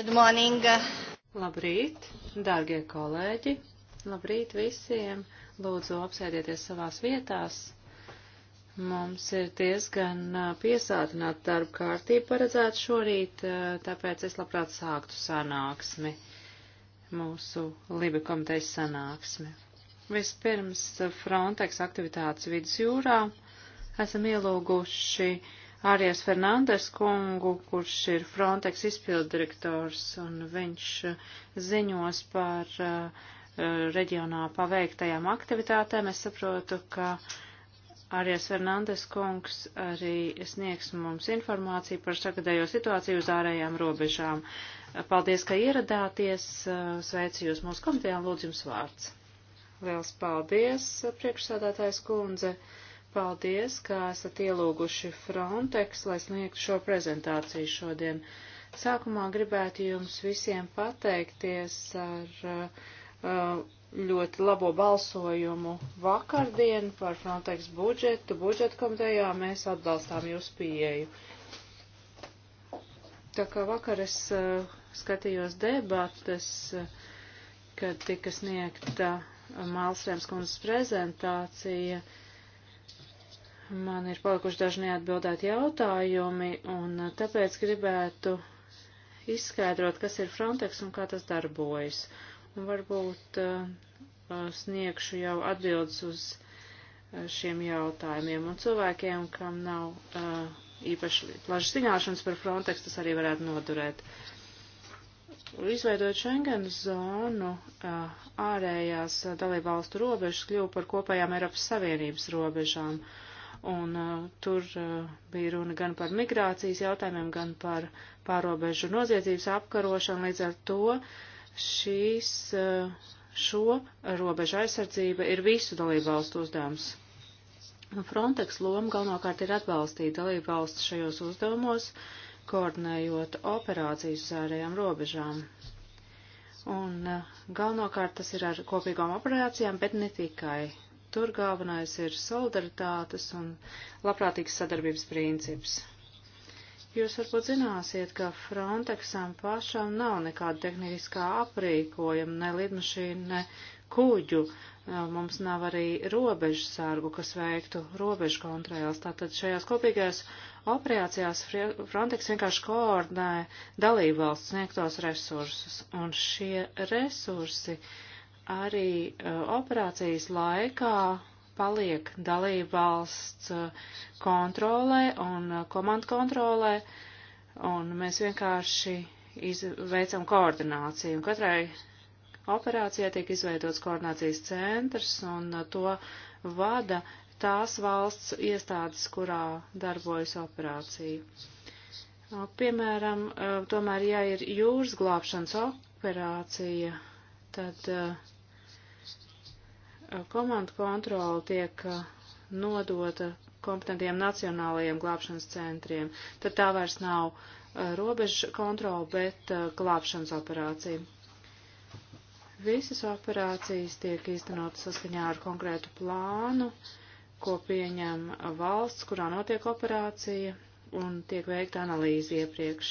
Good morning. Labrīt, dārgie kolēģi. Labrīt visiem. Lūdzu, apsēdieties savās vietās. Mums ir diezgan piesātināta darba kārtība paredzēta šorīt, tāpēc es labprāt sāktu sanāksmi, mūsu Libi komitejas sanāksmi. Vispirms Frontex aktivitātes vidusjūrā esam ielūguši Arias Fernandes kungu, kurš ir Frontex izpildirektors, un viņš eh, ziņos par uh, reģionā paveiktajām aktivitātēm. Es saprotu, ka Arias Fernandes kungs arī sniegs mums informāciju par sagadējo situāciju uz ārējām robežām. Paldies, ka ieradāties. Eh, sveicu jūs mūsu komitejām. Lūdzu jums vārds. Liels paldies, priekšsādātājs kundze. Uh, Paldies, ka esat ielūguši Frontex, lai sniegtu šo prezentāciju šodien. Sākumā gribētu jums visiem pateikties ar uh, uh, ļoti labo balsojumu vakardien par Frontex budžetu. Budžeta komitejā mēs atbalstām jūsu pieeju. Tā kā vakar es uh, skatījos debates, kad tika sniegta Mālstrēms kundzes prezentācija, uh, Man ir palikuši daži neatbildēti jautājumi, un tāpēc gribētu izskaidrot, kas ir Frontex un kā tas darbojas. Un varbūt uh, sniegšu jau atbildes uz uh, šiem jautājumiem. Un cilvēkiem, kam nav uh, īpaši plašas zināšanas par Frontex, tas arī varētu nodurēt. Izveidojot Schengen zonu, uh, ārējās uh, dalībvalstu robežas kļuva par kopējām Eiropas Savienības robežām. Uh, un uh, tur uh, bija runa gan par migrācijas jautājumiem, gan par pārobežu noziedzības apkarošanu. Līdz ar to šīs, uh, šo robežu aizsardzība ir visu dalību valstu uzdevums. Nu, Frontex loma galvenokārt ir atbalstīt dalību valsts šajos uzdevumos, koordinējot operācijas uz ārējām robežām. Un uh, galvenokārt tas ir ar kopīgām operācijām, bet ne tikai Tur galvenais ir solidaritātes un labprātīgas sadarbības princips. Jūs varbūt zināsiet, ka Frontexam pašam nav nekāda tehniskā aprīkojuma, ne lidmašīna, ne kuģu. Mums nav arī robežu sārgu, kas veiktu robežu kontrols. Tātad šajās kopīgajās operācijās Frontex vienkārši koordinē dalībvalsts sniegtos resursus. Un šie resursi uh, arī uh, operācijas laikā paliek dalībvalsts uh, kontrolē un uh, komandu kontrolē, un mēs vienkārši veicam koordināciju. Katrai operācijai tiek izveidots koordinācijas centrs, un to vada tās valsts iestādes, kurā darbojas operācija. Piemēram, tomēr, ja ir jūras glābšanas operācija, tad uh, komandu kontroli tiek nodota kompetentiem nacionālajiem glābšanas centriem, tad tā vairs nav robežu kontrola, bet glābšanas operācija. Visas operācijas tiek īstenotas saskaņā ar konkrētu plānu, ko pieņem valsts, kurā notiek operācija, un tiek veikta analīze iepriekš.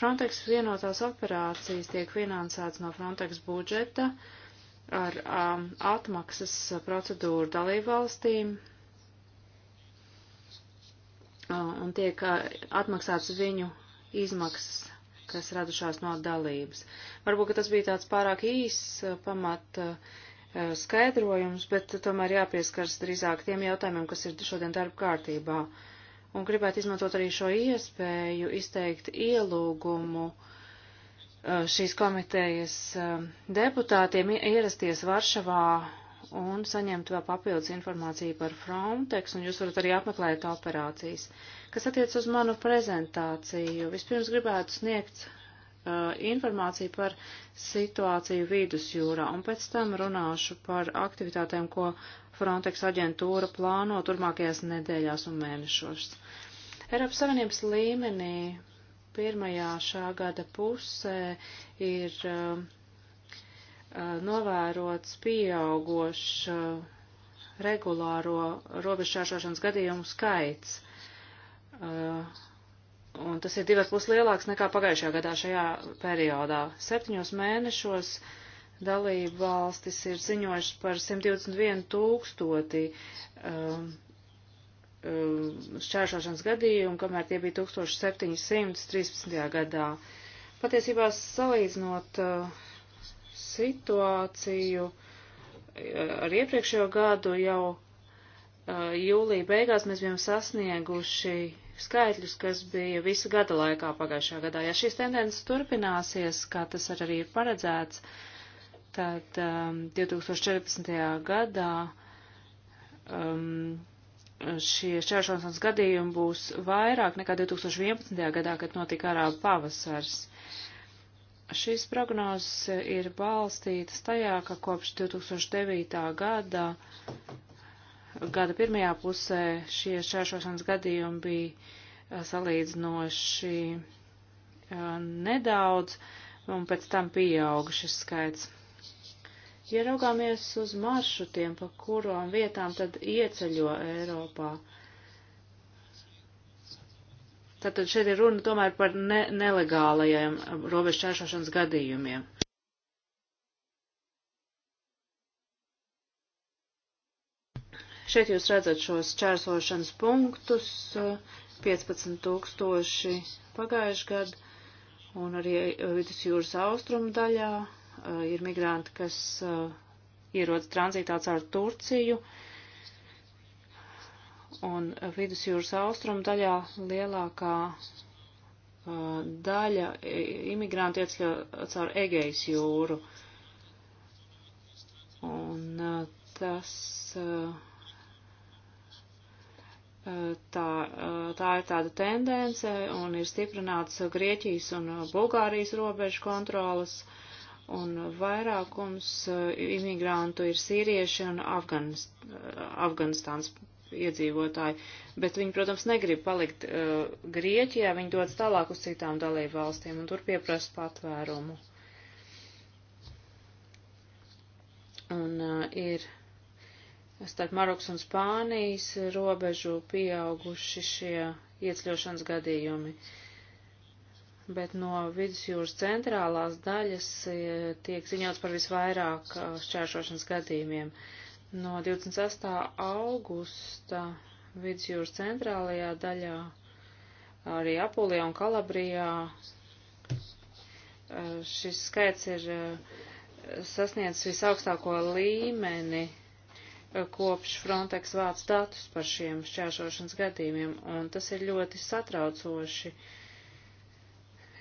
Frontex vienotās operācijas tiek finansēts no Frontex budžeta, uh, ar um, atmaksas procedūru dalībvalstīm um, un tiek uh, atmaksāts viņu izmaksas, kas radušās no dalības. Varbūt, ka tas bija tāds pārāk īs uh, pamat uh, uh, skaidrojums, bet tomēr jāpieskars drīzāk tiem jautājumiem, kas ir šodien darba kārtībā. Un gribētu izmantot arī šo iespēju izteikt ielūgumu uh, Uh, šīs komitejas uh, deputātiem ierasties Varšavā un saņemt vēl papildus informāciju par Frontex, un jūs varat arī apmeklēt operācijas. Kas attiec uz manu prezentāciju, vispirms gribētu sniegt uh, informāciju par situāciju vidusjūrā, un pēc tam runāšu par aktivitātēm, ko Frontex aģentūra plāno turmākajās nedēļās un mēnešos. Eiropas Savienības līmenī pirmajā šā gada pusē ir um, uh, novērots pieaugošs uh, regulāro robežšķēršošanas gadījumu skaits. Uh, un tas ir divas puses lielāks nekā pagājušajā gadā šajā periodā. Septiņos mēnešos dalību valstis ir ziņojušas par 121 tūkstoti. Um, Um, šķēršošanas gadījumu, kamēr tie bija 1713. gadā. Patiesībā salīdzinot uh, situāciju uh, ar iepriekšējo gadu, jau uh, jūlija beigās mēs bijām sasnieguši skaitļus, kas bija visu gada laikā pagājušajā gadā. Ja šīs tendences turpināsies, kā tas arī ir paredzēts, tad um, 2014. gadā um, šie šķēršanas gadījumi būs vairāk nekā 2011. gadā, kad notika arābu pavasars. Šīs prognozes ir balstītas tajā, ka kopš 2009. gada, gada pirmajā pusē šie šķēršanas gadījumi bija salīdzinoši eh, nedaudz, un pēc tam pieauga šis skaits. Ja raugāmies uz maršrutiem, pa kurām vietām tad ieceļo Eiropā, tad, tad šeit ir runa tomēr par ne nelegālajiem robežu čēršošanas gadījumiem. Šeit jūs redzat šos čērsošanas punktus, 15 tūkstoši pagājuši gadu, un arī vidusjūras austrumu daļā Eh, ir migranti, kas eh, ierodas tranzītā caur Turciju un vidusjūras austrumu daļā lielākā eh, daļa imigrantu ieceļo caur Egejas jūru. Un tas tā, tā ir tāda tendence un ir stiprināts Grieķijas un Bulgārijas robežu kontrolas. Uh, un vairākums eh, imigrantu ir sīrieši un Afganist, eh, Afganistāns iedzīvotāji, bet viņi, protams, negrib palikt uh, Grieķijā, viņi dodas tālāk uz citām dalību valstīm un tur pieprasa patvērumu. Un uh, ir starp Maroks un Spānijas robežu pieauguši šie iecļošanas gadījumi. Uh, bet no vidusjūras centrālās daļas e, tiek ziņots par visvairāk e, šķēršošanas gadījumiem. No 28. augusta vidusjūras centrālajā daļā, arī Apulijā un Kalabrijā e, šis skaits ir sasniedzis visaugstāko līmeni kopš Frontex vāc datus par šiem šķēršošanas gadījumiem, un tas ir ļoti satraucoši. Uh,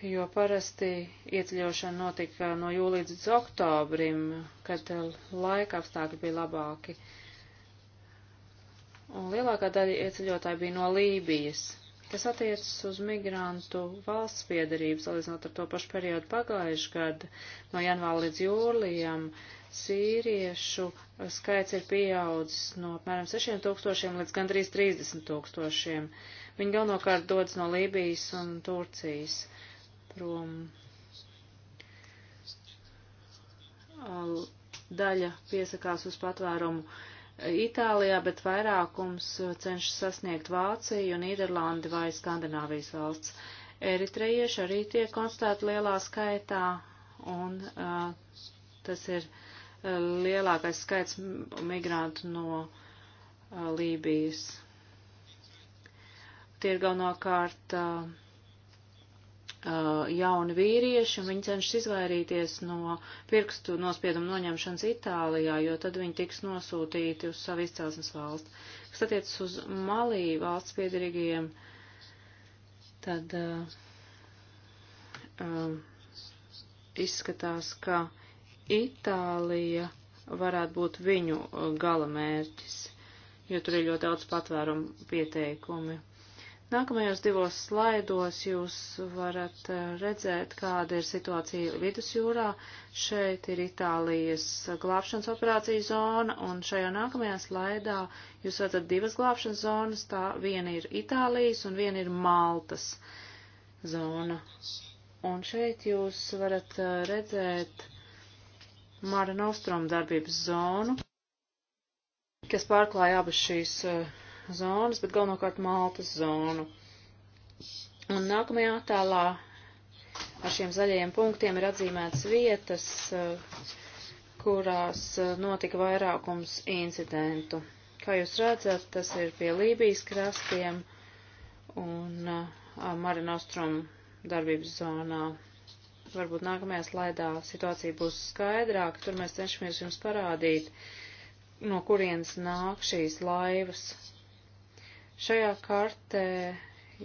jo parasti ieceļošana notika no jūlija līdz oktobrim, kad laika apstākļi bija labāki. Un lielākā daļa ieceļotāji bija no Lībijas, kas attiecas uz migrantu valsts piedarību, salīdzinot ar to pašu periodu pagājušajā gadu, no janvāra līdz jūlijam. Sīriešu skaits ir pieaudzis no apmēram 6 tūkstošiem līdz gandrīz 30 tūkstošiem. Viņi galvenokārt dodas no Lībijas un Turcijas. Uh, prom. Daļa piesakās uz patvērumu Itālijā, bet vairākums uh, cenšas sasniegt Vāciju, Nīderlandi vai Skandināvijas valsts. Eritrejieši arī tiek konstatēti lielā skaitā, un uh, tas ir uh, lielākais skaits migrantu no uh, Lībijas. Tie ir galvenokārt uh, Uh, jauni vīrieši, un viņi cenšas izvairīties no pirkstu nospiedumu noņemšanas Itālijā, jo tad viņi tiks nosūtīti uz savu izcelsmes valsti. Kas attiecas uz Malī valsts piedarīgajiem, tad uh, um, izskatās, ka Itālija varētu būt viņu uh, gala mērķis, jo tur ir ļoti daudz patvērumu pieteikumu. Nākamajos divos slaidos jūs varat eh, redzēt, kāda ir situācija vidusjūrā. Šeit ir Itālijas glābšanas operācija zona, un šajā nākamajā slaidā jūs redzat divas glābšanas zonas. Tā viena ir Itālijas un viena ir Maltas zona. Un šeit jūs varat eh, redzēt Mara Nostrom darbības zonu, kas pārklāja abas šīs uh, zonas, bet galvenokārt Maltas zonu. Un nākamajā attēlā ar šiem zaļajiem punktiem ir atzīmētas vietas, eh, kurās eh, notika vairākums incidentu. Kā jūs redzat, tas ir pie Lībijas krastiem un eh, Marinostrum darbības zonā. Varbūt nākamajā slaidā situācija būs skaidrāka, tur mēs cenšamies jums parādīt, no kurienes nāk šīs laivas Šajā kartē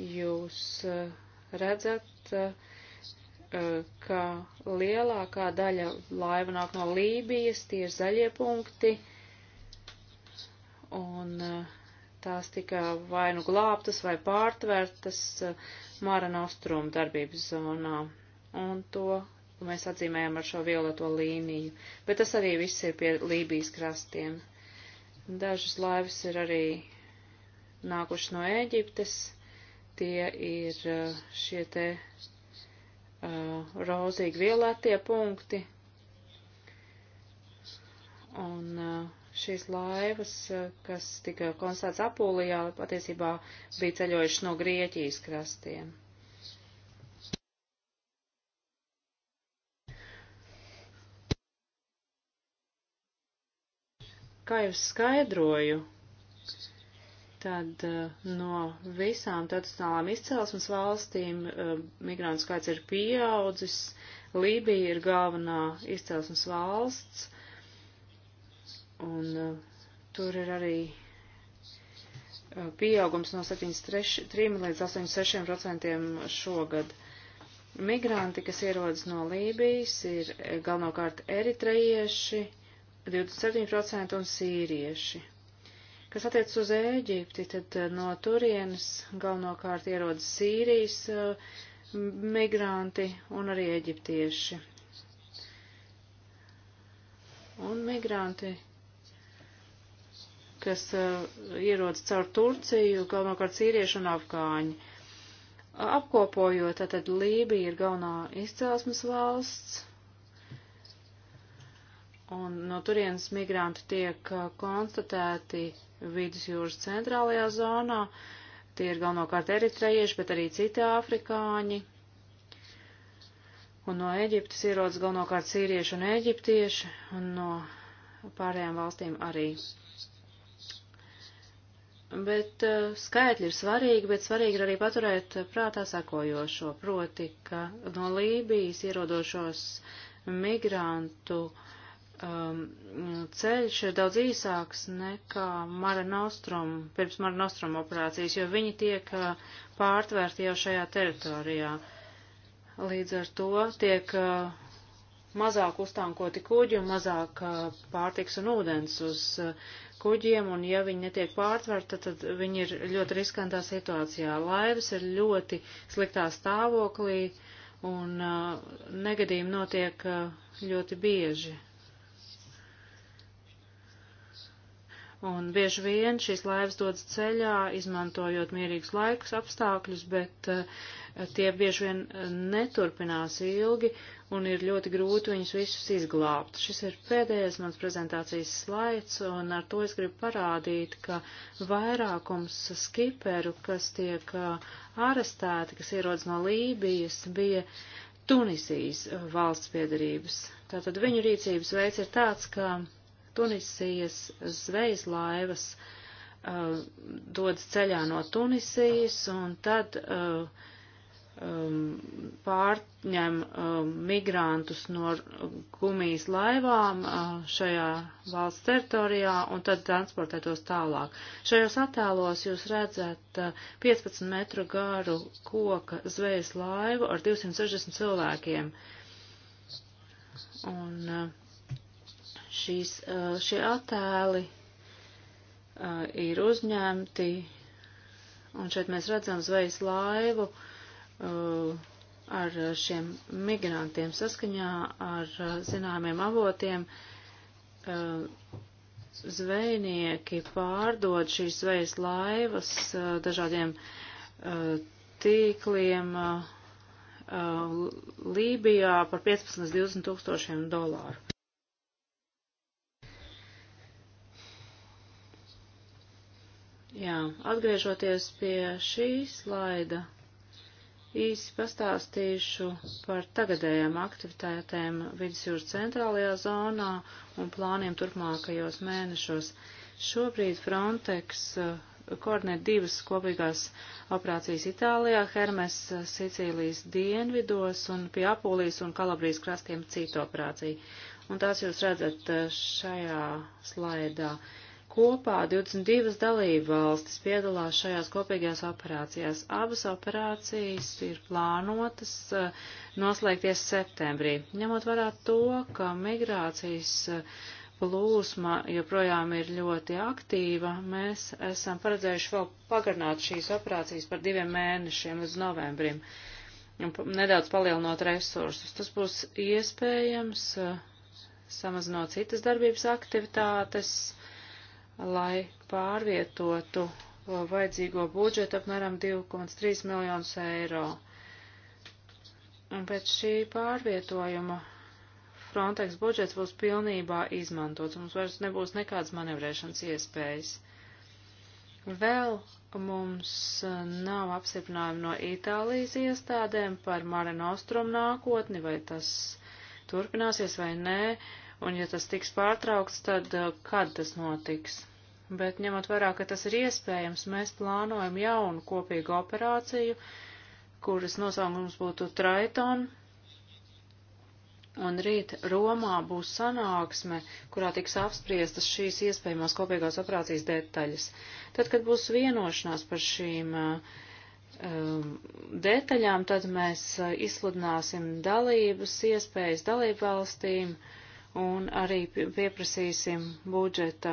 jūs eh, redzat, eh, ka lielākā daļa laiva nāk no Lībijas, tie ir zaļie punkti, un eh, tās tika vai nu glābtas vai pārtvērtas Māra Nostrum darbības zonā, un to mēs atzīmējam ar šo violeto līniju, bet tas arī viss ir pie Lībijas krastiem. Dažas laivas ir arī nākuši no Ēģiptes. Tie ir eh, šie te uh, rozīgi vielētie punkti. Un uh, šīs laivas, kas tika konstatēts Apulijā, patiesībā bija ceļojušas no Grieķijas krastiem. Kā jau skaidroju, tad eh, no visām tradicionālām izcelsmes valstīm eh, migrantu skaits ir pieaudzis. Lībija ir galvenā izcelsmes valsts, un eh, tur ir arī pieaugums no 73 līdz 86% šogad. Migranti, kas ierodas no Lībijas, ir galvenokārt eritrejieši, 27% un sīrieši. Kas attiec uz Ēģipti, tad eh, no turienes galvenokārt ierodas Sīrijas uh, migranti un arī eģiptieši. Un migranti, kas uh, ierodas caur Turciju, galvenokārt sīrieši un afgāņi. Apkopojot, tātad Lībija ir galvenā izcelsmes valsts, un no turienes migranti tiek uh, konstatēti vidusjūras centrālajā zonā. Tie ir galvenokārt eritrejieši, bet arī citi afrikāņi. Un no Eģiptes ierodas galvenokārt sīrieši un eģiptieši, un no pārējām valstīm arī. Bet uh, skaitļi ir svarīgi, bet svarīgi ir arī paturēt prātā sakojošo, proti, ka no Lībijas ierodošos migrantu uh, um, ceļš ir daudz īsāks nekā Mare Nostrum, pirms Mare Nostrum operācijas, jo viņi tiek uh, pārtvērti jau šajā teritorijā. Līdz ar to tiek uh, mazāk uztankoti kuģi un mazāk uh, pārtiks un ūdens uz uh, kuģiem, un ja viņi netiek pārtverta, tad viņi ir ļoti riskantā situācijā. Laivas ir ļoti sliktā stāvoklī, un uh, negadījumi notiek uh, ļoti bieži. Un bieži vien šīs laivas dodas ceļā, izmantojot mierīgus laikus, apstākļus, bet uh, tie bieži vien eh, neturpinās ilgi un ir ļoti grūti viņus visus izglābt. Šis ir pēdējais mans prezentācijas slaids, un ar to es gribu parādīt, ka vairākums skiperu, kas tiek uh, arestēti, kas ierodas no Lībijas, bija Tunisijas valsts piedarības. Tātad viņu rīcības veids ir tāds, ka Tunisijas zvejas laivas uh, dodas ceļā no Tunisijas un tad uh, um, pārņem um, migrantus no gumijas laivām uh, šajā valsts teritorijā un tad transportē tos tālāk. Šajos attēlos jūs redzat uh, 15 metru garu koka zvejas laivu ar 260 cilvēkiem. Un, uh, Šīs, šie attēli ir uzņemti, un šeit mēs redzam zvejas laivu ar šiem migrantiem saskaņā ar zināmiem avotiem. Zvejnieki pārdod šīs zvejas laivas dažādiem tīkliem Lībijā par 15 līdz 20 tūkstošiem dolāru. Jā, atgriežoties pie šī slaida, īsi pastāstīšu par tagadējām aktivitātēm vidusjūras centrālajā zonā un plāniem turpmākajos mēnešos. Šobrīd Frontex uh, koordinē divas kopīgās operācijas Itālijā, Hermes uh, Sicīlijas dienvidos un pie Apulijas un Kalabrijas krastiem citu operāciju. Un tās jūs redzat uh, šajā slaidā. Uh, Kopā 22 dalību valstis piedalās šajās kopīgajās operācijās. Abas operācijas ir plānotas eh, noslēgties septembrī. Ņemot vērā to, ka migrācijas eh, plūsma joprojām ir ļoti aktīva, mēs esam paredzējuši vēl pagarināt šīs operācijas par diviem mēnešiem līdz novembrim, nedaudz palielinot resursus. Tas būs iespējams, eh, samazinot citas darbības aktivitātes lai pārvietotu uh, vajadzīgo budžetu apmēram 2,3 miljonus eiro. Un pēc šī pārvietojuma Frontex budžets būs pilnībā izmantots, mums vairs nebūs nekādas manevrēšanas iespējas. Vēl mums uh, nav apstiprinājumi no Itālijas iestādēm par Mare Nostrum nākotni, vai tas turpināsies vai nē. Uh, Un ja tas tiks pārtraukts, tad uh, kad tas notiks? Bet ņemot vērā, ka tas ir iespējams, mēs plānojam jaunu kopīgu operāciju, kuras nosaukums būtu Triton. Un rīt Romā būs sanāksme, kurā tiks apspriestas šīs iespējamās kopīgās operācijas detaļas. Tad, kad būs vienošanās par šīm uh, um, detaļām, tad mēs uh, izsludināsim dalības iespējas dalību valstīm, uh, un arī pieprasīsim budžeta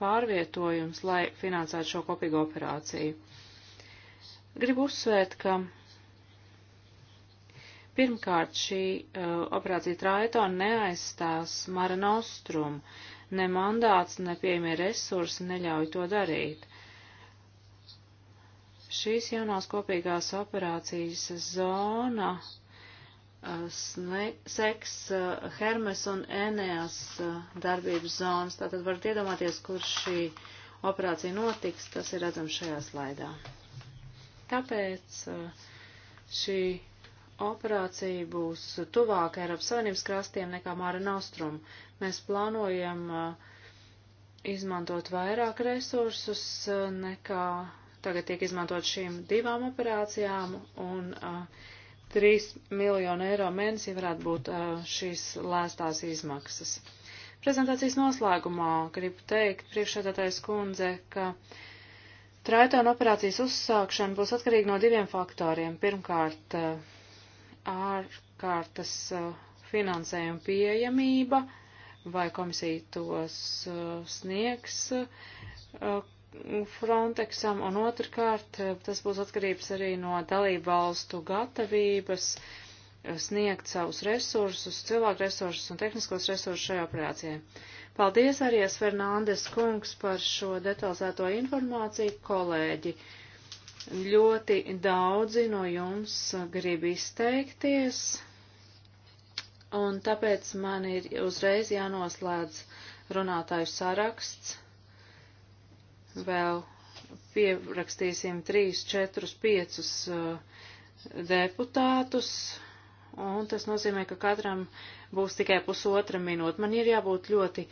pārvietojums, lai finansētu šo kopīgo operāciju. Gribu uzsvērt, ka pirmkārt šī uh, operācija Traiton neaizstās Mara Nostrum, ne mandāts, ne pieejamie resursi neļauj to darīt. Šīs jaunās kopīgās operācijas zona Uh, seks uh, Hermes un Enējas uh, darbības zonas. Tātad varat iedomāties, kur šī operācija notiks, tas ir redzams šajā slaidā. Tāpēc šī operācija būs tuvāk Eiropas Savienības krastiem nekā Māra Nostrum. Mēs plānojam izmantot vairāk resursus nekā tagad tiek izmantot šīm divām operācijām un uh, 3 miljonu eiro mēnesī varētu būt šīs lēstās izmaksas. Prezentācijas noslēgumā gribu teikt priekšsēdētājs kundze, ka Traitona operācijas uzsākšana būs atkarīga no diviem faktoriem. Pirmkārt, ārkārtas finansējuma pieejamība, vai komisija tos sniegs Frontexam, un otrkārt eh, tas būs atkarības arī no dalībvalstu gatavības eh, sniegt savus resursus, cilvēku resursus un tehniskos resursus šajā operācijā. Paldies arī Fernandes kungs par šo detalizēto informāciju, kolēģi. Ļoti daudzi no jums grib izteikties, un tāpēc man ir uzreiz jānoslēdz runātāju saraksts vēl pierakstīsim 3, 4, 5 uh, deputātus, un tas nozīmē, ka katram būs tikai pusotra minūte. Man ir jābūt ļoti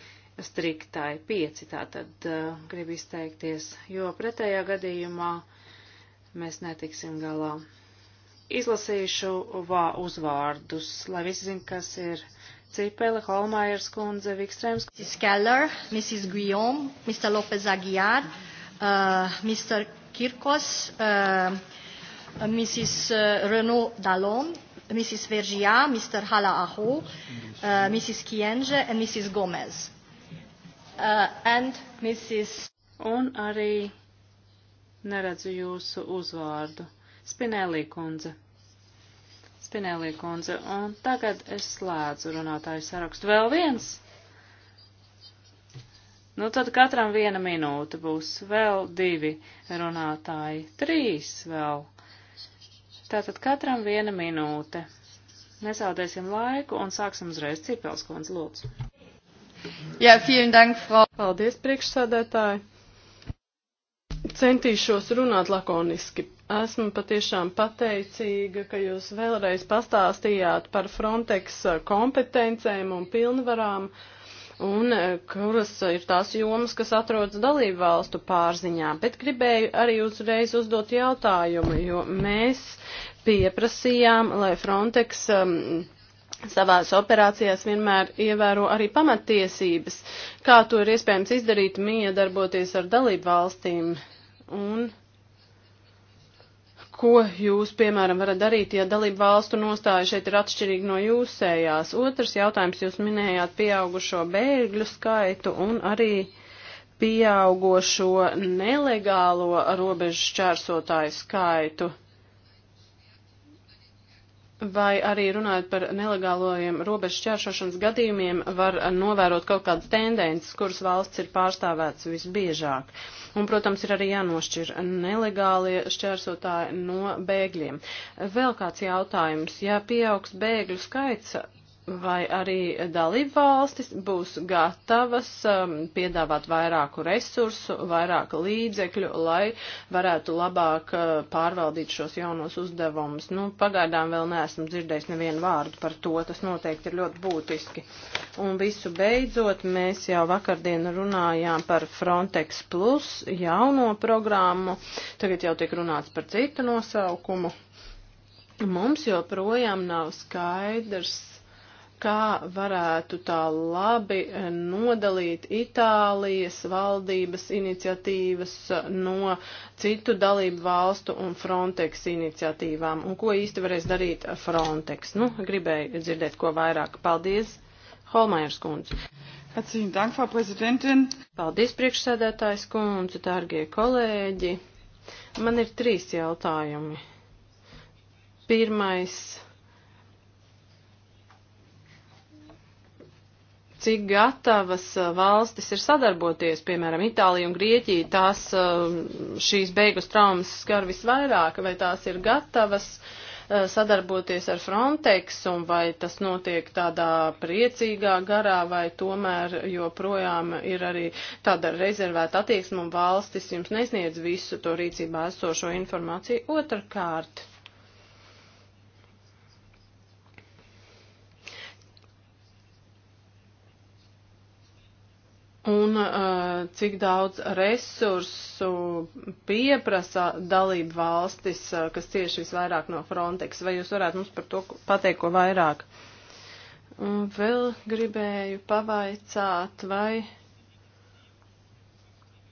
striktai, pieci tātad uh, grib izteikties, jo pretējā gadījumā mēs netiksim galā. Izlasīšu vā uzvārdus, lai visi zin, kas ir Cipele, Holmaiers kundze, Vikstrēms. Mrs. Keller, Mrs. Guillaume, Mr. Lopez Aguiar, uh, Mr. Kirkos, uh, Mrs. Uh, Renaud Dallon, Mrs. Vergia, Mr. Hala Aho, uh, Mrs. Kienge and Mrs. Gomez. Uh, and Mrs. Un arī neredzu jūsu uzvārdu. Spinelli kundze. Spinēlī kundze. Un tagad es slēdzu runātāju sarakstu. Vēl viens? Nu, tad katram viena minūte būs. Vēl divi runātāji. Trīs vēl. Tātad katram viena minūte. Nesaudēsim laiku un sāksim uzreiz Cipelskons lūdzu. Jā, vielen dank, Frau. Paldies, priekšsādētāji. Centīšos runāt lakoniski. Esmu patiešām pateicīga, ka jūs vēlreiz pastāstījāt par Frontex uh, kompetencēm un pilnvarām, un uh, kuras ir tās jomas, kas atrodas dalību valstu pārziņā. Bet gribēju arī uzreiz uzdot jautājumu, jo mēs pieprasījām, lai Frontex. Um, savās operācijās vienmēr ievēro arī pamatiesības, kā to ir iespējams izdarīt, miedarboties ar dalību valstīm. Un ko jūs, piemēram, varat darīt, ja dalību valstu nostāja šeit ir atšķirīga no jūsējās? Otrs jautājums, jūs minējāt pieaugušo bēgļu skaitu un arī pieaugošo nelegālo robežu šķērsotāju skaitu. Vai arī runājot par nelegālojiem robežu šķēršošanas gadījumiem, var novērot kaut kādas tendences, kuras valsts ir pārstāvēts visbiežāk. Uh, Un, protams, ir arī jānošķir nelegālie šķērsotāji no bēgļiem. Vēl kāds jautājums. Ja pieaugs bēgļu skaits, vai arī dalību valstis būs gatavas um, piedāvāt vairāku resursu, vairāk līdzekļu, lai varētu labāk uh, pārvaldīt šos jaunos uzdevumus. Nu, pagaidām vēl neesam dzirdējis nevienu vārdu par to, tas noteikti ir ļoti būtiski. Un visu beidzot, mēs jau vakardien runājām par Frontex Plus jauno programmu, tagad jau tiek runāts par citu nosaukumu. Mums joprojām nav skaidrs, kā varētu tā labi nodalīt Itālijas valdības iniciatīvas no citu dalību valstu un Frontex iniciatīvām, un ko īsti varēs darīt Frontex. Nu, gribēju dzirdēt, ko vairāk. Paldies, Holmajers kundze. Atsīm, dank, Frau Prezidentin. Paldies, priekšsēdētājs kundze, dārgie kolēģi. Man ir trīs jautājumi. Pirmais cik gatavas valstis ir sadarboties, piemēram, Itālija un Grieķija, tās šīs beigus traumas skar visvairāk, vai tās ir gatavas sadarboties ar Frontex un vai tas notiek tādā priecīgā garā vai tomēr joprojām ir arī tāda rezervēta attieksme un valstis jums nesniedz visu to rīcībā esošo informāciju otrkārt. un uh, cik daudz resursu pieprasa dalību valstis, uh, kas cieši visvairāk no Frontex. Vai jūs varētu mums par to pateikt ko vairāk? Un vēl gribēju pavaicāt, vai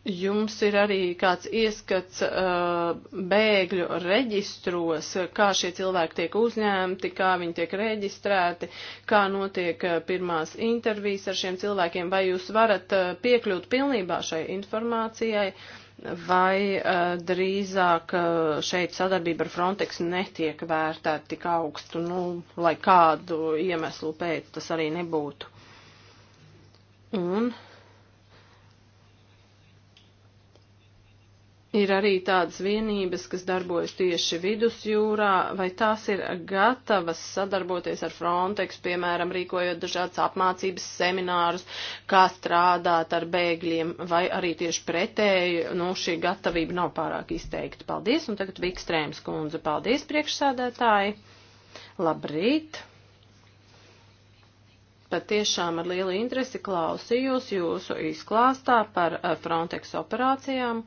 Jums ir arī kāds ieskats uh, bēgļu reģistros, kā šie cilvēki tiek uzņemti, kā viņi tiek reģistrēti, kā notiek uh, pirmās intervijas ar šiem cilvēkiem, vai jūs varat uh, piekļūt pilnībā šai informācijai, vai uh, drīzāk uh, šeit sadarbība ar Frontex netiek vērtēta tik augstu, nu, lai kādu iemeslu pēc tas arī nebūtu. Un Ir arī tādas vienības, kas darbojas tieši vidusjūrā, vai tās ir gatavas sadarboties ar Frontex, piemēram, rīkojot dažādas apmācības seminārus, kā strādāt ar bēgļiem, vai arī tieši pretēji, nu, šī gatavība nav pārāk izteikta. Paldies, un tagad Vikstrēms kundze, paldies priekšsādētāji. Labrīt! Pat tiešām ar lielu interesi klausījos jūsu izklāstā par eh, Frontex operācijām.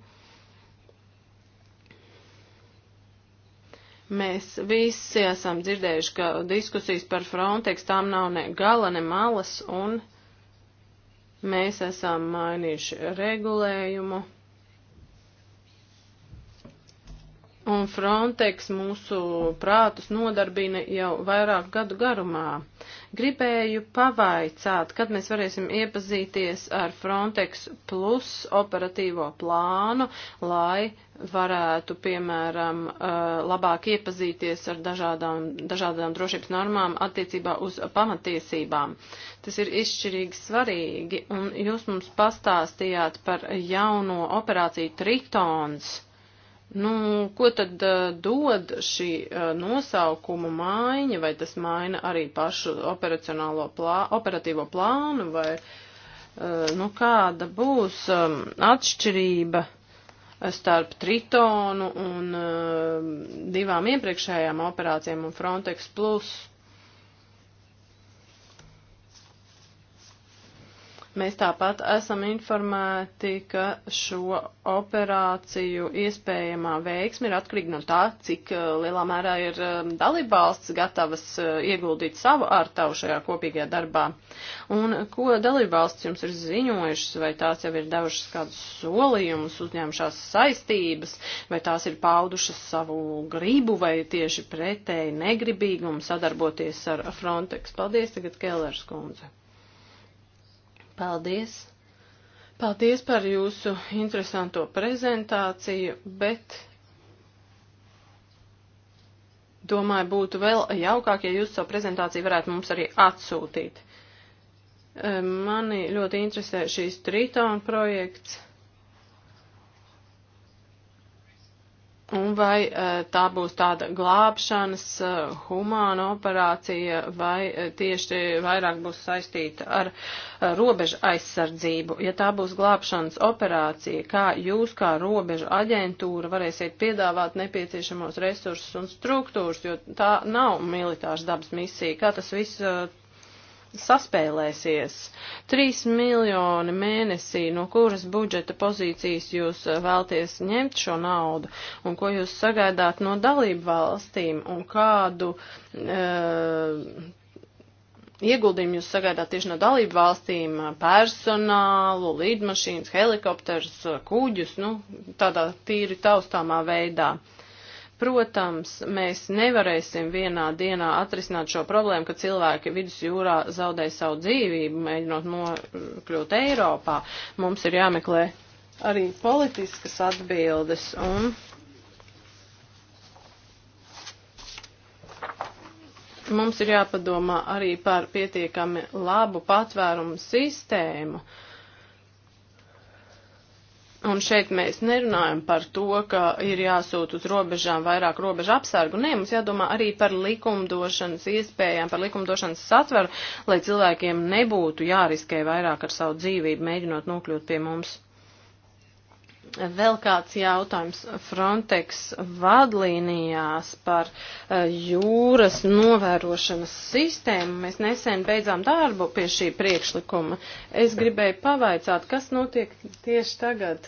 Mēs visi esam dzirdējuši, ka diskusijas par Frontex tām nav ne gala, ne malas, un mēs esam mainījuši regulējumu. Un Frontex mūsu prātus nodarbina jau vairāk gadu garumā. Gribēju pavaicāt, kad mēs varēsim iepazīties ar Frontex plus operatīvo plānu, lai varētu, piemēram, uh, labāk iepazīties ar dažādām, dažādām drošības normām attiecībā uz pamatiesībām. Tas ir izšķirīgi svarīgi, un jūs mums pastāstījāt par jauno operāciju Tritons Nu, ko tad uh, dod šī uh, nosaukuma maiņa, vai tas maina arī pašu operacionālo plā, operatīvo plānu, vai, uh, nu, kāda būs um, atšķirība starp Tritonu un uh, divām iepriekšējām operācijām un Frontex Plus? Mēs tāpat esam informēti, ka šo operāciju iespējamā veiksme ir atkarīga no tā, cik uh, lielā mērā ir um, dalībvalsts gatavas uh, ieguldīt savu ārtavu šajā kopīgajā darbā. Un ko dalībvalsts jums ir ziņojušas, vai tās jau ir devušas kādus solījumus, uzņēmušās saistības, vai tās ir paudušas savu gribu, vai tieši pretēji negribīgumu sadarboties ar Frontex. Paldies, tagad Kellers kundze. Paldies! Paldies par jūsu interesanto prezentāciju, bet domāju, būtu vēl jaukāk, ja jūs savu prezentāciju varētu mums arī atsūtīt. Mani ļoti interesē šīs Triton projekts. Un vai e, tā būs tāda glābšanas, e, humāna operācija, vai e, tieši vairāk būs saistīta ar robežu aizsardzību? Ja tā būs glābšanas operācija, kā jūs, kā robežu aģentūra, varēsiet piedāvāt nepieciešamos resursus un struktūrus, jo tā nav militārs dabas misija? Kā tas viss saspēlēsies. 3 miljoni mēnesī, no kuras budžeta pozīcijas jūs eh, vēlties ņemt šo naudu, un ko jūs sagaidāt no dalību valstīm, un kādu. Uh, ieguldījumu jūs sagaidāt tieši no dalību valstīm - personālu, lidmašīnas, helikopters, kuģus, nu, tādā tīri taustāmā veidā. Protams, mēs nevarēsim vienā dienā atrisināt šo problēmu, ka cilvēki vidusjūrā zaudē savu dzīvību, mēģinot nokļūt Eiropā. Mums ir jāmeklē arī politiskas atbildes un. Mums ir jāpadomā arī par pietiekami labu patvērumu sistēmu. Uh, Un šeit mēs nerunājam par to, ka ir jāsūt uz robežām vairāk robežu apsargu. Nē, mums jādomā arī par likumdošanas iespējām, par likumdošanas satveru, lai cilvēkiem nebūtu jāriskē vairāk ar savu dzīvību, mēģinot nokļūt pie mums. Vēl kāds jautājums Frontex vadlīnijās par eh, jūras novērošanas sistēmu. Mēs nesen beidzām darbu pie šī priekšlikuma. Es gribēju pavaicāt, kas notiek tieši tagad,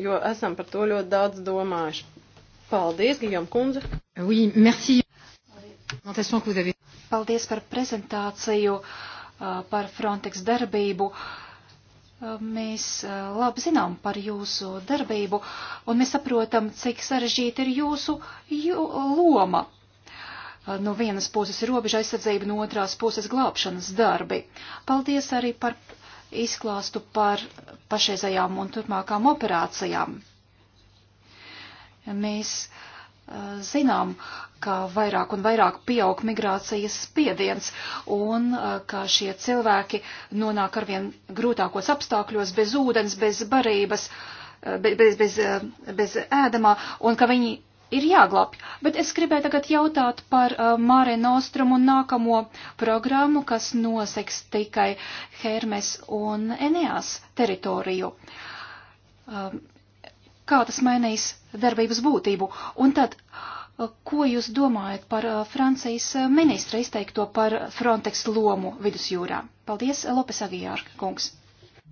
jo esam par to ļoti daudz domājuši. Paldies, Gijom kundze! Oui, merci. Paldies par prezentāciju, par Frontex darbību. Mēs labi zinām par jūsu darbību, un mēs saprotam, cik sarežģīta ir jūsu loma. No vienas puses ir robeža aizsardzība, no otrās puses glābšanas darbi. Paldies arī par izklāstu par pašreizējām un turpmākām operācijām. Mēs zinām, ka vairāk un vairāk pieaug migrācijas spiediens un ka šie cilvēki nonāk arvien grūtākos apstākļos bez ūdens, bez barības, bez, bez, bez ēdamā un ka viņi ir jāglābj. Bet es gribēju tagad jautāt par uh, Mare Nostrum un nākamo programmu, kas noseks tikai Hermes un Eneas teritoriju. Um, kā tas mainīs darbības būtību? Un tad, uh, ko jūs domājat par uh, Francijas uh, ministra izteikto par Frontex lomu vidusjūrā? Paldies, Lopes Agijārka kungs.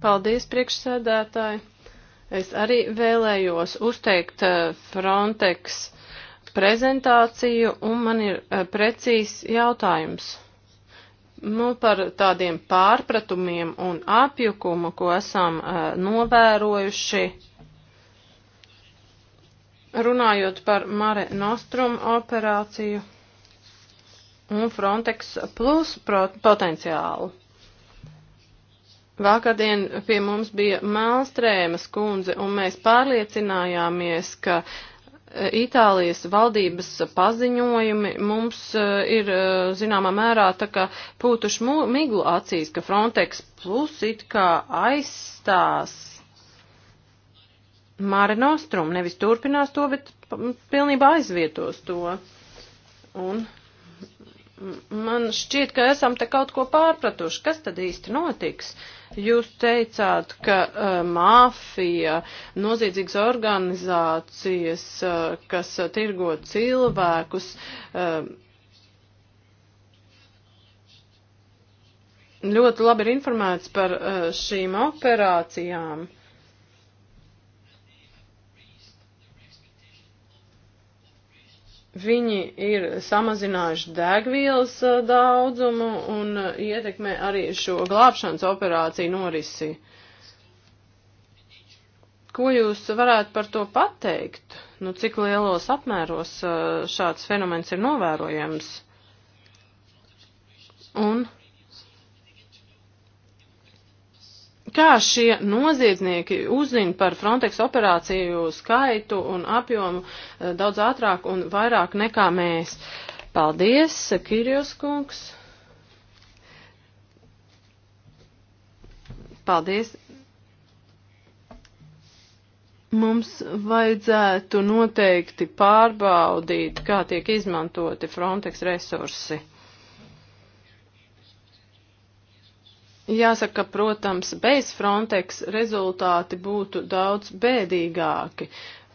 Paldies, priekšsēdētāji. Es arī vēlējos uzteikt eh, Frontex prezentāciju, un man ir eh, precīzs jautājums nu, par tādiem pārpratumiem un apjukumu, ko esam uh, novērojuši. Runājot par Mare Nostrum operāciju un Frontex Plus potenciālu. Vakardien pie mums bija Mālstrēmas kundze, un mēs pārliecinājāmies, ka e, Itālijas valdības paziņojumi mums e, ir e, zināmā mērā tā kā pūtuši miglu acīs, ka Frontex plus it kā aizstās Māre Nostrum, nevis turpinās to, bet pilnībā aizvietos to. Un man šķiet, ka esam te kaut ko pārpratuši, kas tad īsti notiks. Uh, Jūs teicāt, ka uh, mafija, noziedzīgas organizācijas, uh, kas uh, tirgo cilvēkus, uh, ļoti labi ir informēts par uh, šīm operācijām. Viņi ir samazinājuši degvielas daudzumu un ietekmē arī šo glābšanas operāciju norisi. Ko jūs varētu par to pateikt? Nu, cik lielos apmēros šāds fenomens ir novērojams? Un Kā šie noziedznieki uzzina par Frontex operāciju skaitu un apjomu eh, daudz ātrāk un vairāk nekā mēs? Paldies, Kirjos kungs. Paldies. Mums vajadzētu noteikti pārbaudīt, kā tiek izmantoti Frontex resursi. Jāsaka, protams, bez Frontex rezultāti būtu daudz bēdīgāki.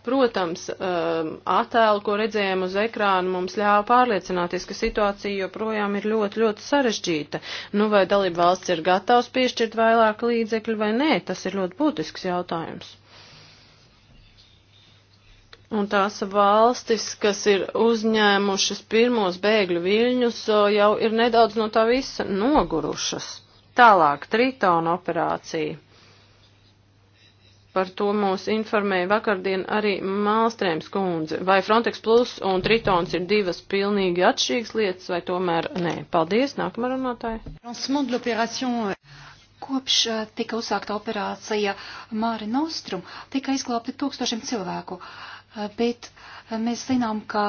Protams, um, attēlu, ko redzējām uz ekrāna, mums ļāva pārliecināties, ka situācija joprojām ir ļoti, ļoti sarežģīta. Nu, vai dalība valsts ir gatavs piešķirt vairāk līdzekļu vai nē, tas ir ļoti būtisks jautājums. Un tās valstis, kas ir uzņēmušas pirmos bēgļu viļņus, jau ir nedaudz no tā visa nogurušas. Tālāk, Tritona operācija. Par to mūs informēja vakardien arī Mālstrēms kundze. Vai Frontex Plus un Tritons ir divas pilnīgi atšķirīgas lietas, vai tomēr nē? Paldies, nākamā runātāja. Euh, Kopš euh, tika uzsākta operācija Māri Nostrum, tika izglābti tūkstošiem cilvēku, euh, bet uh, Mēs zinām, ka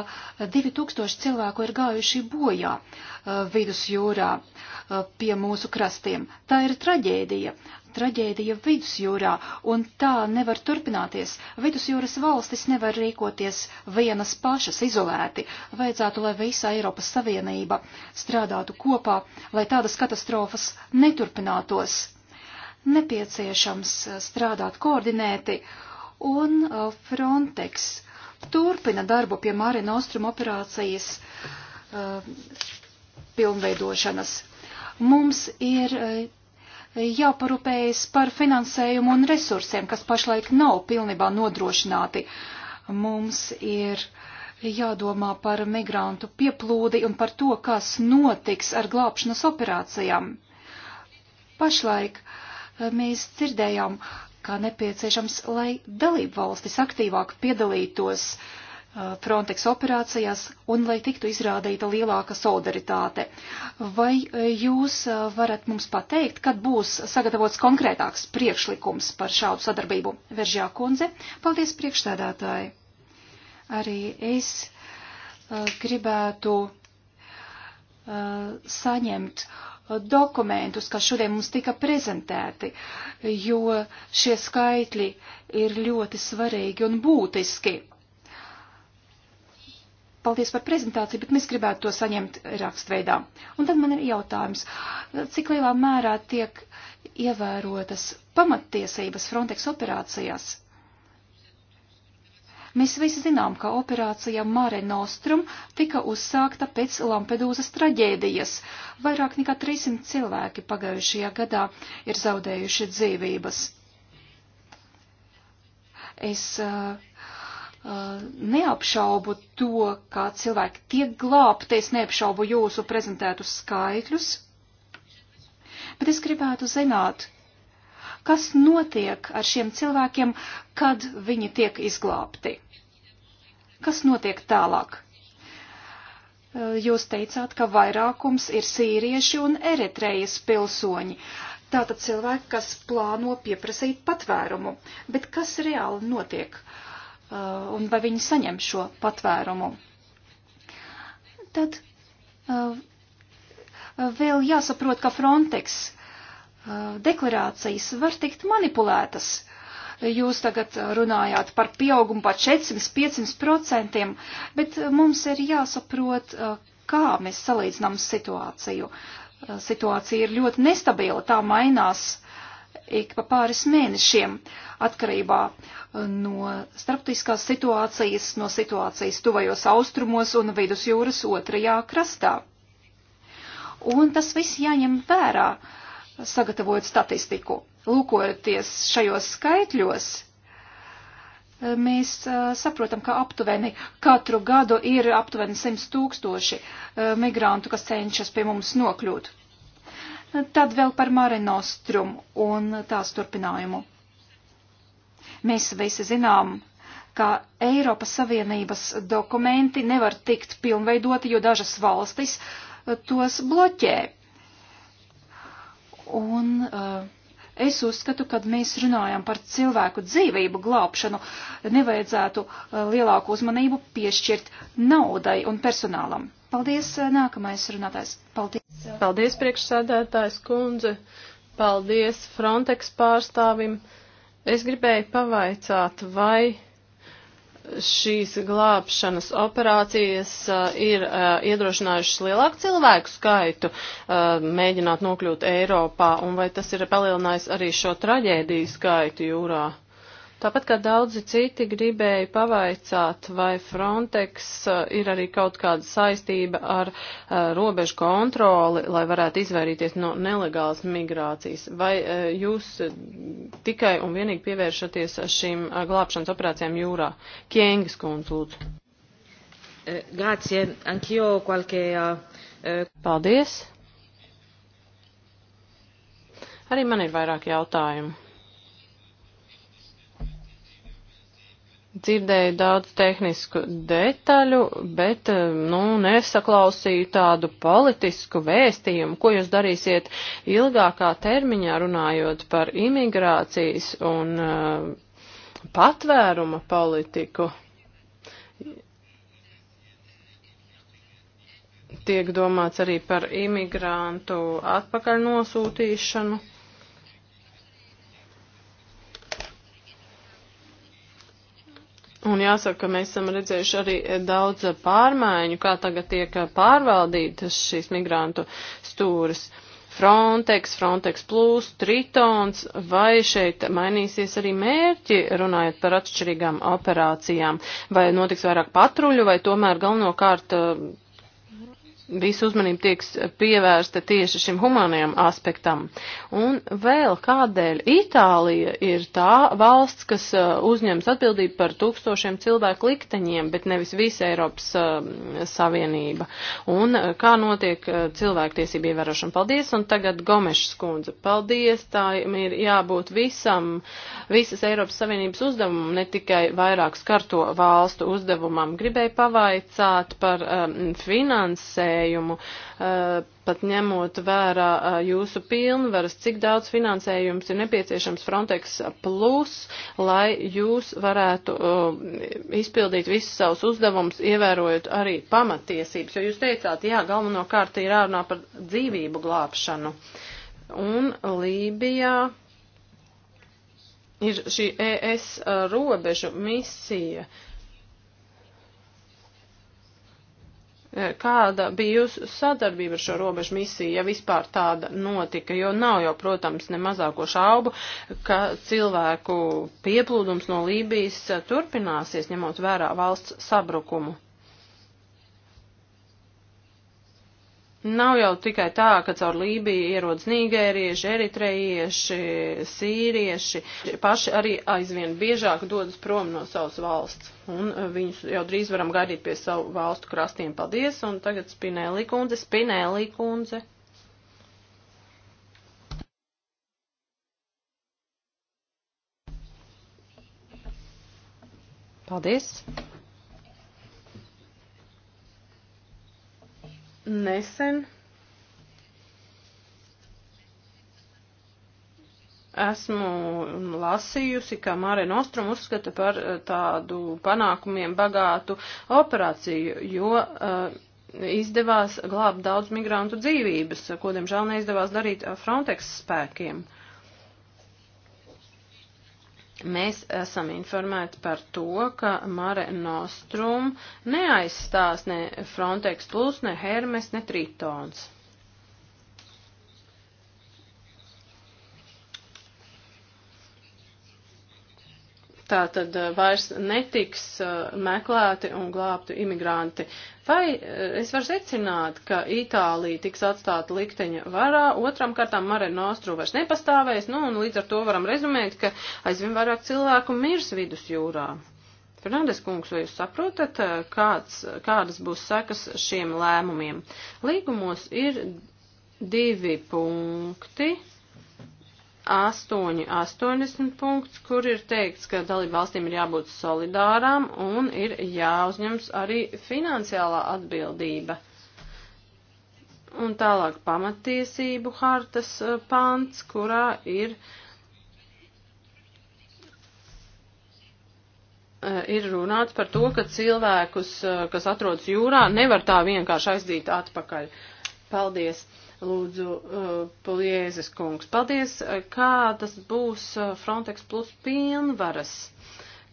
2000 cilvēku ir gājuši bojā uh, vidusjūrā uh, pie mūsu krastiem. Tā ir traģēdija. Traģēdija vidusjūrā, un tā nevar turpināties. Vidusjūras valstis nevar rīkoties vienas pašas izolēti. Vajadzētu, lai visa Eiropas Savienība strādātu kopā, lai tādas katastrofas neturpinātos. Nepieciešams uh, strādāt koordinēti, un Frontex turpina darbu pie Mare Nostrum operācijas uh, pilnveidošanas. Mums ir uh, jāparūpējas par finansējumu un resursiem, kas pašlaik nav pilnībā nodrošināti. Mums ir jādomā par migrantu pieplūdi un par to, kas notiks ar glābšanas operācijām. Pašlaik uh, mēs dzirdējām kā nepieciešams, lai dalību valstis aktīvāk piedalītos uh, Frontex operācijās un lai tiktu izrādīta lielāka solidaritāte. Vai uh, jūs uh, varat mums pateikt, kad būs sagatavots konkrētāks priekšlikums par šādu sadarbību? Veržjā kundze, paldies priekšsēdētāji. Arī es uh, gribētu uh, saņemt uh, dokumentus, kas šodien mums tika prezentēti, jo šie skaitļi ir ļoti svarīgi un būtiski. Paldies par prezentāciju, bet mēs gribētu to saņemt rakstveidā. Un tad man ir jautājums, cik lielā mērā tiek ievērotas pamattiesības Frontex operācijās? Mēs visi zinām, ka operācija Mare Nostrum tika uzsākta pēc Lampedūzas traģēdijas. Vairāk nekā 300 cilvēki pagājušajā gadā ir zaudējuši dzīvības. Es uh, Uh, neapšaubu to, kā cilvēki tiek glābti, es neapšaubu jūsu prezentētus skaitļus, bet es gribētu zināt, kas notiek ar šiem cilvēkiem, kad viņi tiek izglābti. Kas notiek tālāk? Eh, jūs teicāt, ka vairākums ir sīrieši un eritrejas pilsoņi. Tātad cilvēki, kas plāno pieprasīt patvērumu. Bet kas reāli notiek? Eh, un vai viņi saņem šo patvērumu? Tad eh, vēl jāsaprot, ka Frontex Eh, deklarācijas var tikt manipulētas. Jūs tagad runājāt par pieaugumu par 400-500 procentiem, bet mums ir jāsaprot, eh, kā mēs salīdzinām situāciju. Eh, situācija ir ļoti nestabila, tā mainās ik pa pāris mēnešiem atkarībā no starptiskās situācijas, no situācijas tuvajos austrumos un vidusjūras otrajā krastā. Un tas viss jāņem vērā. Uh, sagatavojot statistiku. Lūkojoties šajos skaitļos, mēs saprotam, ka aptuveni katru gadu ir aptuveni 100 tūkstoši migrantu, kas cenšas pie mums nokļūt. Tad vēl par Mare Nostrum un tās turpinājumu. Mēs visi zinām, ka Eiropas Savienības dokumenti nevar tikt pilnveidoti, jo dažas valstis tos bloķē. Un uh, es uzskatu, kad mēs runājam par cilvēku dzīvību glābšanu, nevajadzētu uh, lielāku uzmanību piešķirt naudai un personālam. Paldies, uh, nākamais runātājs. Paldies. Paldies, priekšsēdētājs kundze. Paldies Frontex pārstāvim. Es gribēju pavaicāt, vai šīs glābšanas operācijas uh, ir uh, iedrošinājušas lielāku cilvēku skaitu uh, mēģināt nokļūt Eiropā, un vai tas ir palielinājis arī šo traģēdiju skaitu jūrā? Tāpat kā daudzi citi gribēja pavaicāt, vai Frontex uh, ir arī kaut kāda saistība ar uh, robežu kontroli, lai varētu izvairīties no nelegālas migrācijas. Vai uh, jūs tikai un vienīgi pievēršaties šīm glābšanas operācijām jūrā? Kiengas kundz, lūdzu. Eh, grazie, anch'io qualche. Eh, eh. Paldies. Arī man ir vairāk jautājumu. Dzirdēju daudz tehnisku detaļu, bet, eh, nu, nesaklausīju tādu politisku vēstījumu, ko jūs darīsiet ilgākā termiņā runājot par imigrācijas un uh, patvēruma politiku. Tiek domāts arī par imigrantu atpakaļ nosūtīšanu. Un jāsaka, ka mēs esam redzējuši arī daudz pārmaiņu, kā tagad tiek pārvaldītas šīs migrantu stūras. Frontex, Frontex Plus, Tritons, vai šeit mainīsies arī mērķi, runājot par atšķirīgām operācijām, vai notiks vairāk patruļu, vai tomēr galvenokārt visu uzmanību tieks pievērsta tieši šim humanajam aspektam. Un vēl kādēļ Itālija ir tā valsts, kas uh, uzņems atbildību par tūkstošiem cilvēku likteņiem, bet nevis visa Eiropas um, Savienība. Un uh, kā notiek uh, cilvēktiesība ievērošana? Paldies, un tagad Gomešs kundze. Paldies, tā ir jābūt visam, visas Eiropas Savienības uzdevumam, ne tikai vairāk skarto valstu uzdevumam. Gribēju pavaicāt par um, finansējumu finansējumu, eh, pat ņemot vērā eh, jūsu pilnvaras, cik daudz finansējums ir nepieciešams Frontex plus, lai jūs varētu eh, izpildīt visus savus uzdevumus, ievērojot arī pamatiesības, jo jūs teicāt, jā, galvenokārt ir jārunā par dzīvību glābšanu. Un Lībijā ir šī ES robežu misija. Uh, Eh, kāda bija jūsu sadarbība ar šo robežu misiju, ja vispār tāda notika, jo nav jau, protams, ne mazāko šaubu, ka cilvēku pieplūdums no Lībijas eh, turpināsies, ņemot vērā valsts sabrukumu. Nav jau tikai tā, ka caur Lībiju ierodas nīgērieši, eritreieši, sīrieši. Paši arī aizvien biežāk dodas prom no savas valsts. Un e, viņus jau drīz varam gaidīt pie savu valstu krastiem. Paldies! Un tagad Spinelli kundze, Spinelli kundze. Paldies! nesen esmu lasījusi, ka Mare Nostrum uzskata par eh, tādu panākumiem bagātu operāciju, jo uh, izdevās glābt daudz migrantu dzīvības, ko, diemžēl, neizdevās darīt eh, Frontex spēkiem. Uh, Mēs esam informēti par to, ka Mare Nostrum neaizstās ne Frontex Plus, ne Hermes, ne Tritons. tā tad eh, vairs netiks eh, meklēti un glābti imigranti. Vai eh, es varu secināt, ka Itālija tiks atstāta likteņa varā, otram kārtām Mare Nostru vairs nepastāvēs, nu un līdz ar to varam rezumēt, ka aizvien vairāk cilvēku mirs vidusjūrā. Fernandes kungs, vai jūs saprotat, kāds, kādas būs sekas šiem lēmumiem? Līgumos ir divi punkti 8.80 punkts, kur ir teikts, ka dalību valstīm ir jābūt solidārām un ir jāuzņems arī finansiālā atbildība. Un tālāk pamatiesību hartas eh, pants, kurā ir, eh, ir runāts par to, ka cilvēkus, eh, kas atrodas jūrā, nevar tā vienkārši aizdīt atpakaļ. Paldies! Lūdzu, uh, eh, Poliezes kungs, paldies, eh, kādas būs eh, Frontex plus pienvaras,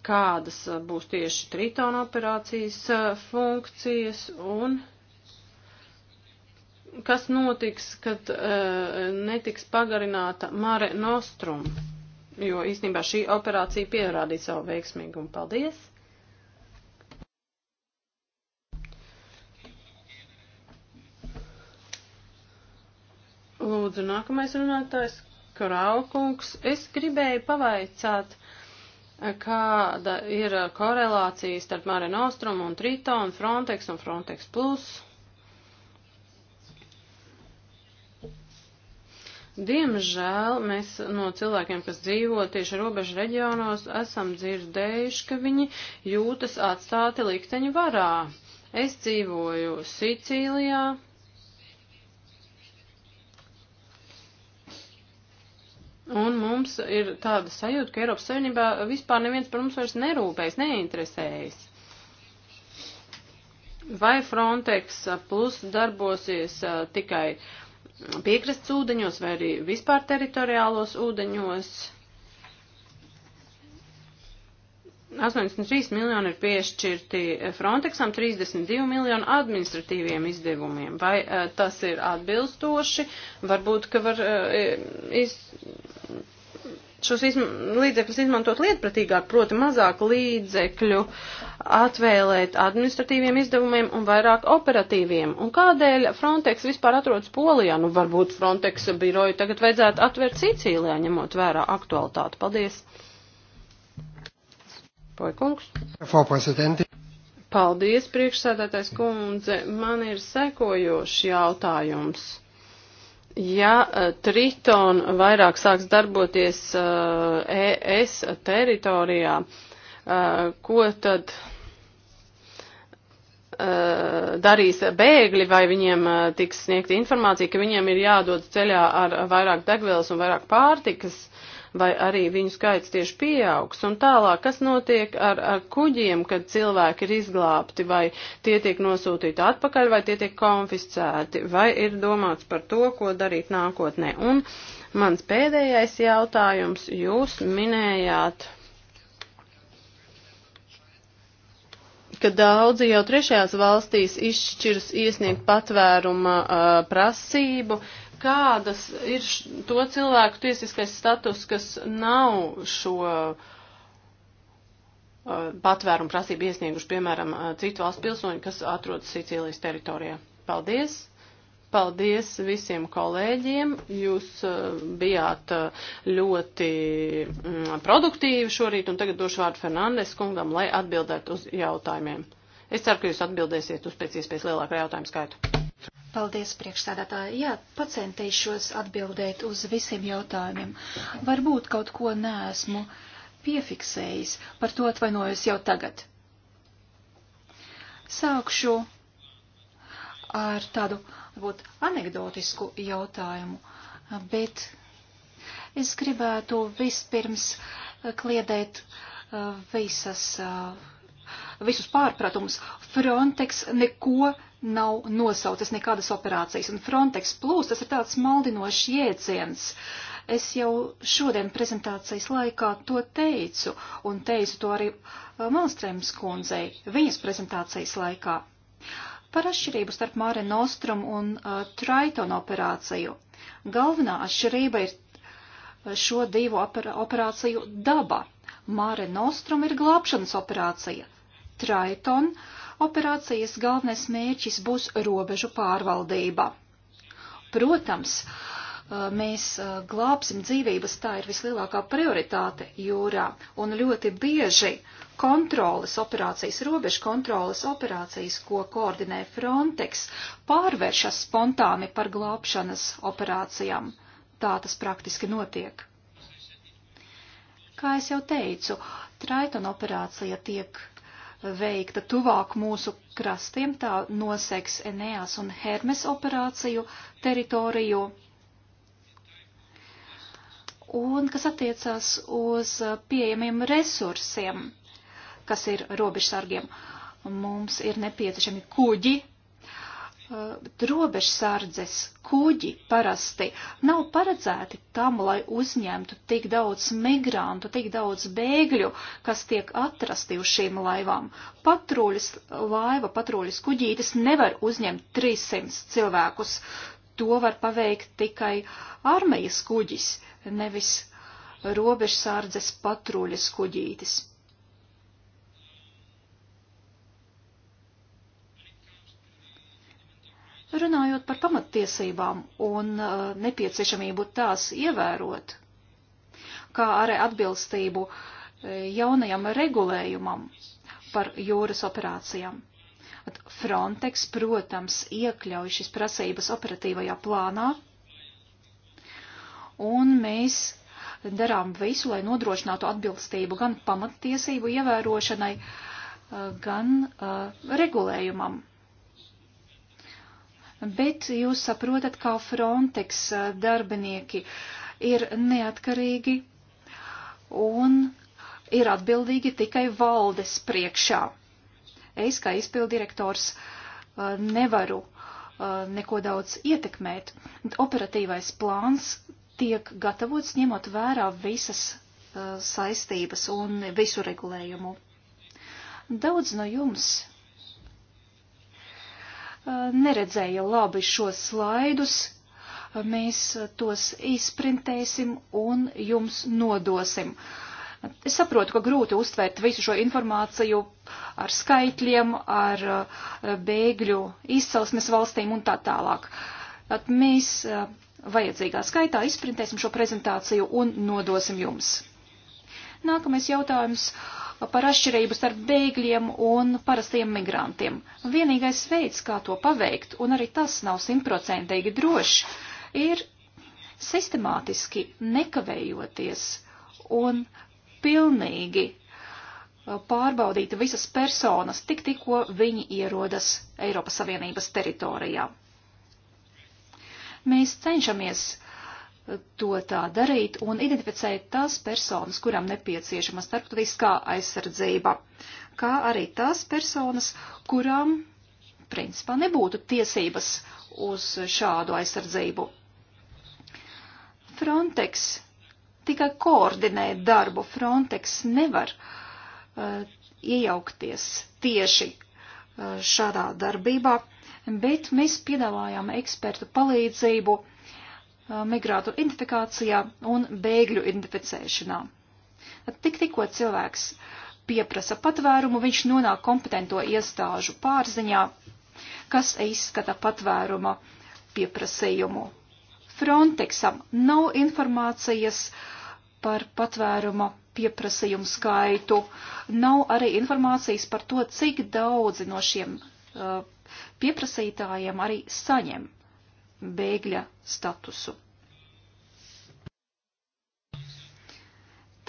kādas būs tieši Tritona operācijas funkcijas un kas notiks, kad uh, netiks pagarināta Mare Nostrum, jo īstenībā šī operācija pierādīja savu veiksmīgumu. Paldies! Lūdzu, nākamais runātājs, Koraukungs. Es gribēju pavaicāt, kāda ir korelācija starp Mare Nostrum un Triton, Frontex un Frontex Plus. Diemžēl mēs no cilvēkiem, kas dzīvo tieši robežu reģionos, esam dzirdējuši, ka viņi jūtas atstāti likteņu varā. Es dzīvoju Sicīlijā, Un mums ir tāda sajūta, ka Eiropas Savienībā vispār neviens par mums vairs nerūpējas, neinteresējas. Vai Frontex plus darbosies tikai piekrastes ūdeņos vai arī vispār teritoriālos ūdeņos? 83 miljoni ir piešķirti eh, Frontexam, 32 miljoni administratīviem izdevumiem. Vai uh, tas ir atbilstoši? Varbūt, ka var uh, iz, šos izm līdzekļus izmantot lietpratīgāk, proti mazāk līdzekļu atvēlēt administratīviem izdevumiem un vairāk operatīviem. Un kādēļ Frontex vispār atrodas Polijā? Nu, varbūt Frontex biroju tagad vajadzētu atvērt Sīcīlijā, ņemot vērā aktualitāti. Paldies! Poikungs. Frau Präsidentin. Paldies, priekšsēdētājs kundze. Man ir sekojošs jautājums. Ja e, Triton vairāk sāks darboties ES e teritorijā, e, ko tad darīs bēgļi, vai viņiem tiks sniegta informācija, ka viņiem ir jādod ceļā ar vairāk degvielas un vairāk pārtikas? vai arī viņu skaits tieši pieaugs. Un tālāk, kas notiek ar, ar kuģiem, kad cilvēki ir izglābti, vai tie tiek nosūtīti atpakaļ, vai tie tiek konfiscēti, vai ir domāts par to, ko darīt nākotnē. Un mans pēdējais jautājums, jūs minējāt. ka daudzi jau trešajās valstīs izšķirs iesniegt patvēruma uh, prasību, uh, kādas ir to cilvēku tiesiskais status, kas nav šo uh, patvērumu prasību iesnieguši, piemēram, uh, citu valstu pilsoņi, kas atrodas Sīcīlijas teritorijā. Paldies! Paldies visiem kolēģiem. Jūs uh, bijāt ļoti mm, produktīvi šorīt, un tagad došu vārdu Fernandes kungam, lai atbildētu uz jautājumiem. Es ceru, ka jūs atbildēsiet uz pēc iespējas lielāku jautājumu skaitu. Paldies, priekšsēdētāji. Jā, pacentīšos atbildēt uz visiem jautājumiem. Varbūt kaut ko neesmu piefiksējis, par to atvainojos jau tagad. Sākšu ar tādu, varbūt, anegdotisku jautājumu, bet es gribētu vispirms eh, kliedēt eh, visas, eh, visus pārpratumus. Frontex neko nav nosautas nekādas operācijas. Un Frontex Plus, tas ir tāds maldinošs jēdziens. Es jau šodien prezentācijas laikā to teicu, un teicu to arī uh, Malstrēmas kundzei viņas prezentācijas laikā. Par atšķirību starp Māre Nostrum un uh, Triton operāciju. Galvenā atšķirība ir uh, šo divu oper operāciju daba. Māre Nostrum ir glābšanas operācija. Triton uh, Operācijas galvenais mērķis būs robežu pārvaldība. Protams, mēs glābsim dzīvības, tā ir vislielākā prioritāte jūrā, un ļoti bieži kontrolas operācijas, robežu kontrolas operācijas, ko koordinē Frontex, pārvēršas spontāni par glābšanas operācijām. Tā tas praktiski notiek. Kā es jau teicu, Traiton operācija tiek veikta tuvāk mūsu krastiem, tā noseks Eneas un Hermes operāciju teritoriju. Un kas attiecās uz pieejamiem resursiem, kas ir robežsargiem. Mums ir nepieciešami kuģi, Uh, robežsardzes kuģi parasti nav paredzēti tam, lai uzņemtu tik daudz migrantu, tik daudz bēgļu, kas tiek atrasti uz šīm laivām. Patruļas laiva, patruļas kuģītes nevar uzņemt 300 cilvēkus. To var paveikt tikai armijas kuģis, nevis robežsardzes patruļas kuģītis. Runājot par pamattiesībām un e, nepieciešamību tās ievērot, kā arī atbilstību e, jaunajam regulējumam par jūras operācijām. Frontex, protams, iekļauj šīs prasības operatīvajā plānā, un mēs darām visu, lai nodrošinātu atbilstību gan pamattiesību ievērošanai, e, gan uh, regulējumam bet jūs saprotat, kā Frontex eh, darbinieki ir neatkarīgi un ir atbildīgi tikai valdes priekšā. Es, kā izpildirektors, eh, nevaru eh, neko daudz ietekmēt. Operatīvais plāns tiek gatavots ņemot vērā visas saistības un visu regulējumu. Daudz no jums Eh, neredzēja labi šos slaidus. Eh, mēs tos izprintēsim un jums nodosim. Es saprotu, ka grūti uztvērt visu šo informāciju ar skaitļiem, ar eh, bēgļu izcelsmes valstīm un tā tālāk. Tad mēs vajadzīgā skaitā izprintēsim šo prezentāciju un nodosim jums. Nākamais jautājums. Uh, par atšķirību starp bēgļiem un parastiem migrantiem. Vienīgais veids, kā to paveikt, un arī tas nav simtprocentīgi droši, ir sistemātiski nekavējoties un pilnīgi uh, pārbaudīt visas personas tik tikko viņi ierodas Eiropas Savienības teritorijā. Mēs cenšamies uh, to tā darīt un identificēt tās personas, kurām nepieciešama starptautiskā aizsardzība, kā arī tās personas, kurām principā nebūtu tiesības uz šādu aizsardzību. Frontex tikai koordinē darbu. Frontex nevar uh, iejaukties tieši uh, šādā darbībā, bet mēs piedāvājām ekspertu palīdzību uh, Uh, migrātu identifikācijā un bēgļu identificēšanā. Tik tikko cilvēks pieprasa patvērumu, viņš nonāk kompetento iestāžu pārziņā, kas izskata patvēruma pieprasījumu. Frontexam nav informācijas par patvēruma pieprasījumu skaitu, nav arī informācijas par to, cik daudzi no šiem uh, pieprasītājiem arī saņem bēgļa statusu.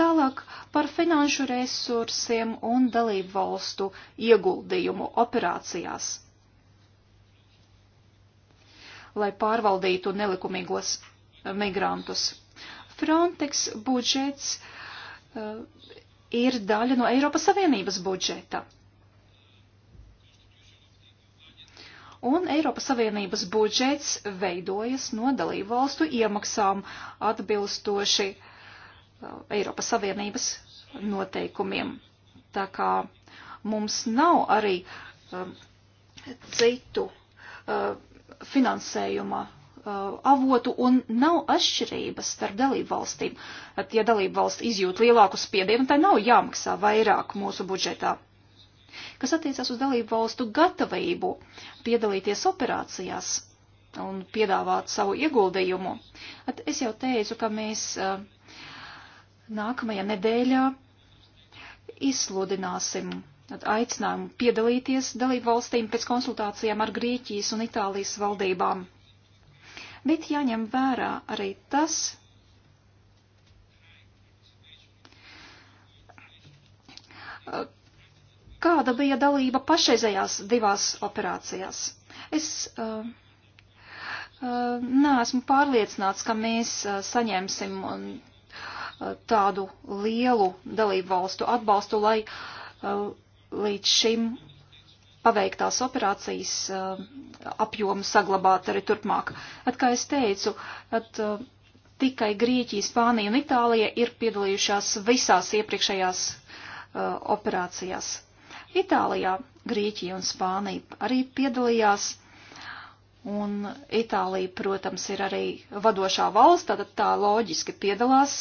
Tālāk par finanšu resursiem un dalību valstu ieguldījumu operācijās. Lai pārvaldītu nelikumīgos migrantus. Frontex budžets uh, ir daļa no Eiropas Savienības budžeta. un Eiropas Savienības budžets veidojas no dalību valstu iemaksām atbilstoši uh, Eiropas Savienības noteikumiem. Tā kā mums nav arī um, citu uh, finansējuma uh, avotu un nav atšķirības starp dalību valstīm. At, ja dalību valsts izjūt lielāku spiedienu, tai nav jāmaksā vairāk mūsu budžetā kas attiecas uz dalību valstu gatavību piedalīties operācijās un piedāvāt savu ieguldījumu. At es jau teicu, ka mēs eh, nākamajā nedēļā izsludināsim aicinājumu piedalīties dalību valstīm pēc konsultācijām ar Grieķijas un Itālijas valdībām. Bet jāņem vērā arī tas, uh, Kāda bija dalība pašreizējās divās operācijās? Es uh, uh, neesmu pārliecināts, ka mēs uh, saņemsim un, uh, tādu lielu dalību valstu atbalstu, lai uh, līdz šim paveiktās operācijas uh, apjomu saglabāt arī turpmāk. At, kā es teicu, at, uh, tikai Grieķija, Spānija un Itālija ir piedalījušās visās iepriekšējās uh, operācijās. Itālijā, Grieķija un Spānija arī piedalījās. Un Itālija, protams, ir arī vadošā valsts, tātad tā loģiski piedalās.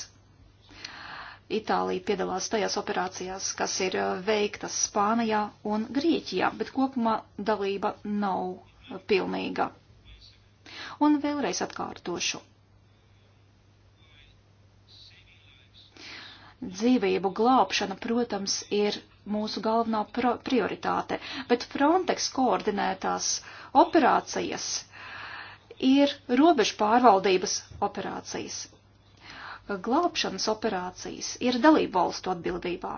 Itālija piedalās tajās operācijās, kas ir uh, veiktas Spānijā un Grieķijā, bet kopumā dalība nav pilnīga. Un vēlreiz atkārtošu. Dzīvību glābšana, protams, ir mūsu galvenā prioritāte, bet Frontex koordinētās operācijas ir robežu pārvaldības operācijas. Glābšanas operācijas ir dalību valstu atbildībā.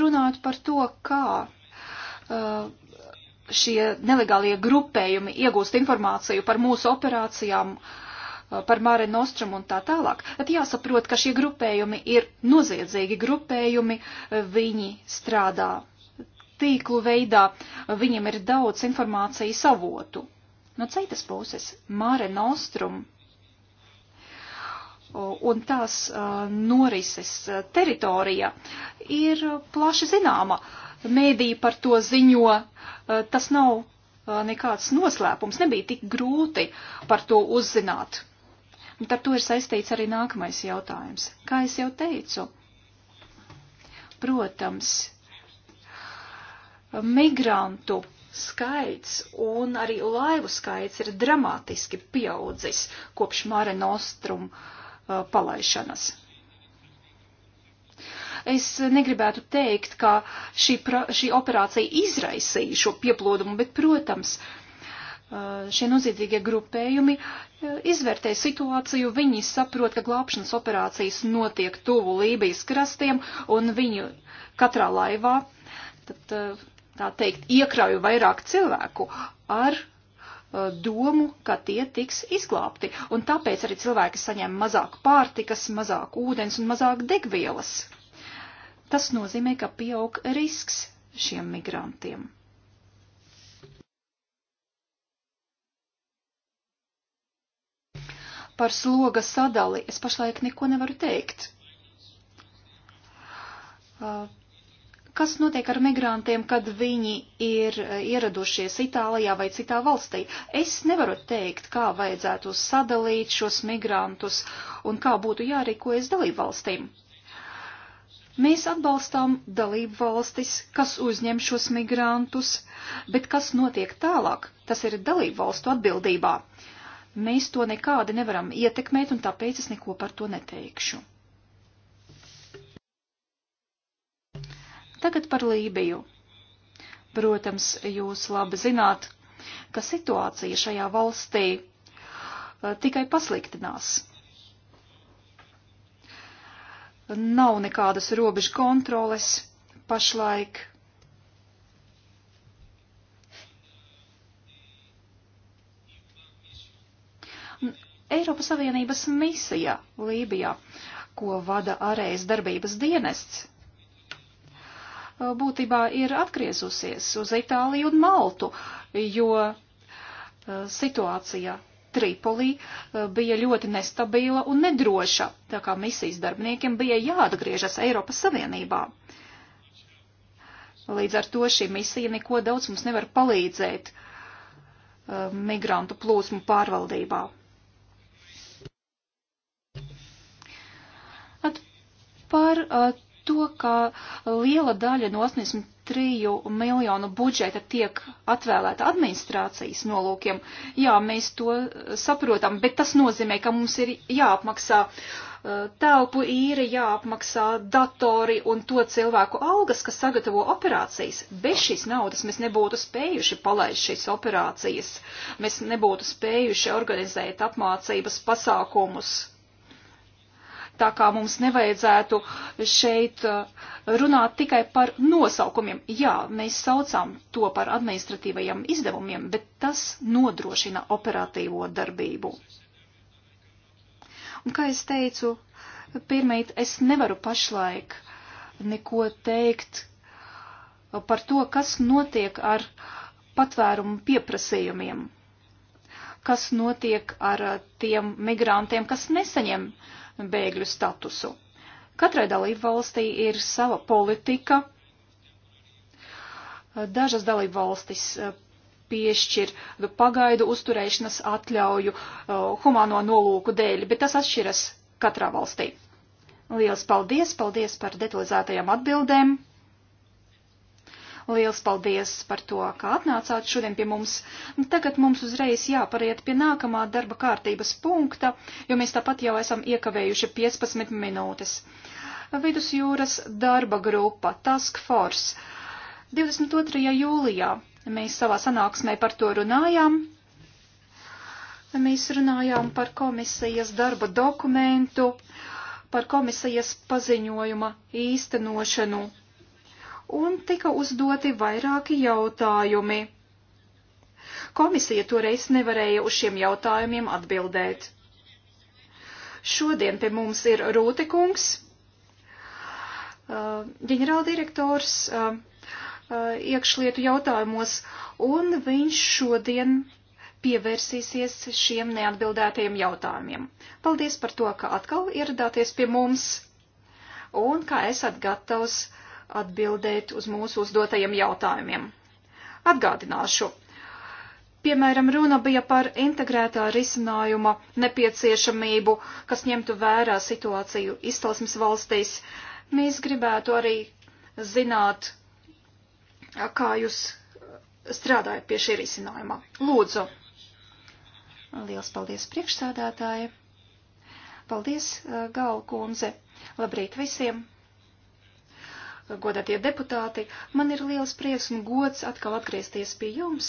Runājot par to, kā uh, šie nelegālie grupējumi iegūst informāciju par mūsu operācijām, uh, Eh, par Mare Nostrum un tā tālāk, tad jāsaprot, ka šie grupējumi ir noziedzīgi grupējumi, eh, viņi strādā tīklu veidā, eh, viņiem ir daudz informācijas avotu. No citas puses, Mare Nostrum un tās norises teritorija ir plaši zināma. Mēdī par to ziņo, tas nav nekāds noslēpums, nebija tik grūti par to uzzināt. Un ar to ir saistīts arī nākamais jautājums. Kā es jau teicu, protams, migrantu skaits un arī laivu skaits ir dramatiski pieaudzis kopš Mare Nostrum uh, palaišanas. Es negribētu teikt, ka šī, šī operācija izraisīja šo pieplūdumu, bet, protams, uh, Eh, šie noziedzīgie grupējumi eh, izvērtē situāciju, viņi saprot, ka glābšanas operācijas notiek tuvu Lībijas krastiem un viņu katrā laivā, tad, eh, tā teikt, iekrauju vairāk cilvēku ar domu, ka tie tiks izglābti. Un tāpēc arī cilvēki saņem mazāk pārtikas, mazāk ūdens un mazāk degvielas. Tas nozīmē, ka pieaug risks šiem migrantiem. par sloga sadali es pašlaik neko nevaru teikt. Uh, kas notiek ar migrantiem, kad viņi ir uh, ieradušies Itālijā vai citā valstī? Es nevaru teikt, kā vajadzētu sadalīt šos migrantus un kā būtu jārīkojas dalību valstīm. Mēs atbalstām dalību valstis, kas uzņem šos migrantus, bet kas notiek tālāk, tas ir dalību valstu atbildībā. Uh, Mēs to nekādi nevaram ietekmēt, un tāpēc es neko par to neteikšu. Tagad par Lībiju. Protams, jūs labi zināt, ka situācija šajā valstī eh, tikai pasliktinās. Nav nekādas robežu kontroles pašlaik. Eiropas Savienības misija Lībijā, ko vada ārējas darbības dienests, būtībā ir atgriezusies uz Itāliju un Maltu, jo eh, situācija Tripolī eh, bija ļoti nestabila un nedroša, tā kā misijas darbiniekiem bija jāatgriežas Eiropas Savienībā. Līdz ar to šī misija neko daudz mums nevar palīdzēt eh, migrantu plūsmu pārvaldībā. par uh, to, ka liela daļa no 83 miljonu budžeta tiek atvēlēta administrācijas nolūkiem. Jā, mēs to uh, saprotam, bet tas nozīmē, ka mums ir jāapmaksā uh, telpu īri, jāapmaksā datori un to cilvēku algas, kas sagatavo operācijas. Bez šīs naudas mēs nebūtu spējuši palaist šīs operācijas, mēs nebūtu spējuši organizēt apmācības pasākumus tā kā mums nevajadzētu šeit uh, runāt tikai par nosaukumiem. Jā, mēs saucām to par administratīvajiem izdevumiem, bet tas nodrošina operatīvo darbību. Un kā es teicu, pirmīt, es nevaru pašlaik neko teikt par to, kas notiek ar patvērumu pieprasījumiem, kas notiek ar tiem migrantiem, kas nesaņem uh, bēgļu statusu. Katrai dalību valstī ir sava politika. Dažas dalību valstis eh, piešķir pagaidu uzturēšanas atļauju eh, humāno nolūku dēļ, bet tas atšķiras katrā valstī. Lielas paldies, paldies par detalizētajām atbildēm. Liels paldies par to, ka atnācāt šodien pie mums. Nu, tagad mums uzreiz jāpariet pie nākamā darba kārtības punkta, jo mēs tāpat jau esam iekavējuši 15 minūtes. Vidusjūras darba grupa Task Force 22. jūlijā. Mēs savā sanāksmē par to runājām. Mēs runājām par komisijas darba dokumentu, par komisijas paziņojuma īstenošanu un tika uzdoti vairāki jautājumi. Komisija toreiz nevarēja uz šiem jautājumiem atbildēt. Šodien pie mums ir Rūtekungs, ģenerāldirektors iekšlietu jautājumos, un viņš šodien pievērsīsies šiem neatbildētajiem jautājumiem. Paldies par to, ka atkal ieradāties pie mums, un ka esat gatavs uh, atbildēt uz mūsu uzdotajiem jautājumiem. Atgādināšu. Piemēram, runa bija par integrētā risinājuma nepieciešamību, kas ņemtu vērā situāciju izcelsmes valstīs. Mēs gribētu arī zināt, kā jūs strādājat pie šī risinājuma. Lūdzu! Liels paldies priekšsādātāji! Paldies, Galkundze! Labrīt visiem! godātie deputāti, man ir liels prieks un gods atkal atgriezties pie jums.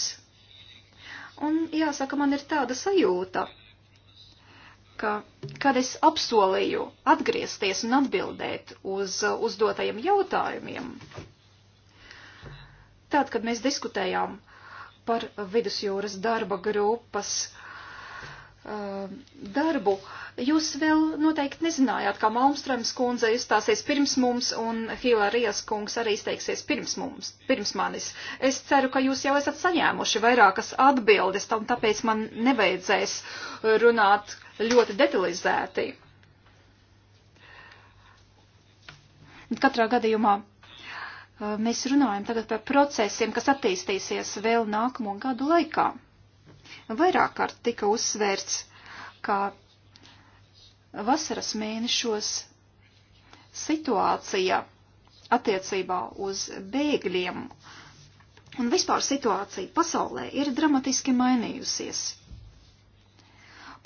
Un jāsaka, man ir tāda sajūta, ka, kad es apsolīju atgriezties un atbildēt uz uh, uzdotajiem jautājumiem, tad, kad mēs diskutējām par vidusjūras darba grupas uh, Uh, darbu. Jūs vēl noteikti nezinājāt, kā Malmstrēms kundze izstāsies pirms mums un Hilarijas kungs arī izteiksies pirms mums, pirms manis. Es ceru, ka jūs jau esat saņēmuši vairākas atbildes, tam tāpēc man nevajadzēs runāt ļoti detalizēti. Katrā gadījumā uh, mēs runājam tagad par procesiem, kas attīstīsies vēl nākamo gadu laikā. Vairāk kārt tika uzsvērts, ka vasaras mēnešos situācija attiecībā uz bēgļiem un vispār situācija pasaulē ir dramatiski mainījusies.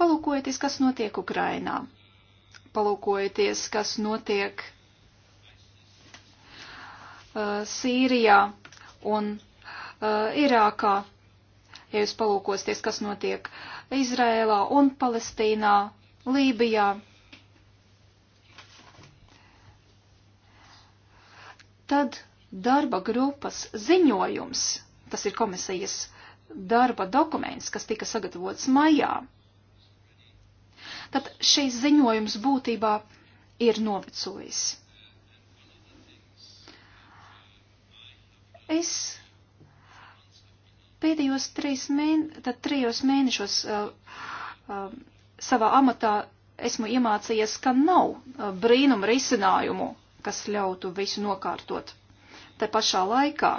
Palūkojieties, kas notiek Ukrainā. Palūkojieties, kas notiek uh, Sīrijā un uh, Irākā ja jūs palūkosties, kas notiek Izrēlā un Palestīnā, Lībijā. Tad darba grupas ziņojums, tas ir komisijas darba dokuments, kas tika sagatavots maijā. Tad šīs ziņojums būtībā ir novecojis. Es Pēdējos trīs mēn, tad trijos mēnešos uh, uh, savā amatā esmu iemācījies, ka nav uh, brīnuma risinājumu, kas ļautu visu nokārtot. Te pašā laikā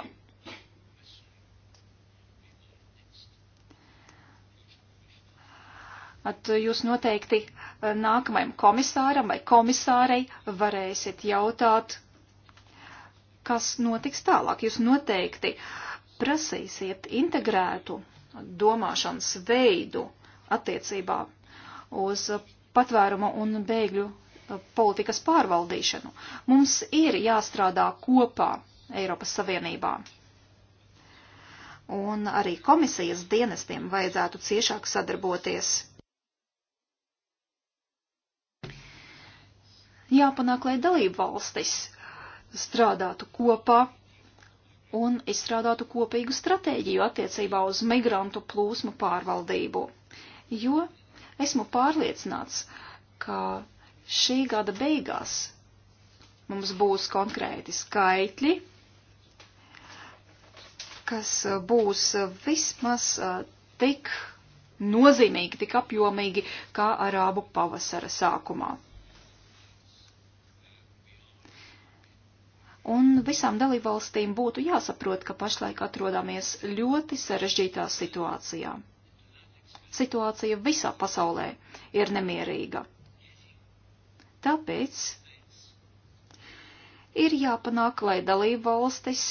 At jūs noteikti uh, nākamajam komisāram vai komisārei varēsiet jautāt, kas notiks tālāk. Jūs noteikti uh, prasīsiet integrētu domāšanas veidu attiecībā uz patvērumu un bēgļu uh, politikas pārvaldīšanu. Mums ir jāstrādā kopā Eiropas Savienībā. Un arī komisijas dienestiem vajadzētu ciešāk sadarboties. Jāpanāk, lai dalību valstis strādātu kopā un izstrādātu kopīgu stratēģiju attiecībā uz migrantu plūsmu pārvaldību. Jo esmu pārliecināts, ka šī gada beigās mums būs konkrēti skaitļi, kas būs vismaz tik nozīmīgi, tik apjomīgi kā arābu pavasara sākumā. Un visām dalībvalstīm būtu jāsaprot, ka pašlaik atrodamies ļoti sarežģītā situācijā. Situācija visā pasaulē ir nemierīga. Tāpēc ir jāpanāk, lai dalībvalstis,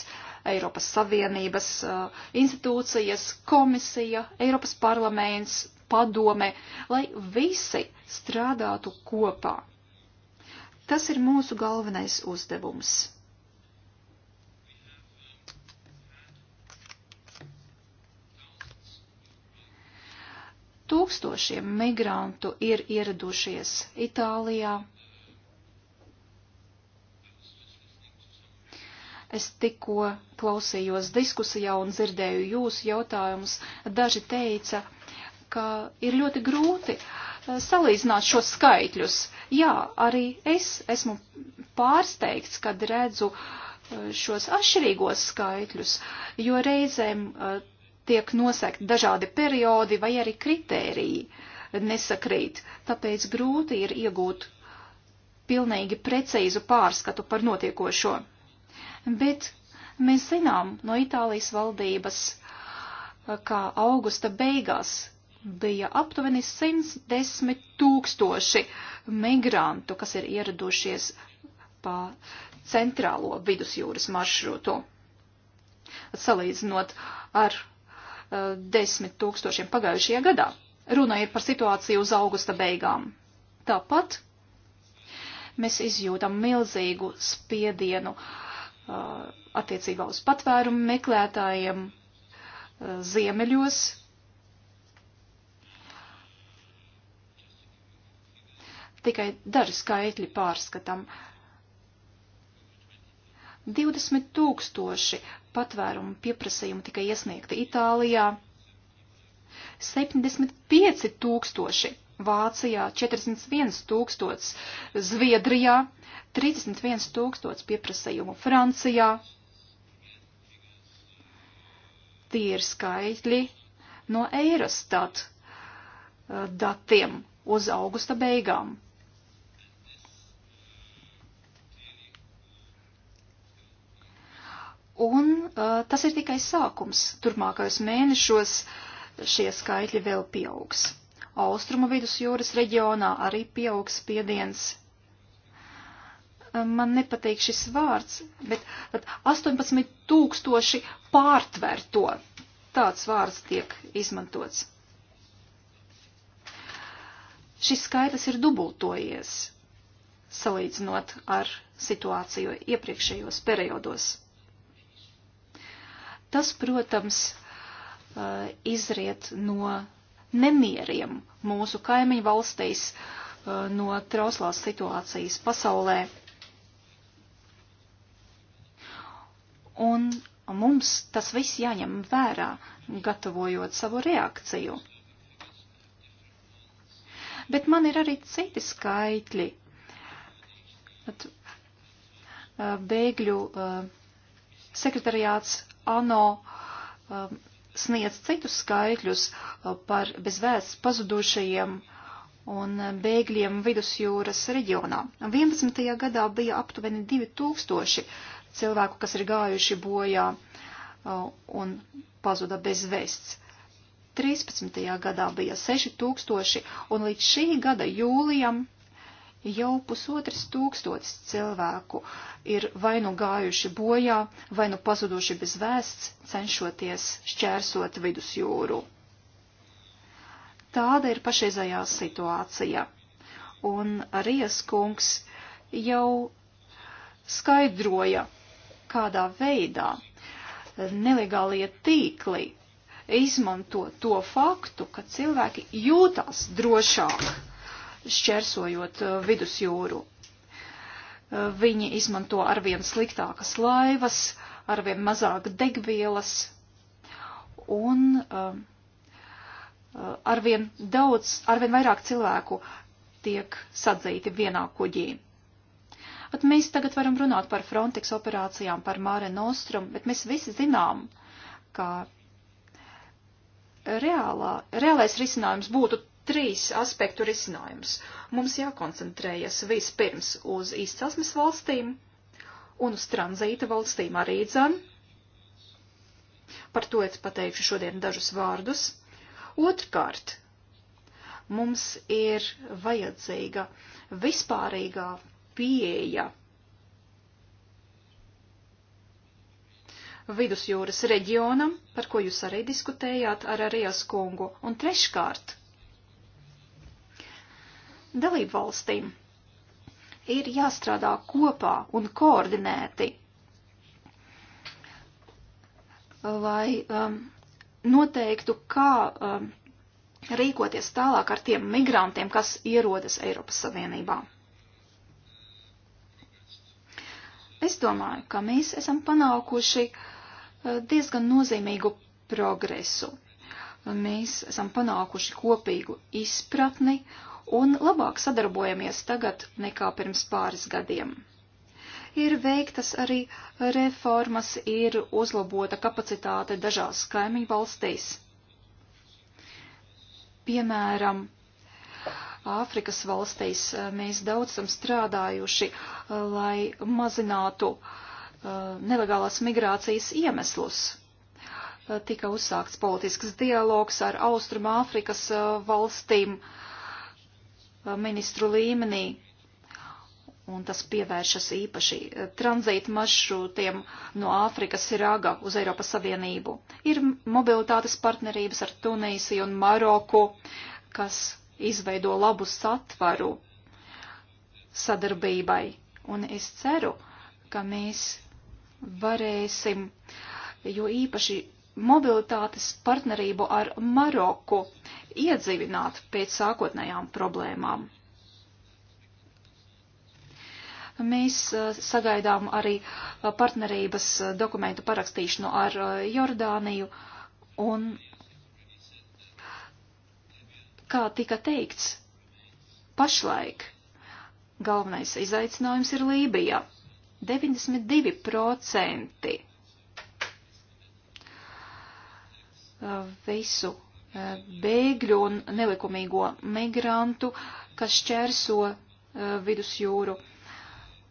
Eiropas Savienības uh, institūcijas, komisija, Eiropas parlaments, padome, lai visi strādātu kopā. Tas ir mūsu galvenais uzdevums. Tūkstošiem migrantu ir ieradušies Itālijā. Es tikko klausījos diskusijā un dzirdēju jūsu jautājumus. Daži teica, ka ir ļoti grūti eh, salīdzināt šos skaitļus. Jā, arī es esmu pārsteigts, kad redzu eh, šos atšķirīgos skaitļus, jo reizēm eh, tiek nosegt dažādi periodi vai arī kritēriji nesakrīt, tāpēc grūti ir iegūt pilnīgi precīzu pārskatu par notiekošo. Bet mēs zinām no Itālijas valdības, ka augusta beigās bija aptuveni 110 tūkstoši migrantu, kas ir ieradušies pa centrālo vidusjūras maršrutu. Salīdzinot ar desmit tūkstošiem pagājušajā gadā. Runa ir par situāciju uz augusta beigām. Tāpat mēs izjūtam milzīgu spiedienu uh, attiecībā uz patvērumu meklētājiem uh, ziemeļos. Tikai daži skaitļi pārskatam. Uh, 20 tūkstoši patvērumu pieprasījumu tika iesniegti Itālijā, 75 tūkstoši Vācijā, 41 tūkstots Zviedrijā, 31 tūkstots pieprasījumu Francijā. Tie ir skaitļi no Eirostat eh, datiem uz augusta beigām. Un uh, tas ir tikai sākums. Turmākajos mēnešos šie skaitļi vēl pieaugs. Austrumu vidusjūras reģionā arī pieaugs spiediens. Uh, man nepatīk šis vārds, bet 18 tūkstoši pārtverto. Tāds vārds tiek izmantots. Šis skaitlis ir dubultojies, salīdzinot ar situāciju iepriekšējos periodos. Tas, protams, uh, izriet no nemieriem mūsu kaimiņu valstīs, uh, no trauslās situācijas pasaulē. Un mums tas viss jāņem vērā, gatavojot savu reakciju. Bet man ir arī citi skaitļi. Uh, bēgļu sekretariāts ANO um, sniedz citus skaitļus uh, par bezvēsts pazudušajiem un uh, bēgļiem vidusjūras reģionā. 11. gadā bija aptuveni 2000 cilvēku, kas ir gājuši bojā uh, un pazuda bezvēsts. 13. gadā bija 6000 un līdz šī gada jūlijam Jau pusotras tūkstotis cilvēku ir vai nu gājuši bojā, vai nu pazuduši bez vēsts, cenšoties šķērsot vidusjūru. Tāda ir pašreizējā situācija. Un Rijas kungs jau skaidroja, kādā veidā nelegālie tīkli izmanto to faktu, ka cilvēki jūtās drošāk šķērsojot uh, vidusjūru. Uh, viņi izmanto arvien sliktākas laivas, arvien mazāk degvielas un uh, arvien daudz, arvien vairāk cilvēku tiek sadzīti vienā kuģī. At mēs tagad varam runāt par Frontex operācijām, par Māre Nostrum, bet mēs visi zinām, ka reālā, reālais risinājums būtu trīs aspektu risinājums. Mums jākoncentrējas vispirms uz izcelsmes valstīm un uz tranzīta valstīm arī dzan. Par to es pateikšu šodien dažus vārdus. Otrkārt, mums ir vajadzīga vispārīgā pieeja vidusjūras reģionam, par ko jūs arī diskutējāt ar Arijas kungu. Un treškārt, Dalību valstīm ir jāstrādā kopā un koordinēti, lai um, noteiktu, kā um, rīkoties tālāk ar tiem migrantiem, kas ierodas Eiropas Savienībā. Es domāju, ka mēs esam panākuši uh, diezgan nozīmīgu progresu. Mēs esam panākuši kopīgu izpratni un labāk sadarbojamies tagad nekā pirms pāris gadiem. Ir veiktas arī reformas, ir uzlabota kapacitāte dažās kaimiņu valstīs. Piemēram, Āfrikas valstīs eh, mēs daudz esam strādājuši, eh, lai mazinātu uh, nelegālās migrācijas iemeslus. Uh, tika uzsākts politisks dialogs ar Austrum Āfrikas uh, valstīm. Uh, ministru līmenī, un tas pievēršas īpaši tranzīta maršrūtiem no Āfrikas Irāga uz Eiropas Savienību. Ir mobilitātes partnerības ar Tunīsiju un Maroku, kas izveido labu satvaru sadarbībai, un es ceru, ka mēs varēsim, jo īpaši mobilitātes partnerību ar Maroku iedzīvināt pēc sākotnējām problēmām. Mēs uh, sagaidām arī uh, partnerības uh, dokumentu parakstīšanu ar Jordāniju un, kā tika teikts, pašlaik galvenais izaicinājums ir Lībija. 92% visu eh, bēgļu un nelikumīgo migrantu, kas šķērso eh, vidusjūru,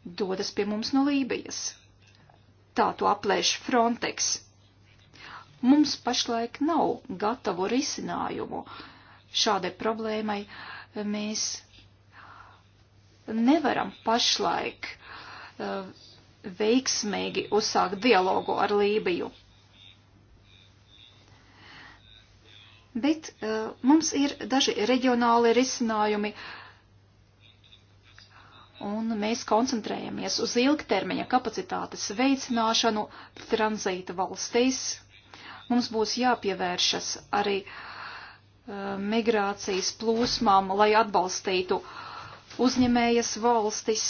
dodas pie mums no Lībijas. Tā to aplēš Frontex. Mums pašlaik nav gatavu risinājumu šādai problēmai. Mēs nevaram pašlaik eh, veiksmīgi uzsākt dialogu ar Lībiju. bet uh, mums ir daži reģionāli risinājumi, un mēs koncentrējamies uz ilgtermiņa kapacitātes veicināšanu tranzīta valstīs. Mums būs jāpievēršas arī uh, migrācijas plūsmām, lai atbalstītu uzņemējas valstis.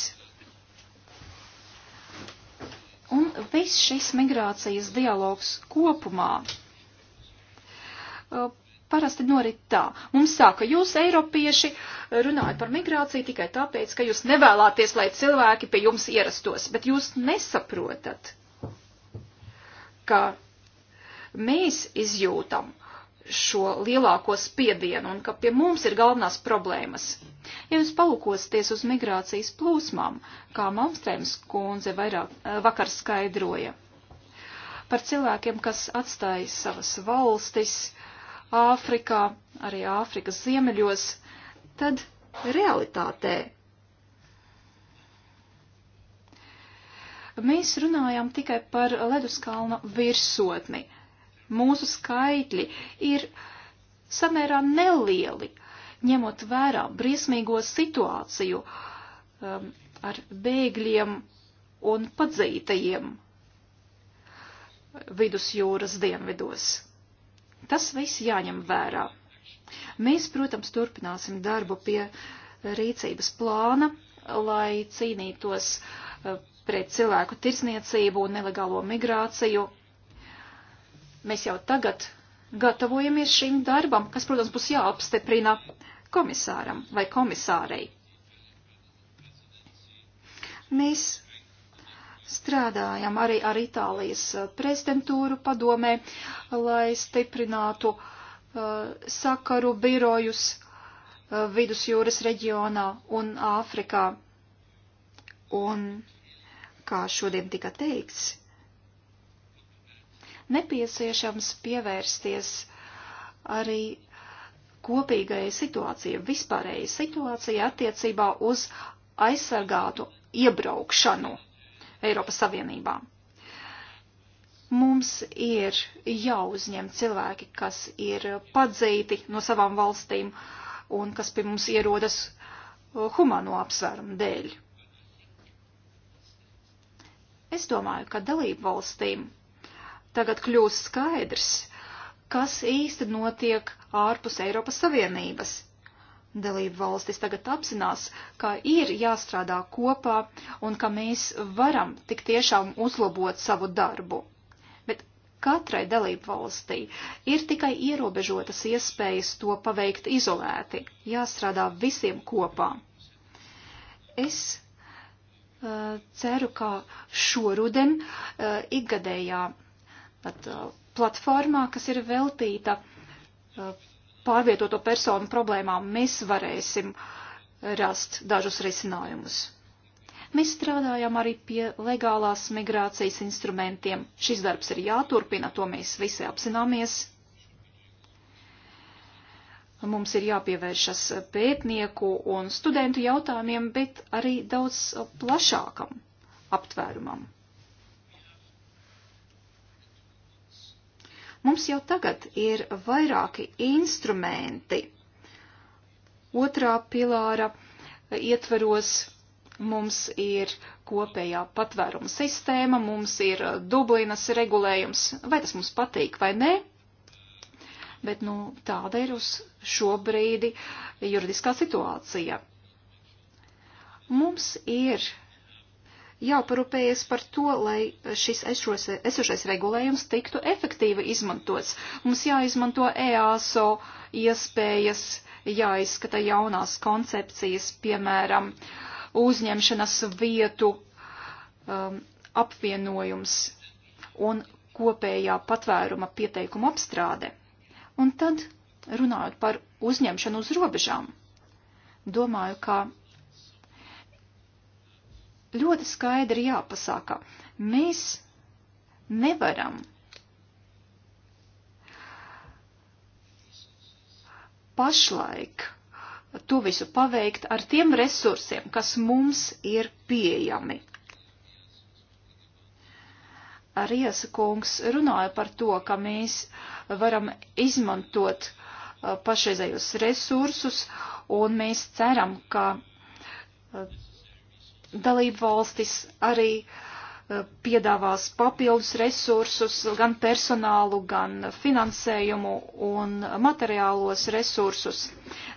Un viss šis migrācijas dialogs kopumā uh, parasti norit tā. Mums saka, jūs eiropieši runājat par migrāciju tikai tāpēc, ka jūs nevēlāties, lai cilvēki pie jums ierastos, bet jūs nesaprotat, ka mēs izjūtam šo lielāko spiedienu un ka pie mums ir galvenās problēmas. Ja jūs palūkosieties uz migrācijas plūsmām, kā Malmstrēms kundze vairāk eh, vakar skaidroja, par cilvēkiem, kas atstāja savas valstis, Āfrikā, arī Āfrikas ziemeļos, tad realitātē mēs runājam tikai par leduskalna virsotni. Mūsu skaitļi ir samērā nelieli, ņemot vērā briesmīgo situāciju um, ar bēgļiem un padzītajiem vidusjūras dienvidos. Tas viss jāņem vērā. Mēs, protams, turpināsim darbu pie rīcības plāna, lai cīnītos uh, pret cilvēku tirsniecību un nelegālo migrāciju. Mēs jau tagad gatavojamies šim darbam, kas, protams, būs jāapstiprina komisāram vai komisārei. Mēs Strādājam arī ar Itālijas uh, prezidentūru padomē, lai stiprinātu uh, sakaru birojus uh, vidusjūras reģionā un Āfrikā. Un, kā šodien tika teikts, nepieciešams pievērsties arī kopīgai situācijai, vispārējai situācijai attiecībā uz aizsargātu iebraukšanu. Eiropas Savienībā. Mums ir jāuzņem cilvēki, kas ir padzīti no savām valstīm un kas pie mums ierodas uh, humano apsvērumu dēļ. Es domāju, ka dalību valstīm tagad kļūst skaidrs, kas īsti notiek ārpus Eiropas Savienības, dalību valstis tagad apzinās, ka ir jāstrādā kopā un ka mēs varam tik tiešām uzlabot savu darbu. Bet katrai dalību valstī ir tikai ierobežotas iespējas to paveikt izolēti. Jāstrādā visiem kopā. Es uh, ceru, ka šoruden uh, ikgadējā at, uh, platformā, kas ir veltīta uh, pārvietoto personu problēmām mēs varēsim rast dažus risinājumus. Mēs strādājam arī pie legālās migrācijas instrumentiem. Šis darbs ir jāturpina, to mēs visi apzināmies. Mums ir jāpievēršas pētnieku un studentu jautājumiem, bet arī daudz plašākam aptvērumam. Mums jau tagad ir vairāki instrumenti. Otrā pilāra ietveros mums ir kopējā patvēruma sistēma, mums ir uh, Dublinas regulējums, vai tas mums patīk vai nē. Bet nu, tāda ir uz šo brīdi juridiskā situācija. Mums ir jāparūpējas par to, lai šis esošais regulējums tiktu efektīvi izmantots. Mums jāizmanto EASO iespējas, jāizskata jaunās koncepcijas, piemēram, uzņemšanas vietu um, apvienojums un kopējā patvēruma pieteikuma apstrāde. Un tad, runājot par uzņemšanu uz robežām, domāju, ka ļoti skaidri jāpasaka. Mēs nevaram pašlaik to visu paveikt ar tiem resursiem, kas mums ir pieejami. Rijas kungs runāja par to, ka mēs varam izmantot uh, pašreizējos resursus, un mēs ceram, ka uh, dalību valstis arī eh, piedāvās papildus resursus, gan personālu, gan finansējumu un materiālos resursus.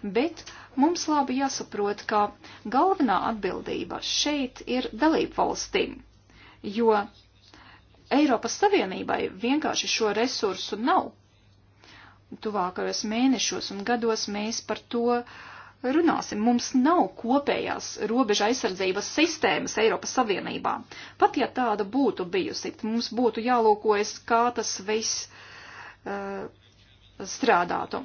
Bet mums labi jāsaprot, ka galvenā atbildība šeit ir dalību valstīm, jo Eiropas Savienībai vienkārši šo resursu nav. Tuvākajos mēnešos un gados mēs par to uh, runāsim. Mums nav kopējās robeža aizsardzības sistēmas Eiropas Savienībā. Pat ja tāda būtu bijusi, mums būtu jālūkojas, kā tas viss uh, strādātu.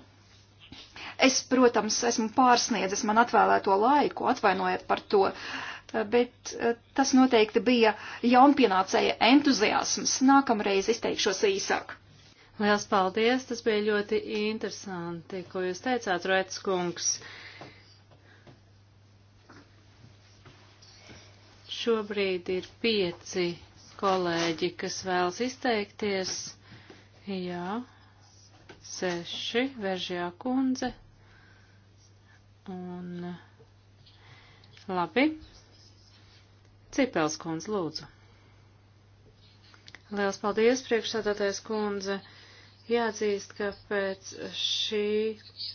Es, protams, esmu pārsniedzis man atvēlēto laiku, atvainojiet par to, uh, bet uh, tas noteikti bija jaunpienācēja entuziasms. Nākamreiz izteikšos īsāk. Liels paldies, tas bija ļoti interesanti, ko jūs teicāt, Rēts kungs. Uh, Šobrīd ir pieci kolēģi, kas vēlas izteikties. Jā, seši, veržjā kundze. Un labi. Cipels kundze, lūdzu. Liels paldies, priekšsādātais kundze. Jāatzīst, ka pēc šī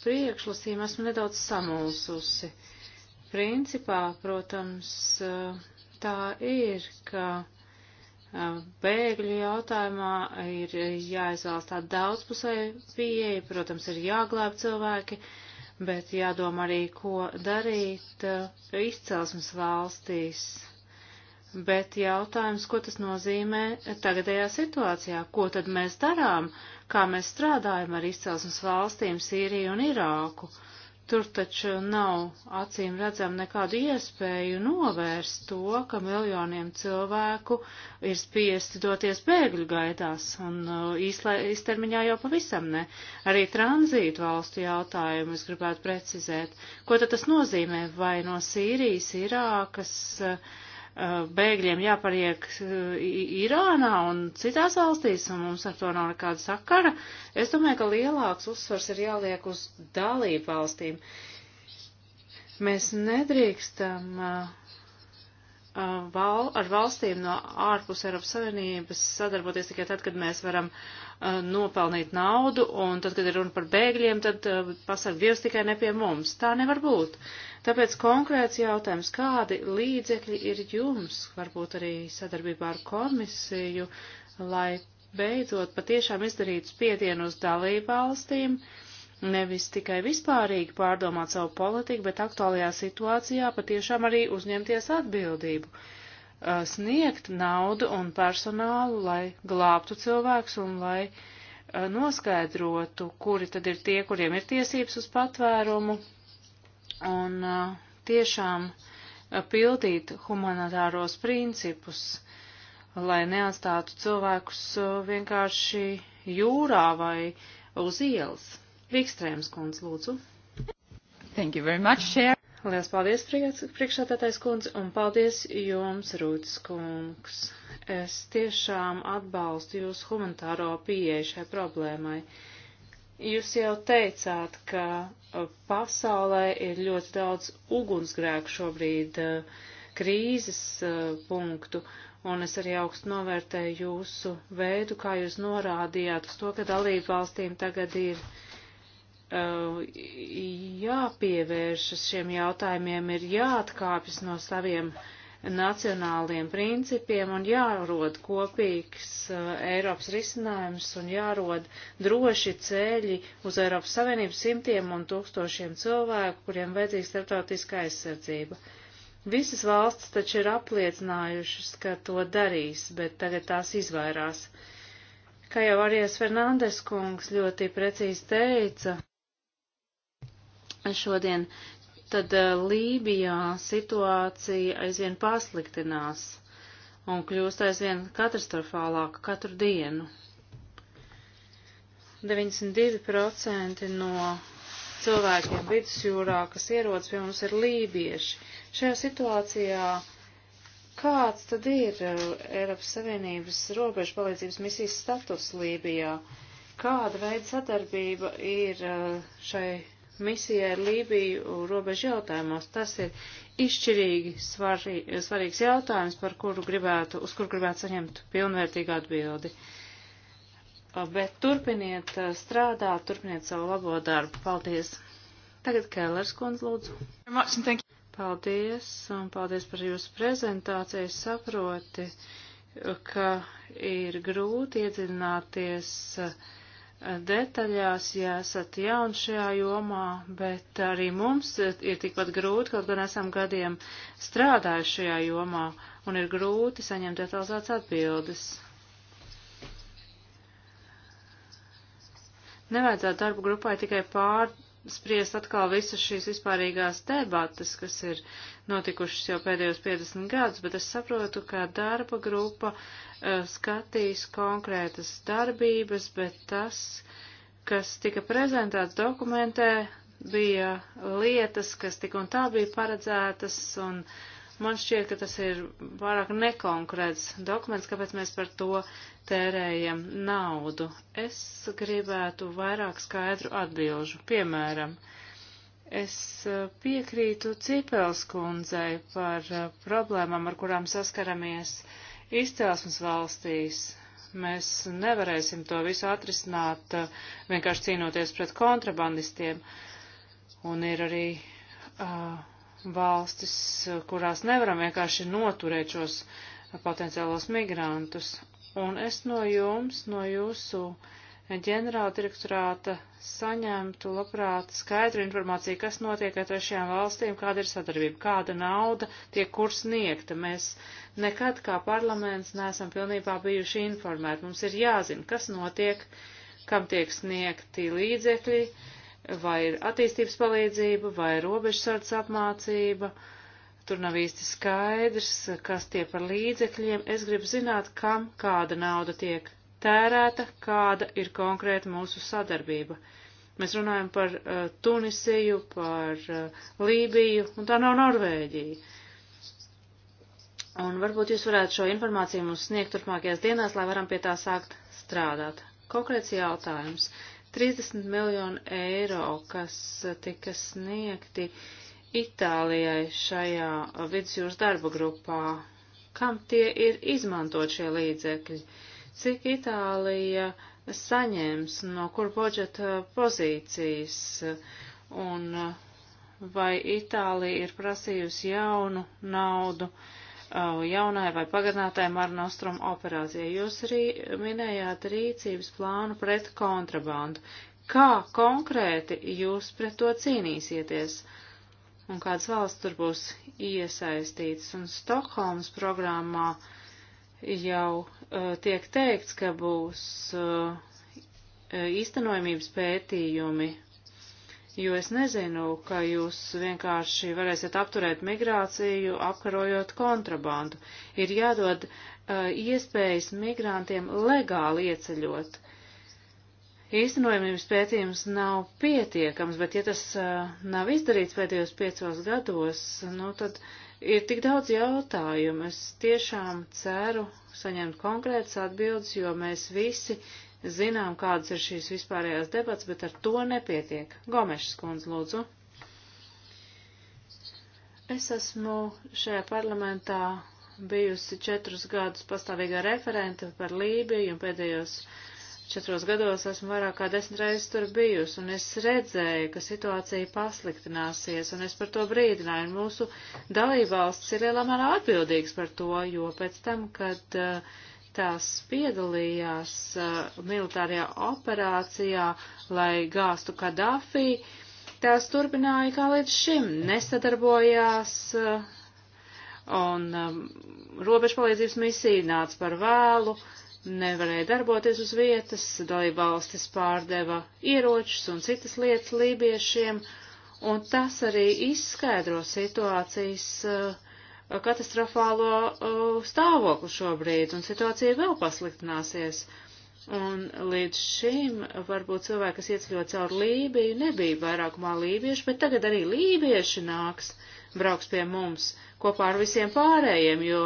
priekšlasījuma esmu nedaudz samulsusi. Principā, protams, uh, tā ir, ka bēgļu jautājumā ir jāizvēlas tāda daudzpusēja pieeja, protams, ir jāglāb cilvēki, bet jādomā arī, ko darīt izcelsmes valstīs. Bet jautājums, ko tas nozīmē tagadējā situācijā, ko tad mēs darām, kā mēs strādājam ar izcelsmes valstīm Sīriju un Irāku. Uh, Tur taču nav acīm redzam nekādu iespēju novērst to, ka miljoniem cilvēku ir spiesti doties bēgļu gaitās, un uh, īslē, īstermiņā jau pavisam ne. Arī tranzītu valstu jautājumu es gribētu precizēt. Ko tad tas nozīmē? Vai no Sīrijas, Irākas, uh, bēgļiem jāpaliek uh, Irānā un citās valstīs, un mums ar to nav nekāda sakara. Es domāju, ka lielāks uzsvars ir jāliek uz dalību valstīm. Mēs nedrīkstam uh, val, ar valstīm no ārpus Eiropas Savienības sadarboties tikai tad, kad mēs varam uh, nopelnīt naudu, un tad, kad ir runa par bēgļiem, tad uh, pasaka Dievs tikai ne pie mums. Tā nevar būt. Tāpēc konkrēts jautājums, kādi līdzekļi ir jums, varbūt arī sadarbībā ar komisiju, lai beidzot patiešām izdarītu spiedienu uz dalību valstīm, uh, nevis tikai vispārīgi pārdomāt savu politiku, bet aktuālajā situācijā patiešām arī uzņemties atbildību, uh, sniegt naudu un personālu, lai glābtu cilvēks un lai uh, noskaidrotu, kuri tad ir tie, kuriem ir tiesības uz patvērumu un uh, tiešām pildīt humanitāros principus, lai neatstātu cilvēkus vienkārši jūrā vai uz ielas. Vikstrēms kundze, lūdzu. Thank you very much, Chair. Lielas paldies, priekšsētātais kundze, un paldies jums, Rūtis kungs. Es tiešām atbalstu jūsu humanitāro pieeju šai problēmai. Jūs jau teicāt, ka uh, pasaulē ir ļoti daudz ugunsgrēku šobrīd uh, krīzes uh, punktu, un es arī augstu novērtēju jūsu veidu, kā jūs norādījāt uz to, ka dalību valstīm tagad ir Uh, jāpievēršas šiem jautājumiem, ir jāatkāpjas no saviem nacionāliem principiem un jārod kopīgs uh, Eiropas risinājums un jārod droši ceļi uz Eiropas Savienības simtiem un tūkstošiem cilvēku, kuriem vajadzīga starptautiska aizsardzība. Visas valstis taču ir apliecinājušas, ka to darīs, bet tagad tās izvairās. Kā jau Arijas Fernandes kungs ļoti precīzi teica, šodien, tad eh, Lībijā situācija aizvien pasliktinās un kļūst aizvien katastrofālāka katru dienu. 92% no cilvēkiem vidusjūrā, kas ierodas pie mums, ir lībieši. Šajā situācijā kāds tad ir eh, Eiropas Savienības robežu palīdzības misijas status Lībijā? Kāda veida sadarbība ir eh, šai misijai ar Lībiju robežu jautājumos. Tas ir izšķirīgi svarī, svarīgs jautājums, par kuru gribētu, uz kuru gribētu saņemt pilnvērtīgu atbildi. Bet turpiniet eh, strādāt, turpiniet savu labo darbu. Paldies! Tagad Kēlers kundz lūdzu. Paldies, un paldies par jūsu prezentāciju. Es saproti, ka ir grūti iedziļināties uh, detaļās, ja esat jauni šajā jomā, bet arī mums ir tikpat grūti, kaut gan esam gadiem strādājuši šajā jomā, un ir grūti saņemt detalizētas atbildes. Nevajadzētu darbu grupai tikai pār spriest atkal visas šīs vispārīgās debatas, kas ir notikušas jau pēdējos 50 gadus, bet es saprotu, ka darba grupa uh, skatīs konkrētas darbības, bet tas, kas tika prezentēts dokumentē, bija lietas, kas tik un tā bija paredzētas un uh, Man šķiet, ka tas ir pārāk nekonkrēts dokuments, kāpēc mēs par to tērējam naudu. Es gribētu vairāk skaidru atbilžu. Piemēram, es eh, piekrītu Cipels kundzei par eh, problēmām, ar kurām saskaramies izcelsmes valstīs. Mēs nevarēsim to visu atrisināt eh, vienkārši cīnoties pret kontrabandistiem. Un ir arī uh, valstis, kurās nevaram vienkārši noturēt šos potenciālos migrantus. Un es no jums, no jūsu ģenerāla direktorāta saņemtu labprāt skaidru informāciju, kas notiek ar trešajām valstīm, kāda ir sadarbība, kāda nauda tiek kur sniegta. Mēs nekad kā parlaments neesam pilnībā bijuši informēti. Mums ir jāzina, kas notiek, kam tiek sniegti līdzekļi, uh, vai ir attīstības palīdzība, vai robežsardas apmācība. Tur nav īsti skaidrs, kas tie par līdzekļiem. Es gribu zināt, kam kāda nauda tiek tērēta, kāda ir konkrēta mūsu sadarbība. Mēs runājam par uh, Tunisiju, par uh, Lībiju, un tā nav Norvēģija. Un varbūt jūs varētu šo informāciju mums sniegt turpmākajās dienās, lai varam pie tā sākt strādāt. Konkrēts jautājums. 30 miljonu eiro, kas tika sniegti Itālijai šajā vidusjūras darba grupā. Kam tie ir izmantot šie līdzekļi? Cik Itālija saņems, no kur budžeta pozīcijas, un vai Itālija ir prasījusi jaunu naudu? Uh, Uh, jaunai vai pagarinātai Marnostrum operācijai. Jūs arī minējāt rīcības plānu pret kontrabandu. Kā konkrēti jūs pret to cīnīsieties? Un kāds valsts tur būs iesaistīts? Un Stokholmas programmā jau uh, tiek teikts, ka būs uh, īstenojumības pētījumi jo es nezinu, ka jūs vienkārši varēsiet apturēt migrāciju, apkarojot kontrabandu. Ir jādod uh, iespējas migrantiem legāli ieceļot. Īstenojamības pētījums nav pietiekams, bet ja tas uh, nav izdarīts pēdējos piecos gados, nu tad ir tik daudz jautājumu. Es tiešām ceru saņemt konkrētas atbildes, jo mēs visi zinām, kādas ir šīs vispārējās debats, bet ar to nepietiek. Gomešs kundze, lūdzu. Es esmu šajā parlamentā bijusi četrus gadus pastāvīgā referente par Lībiju un pēdējos četros gados esmu vairāk kā desmit reizes tur bijusi, un es redzēju, ka situācija pasliktināsies, un es par to brīdināju, un mūsu dalībvalsts ir lielā mērā atbildīgs par to, jo pēc tam, kad uh, tās piedalījās uh, militārajā operācijā, lai gāstu Kadafī, tās turpināja kā līdz šim, nesadarbojās, uh, un um, robežu palīdzības misija nāca par vēlu, nevarēja darboties uz vietas, dalībvalstis pārdeva ieročus un citas lietas lībiešiem, un tas arī izskaidro situācijas uh, katastrofālo uh, stāvokli šobrīd, un situācija vēl pasliktināsies. Un līdz šim varbūt cilvēki, kas ieceļo caur Lībiju, nebija vairākumā lībieši, bet tagad arī lībieši nāks, brauks pie mums kopā ar visiem pārējiem, jo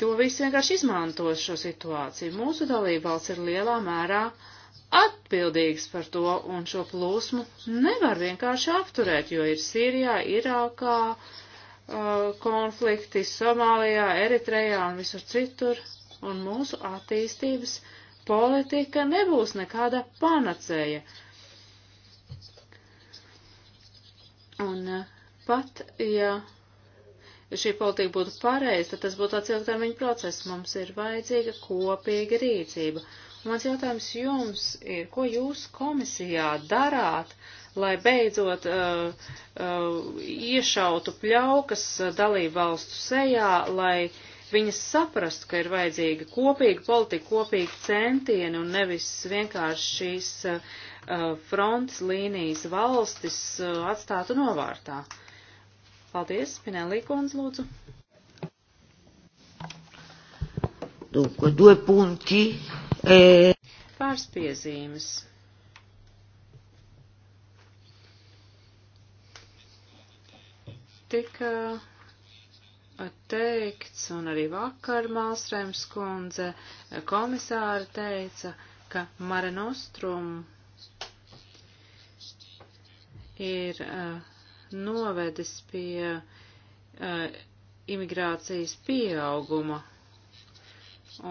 to viss vienkārši izmantos šo situāciju. Mūsu dalībvalsts ir lielā mērā atbildīgs par to, un šo plūsmu nevar vienkārši apturēt, jo ir Sīrijā, Irākā, uh, Uh, konflikti Somālijā, Eritrejā un visur citur, un mūsu attīstības politika nebūs nekāda panacēja. Un uh, pat, ja šī politika būtu pareiza, tad tas būtu tāds ilgtermiņa process. Mums ir vajadzīga kopīga rīcība. Un mans jautājums jums ir, ko jūs komisijā darāt, lai beidzot uh, uh, iešautu pļaukas dalību valstu sejā, lai viņas saprastu, ka ir vajadzīga kopīga politika, kopīga centieni un nevis vienkārši šīs uh, fronts līnijas valstis uh, atstātu novārtā. Paldies, Pinelī Kons, lūdzu. Dunque, due punti. E... Pāris piezīmes. tika teikts, un arī vakar Malsrēms kundze komisāra teica, ka Mare Nostrum ir uh, novedis pie uh, imigrācijas pieauguma,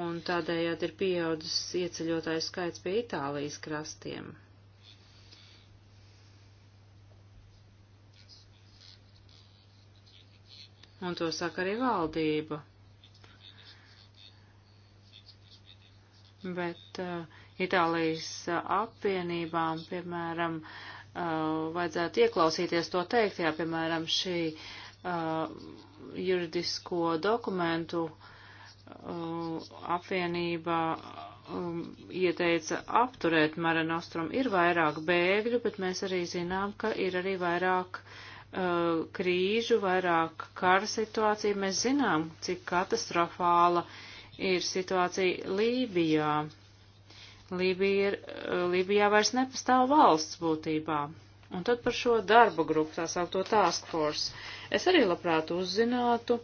un tādējādi ir pieaudzis ieceļotāju skaits pie Itālijas krastiem. un to saka arī valdība. Bet uh, Itālijas eh, apvienībām, piemēram, uh, vajadzētu ieklausīties to teiktajā, piemēram, šī uh, juridisko dokumentu uh, apvienība um, ieteica apturēt Mare Nostrum. Ir vairāk bēgļu, bet mēs arī zinām, ka ir arī vairāk uh, Uh, krīžu, vairāk kara situāciju. Mēs zinām, cik katastrofāla ir situācija Lībijā. Lībija ir, uh, Lībijā vairs nepastāv valsts būtībā. Un tad par šo darba grupu, tā saukto task force. Es arī labprāt uzzinātu,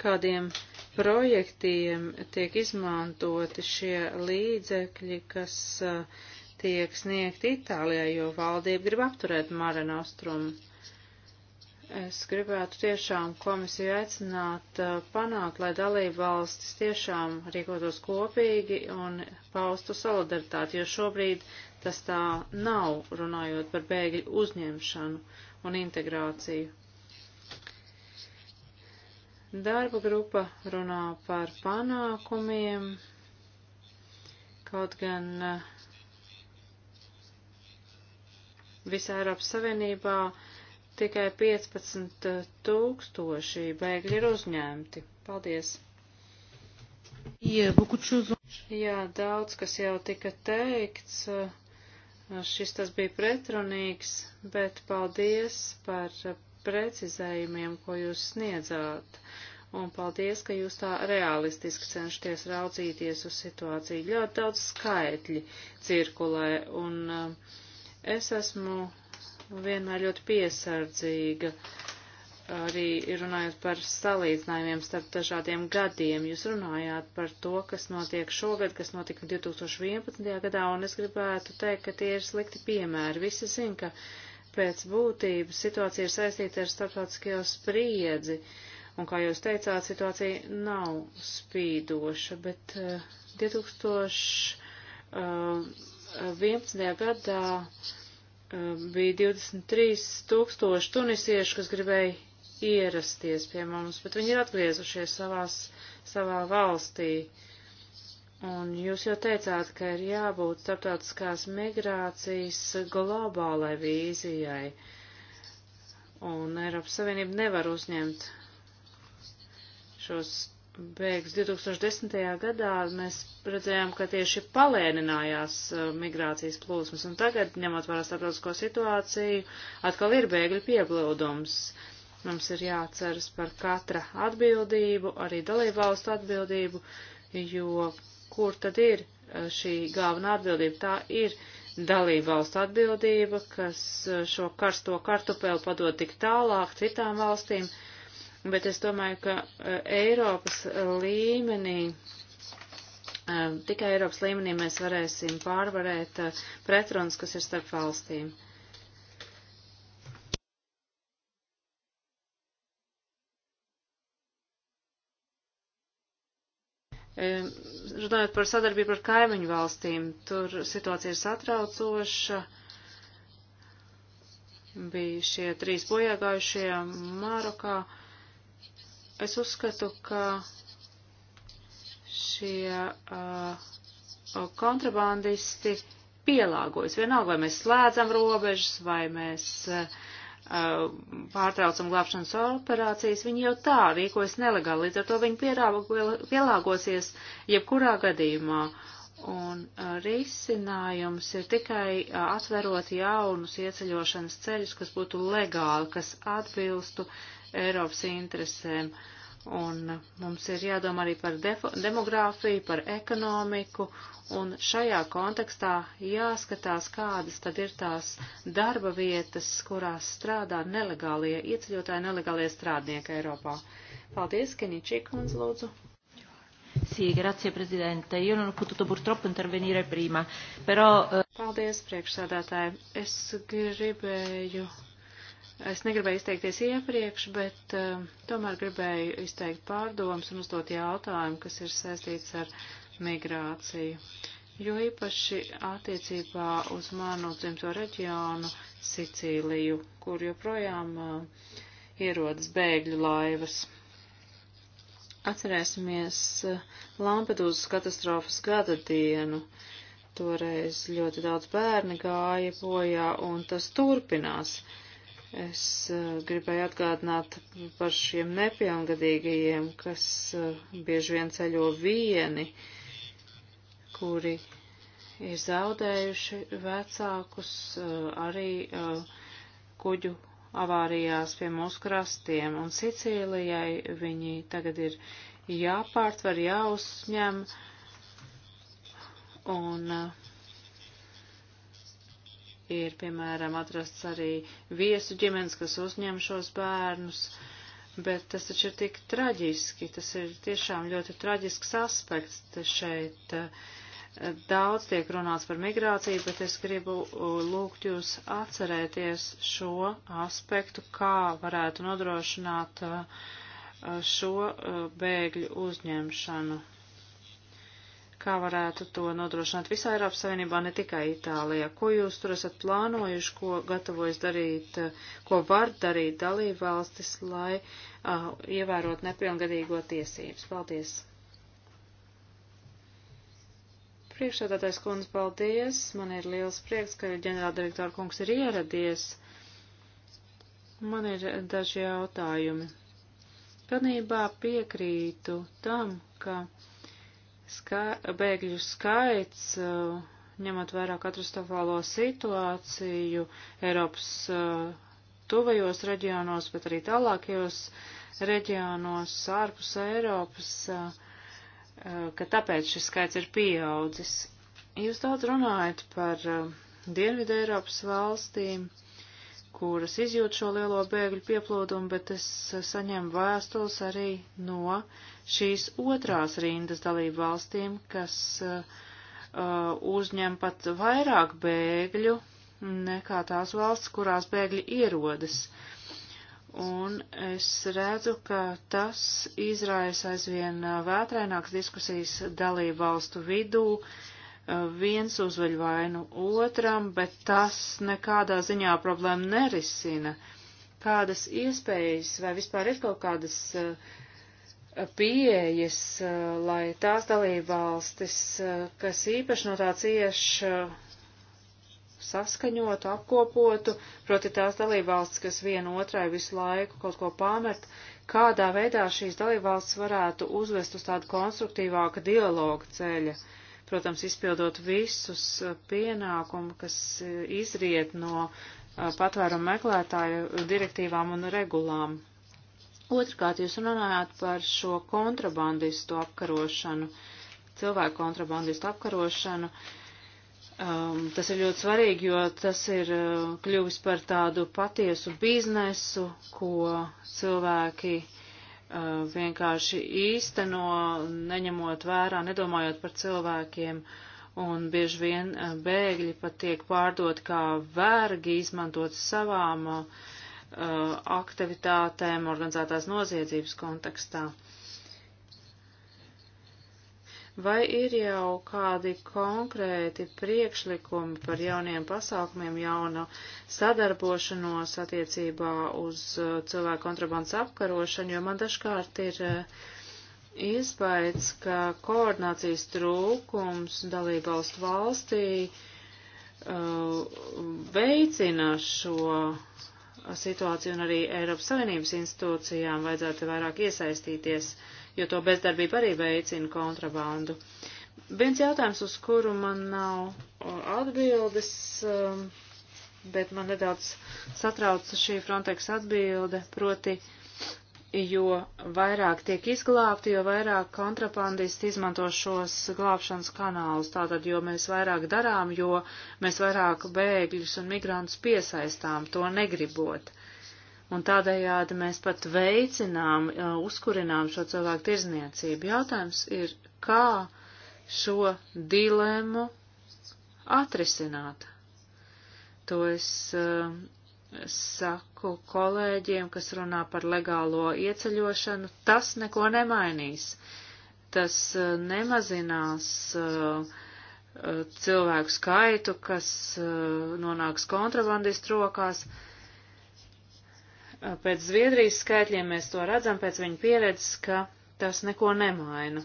kādiem projektiem tiek izmantoti šie līdzekļi, kas uh, tiek sniegti Itālijai, jo valdība grib apturēt Mare Nostrumu. Es gribētu tiešām komisiju aicināt uh, panākt, lai dalība valstis tiešām rīkotos kopīgi un paustu solidaritāti, jo šobrīd tas tā nav, runājot par bēgļu uzņemšanu un integrāciju. Darba grupa runā par panākumiem, kaut gan uh, visā Eiropas Savienībā tikai 15 tūkstoši bēgļi ir uzņemti. Paldies! Jā, daudz, kas jau tika teikts, šis tas bija pretrunīgs, bet paldies par precizējumiem, ko jūs sniedzāt, un paldies, ka jūs tā realistiski cenšaties raudzīties uz situāciju. Ļoti daudz skaitļi cirkulē, un uh, Es esmu vienmēr ļoti piesardzīga, arī runājot par salīdzinājumiem starp dažādiem gadiem. Jūs runājāt par to, kas notiek šogad, kas notika 2011. gadā, un es gribētu teikt, ka tie ir slikti piemēri. Visi zin, ka pēc būtības situācija ir saistīta ar starptautiskajā spriedzi. Un, kā jūs teicāt, situācija nav spīdoša, bet uh, 2000. Uh, 11. gadā eh, bija 23 tūkstoši tunisiešu, kas gribēja ierasties pie mums, bet viņi ir atgriezušies savās, savā valstī. Un jūs jau teicāt, ka ir jābūt starptautiskās migrācijas globālai vīzijai, un Eiropas Savienība nevar uzņemt šos beigas 2010. gadā mēs redzējām, ka tieši palēninājās uh, migrācijas plūsmas, un tagad, ņemot vērā starptautisko situāciju, atkal ir bēgļu pieblūdums. Mums ir jāceras par katra atbildību, arī dalībvalstu atbildību, jo kur tad ir uh, šī galvenā atbildība? Tā ir dalībvalstu atbildība, kas uh, šo karsto kartupeli padod tik tālāk citām valstīm bet es domāju, ka e, Eiropas līmenī, e, tikai Eiropas līmenī mēs varēsim pārvarēt e, pretrunas, kas ir starp valstīm. Runājot par sadarbību ar kaimiņu valstīm, tur situācija ir satraucoša bija šie trīs bojāgājušie Marokā. Uh, Es uzskatu, ka šie uh, kontrabandisti pielāgojas. Vienalga, vai mēs slēdzam robežas, vai mēs uh, pārtraucam glābšanas operācijas, viņi jau tā rīkojas nelegāli, līdz ar to viņi pielāgosies jebkurā gadījumā. Un risinājums ir tikai atverot jaunus ieceļošanas ceļus, kas būtu legāli, kas atbilstu uh, Eiropas interesēm. Un mums ir jādomā arī par demogrāfiju, par ekonomiku, un šajā kontekstā jāskatās, kādas tad ir tās darba vietas, kurās strādā nelegālie ieceļotāji, nelegālie strādnieki Eiropā. Paldies, Keničī, kundze, lūdzu. Sì, grazie Presidente. Io non ho potuto purtroppo intervenire prima, però... Eh, Paldies, priekšsādātāji. Es gribēju Es negribēju izteikties iepriekš, bet uh, tomēr gribēju izteikt pārdomas un uzdot jautājumu, kas ir saistīts ar migrāciju. Jo īpaši attiecībā uz manu dzimto reģionu Sicīliju, kur joprojām uh, ierodas bēgļu laivas. Atcerēsimies uh, Lampedūzas katastrofas gada dienu. Toreiz ļoti daudz bērni gāja bojā un tas turpinās. Uh, Es eh, gribēju atgādināt par šiem nepilngadīgajiem, kas eh, bieži vien ceļo vieni, kuri ir zaudējuši vecākus eh, arī kuģu avārijās pie mūsu krastiem, un Sicīlijai viņi tagad ir jāpārtver, jāuzņem, un uh, Ir, piemēram, atrasts arī viesu ģimenes, kas uzņem šos bērnus, bet tas taču ir tik traģiski, tas ir tiešām ļoti traģisks aspekts šeit. Eh, daudz tiek runāts par migrāciju, bet es gribu lūgt jūs atcerēties šo aspektu, kā varētu nodrošināt eh, šo eh, bēgļu uzņemšanu kā varētu to nodrošināt visā Eiropas Savienībā, ne tikai Itālijā. Ko jūs tur esat plānojuši, ko gatavojas darīt, ko var darīt dalībvalstis, lai uh, ievērot nepilngadīgo tiesības? Paldies! Priekšsēdētājs kundze, paldies! Man ir liels prieks, ka ģenerāldirektora kungs ir ieradies. Man ir daži jautājumi. Pilnībā piekrītu tam, ka ska, bēgļu skaits, uh, ņemot vērā katastrofālo situāciju Eiropas uh, tuvajos reģionos, bet arī tālākajos reģionos ārpus Eiropas, uh, ka tāpēc šis skaits ir pieaudzis. Jūs daudz runājat par Dienvidu Eiropas valstīm, kuras izjūt šo lielo bēgļu pieplūdumu, bet es saņemu vēstules arī no uh, šīs otrās rindas dalību valstīm, kas uh, uh, uzņem pat vairāk bēgļu nekā tās valsts, kurās bēgļi ierodas. Un es redzu, ka tas izraisa aizvien uh, vētraināks diskusijas dalību valstu vidū, uh, viens uzveļ vainu otram, bet tas nekādā ziņā problēmu nerisina. Kādas iespējas vai vispār ir kaut kādas uh, pieejas, eh, lai tās dalībvalstis, eh, kas īpaši no tā cieš eh, saskaņotu, apkopotu, proti tās dalībvalstis, kas viena otrai visu laiku kaut ko pamet, kādā veidā šīs dalībvalstis varētu uzvest uz tādu konstruktīvāku dialogu ceļa, protams, izpildot visus pienākumu, kas izriet no patvērumu meklētāju direktīvām un regulām. Otrkārt, jūs runājāt par šo kontrabandistu apkarošanu, cilvēku kontrabandistu apkarošanu. Um, tas ir ļoti svarīgi, jo tas ir uh, kļuvis par tādu patiesu biznesu, ko cilvēki uh, vienkārši īsteno, neņemot vērā, nedomājot par cilvēkiem. Un bieži vien uh, bēgļi pat tiek pārdot kā vergi, izmantot savām uh, Uh, aktivitātēm organizētās noziedzības kontekstā. Vai ir jau kādi konkrēti priekšlikumi par jauniem pasākumiem, jaunu sadarbošanos attiecībā uz uh, cilvēku kontrabandas apkarošanu, jo man dažkārt ir uh, iespējas, ka koordinācijas trūkums dalībvalstu valstī veicina šo situāciju un arī Eiropas Savienības institūcijām vajadzētu vairāk iesaistīties, jo to bezdarbība arī veicina kontrabandu. Viens jautājums, uz kuru man nav atbildes, um, bet man nedaudz satrauca šī Frontex atbilde, proti jo vairāk tiek izglābti, jo vairāk kontrabandisti izmanto šos glābšanas kanālus. Tātad, jo mēs vairāk darām, jo mēs vairāk bēgļus un migrantus piesaistām, to negribot. Un tādējādi mēs pat veicinām, uh, uzkurinām šo cilvēku tirzniecību. Jautājums ir, kā šo dilemu atrisināt. To es uh, saku kolēģiem, kas runā par legālo ieceļošanu, tas neko nemainīs. Tas eh, nemazinās uh, cilvēku skaitu, kas uh, nonāks kontrabandistu rokās. Pēc Zviedrijas skaitļiem mēs to redzam, pēc viņa pieredzes, ka tas neko nemaina.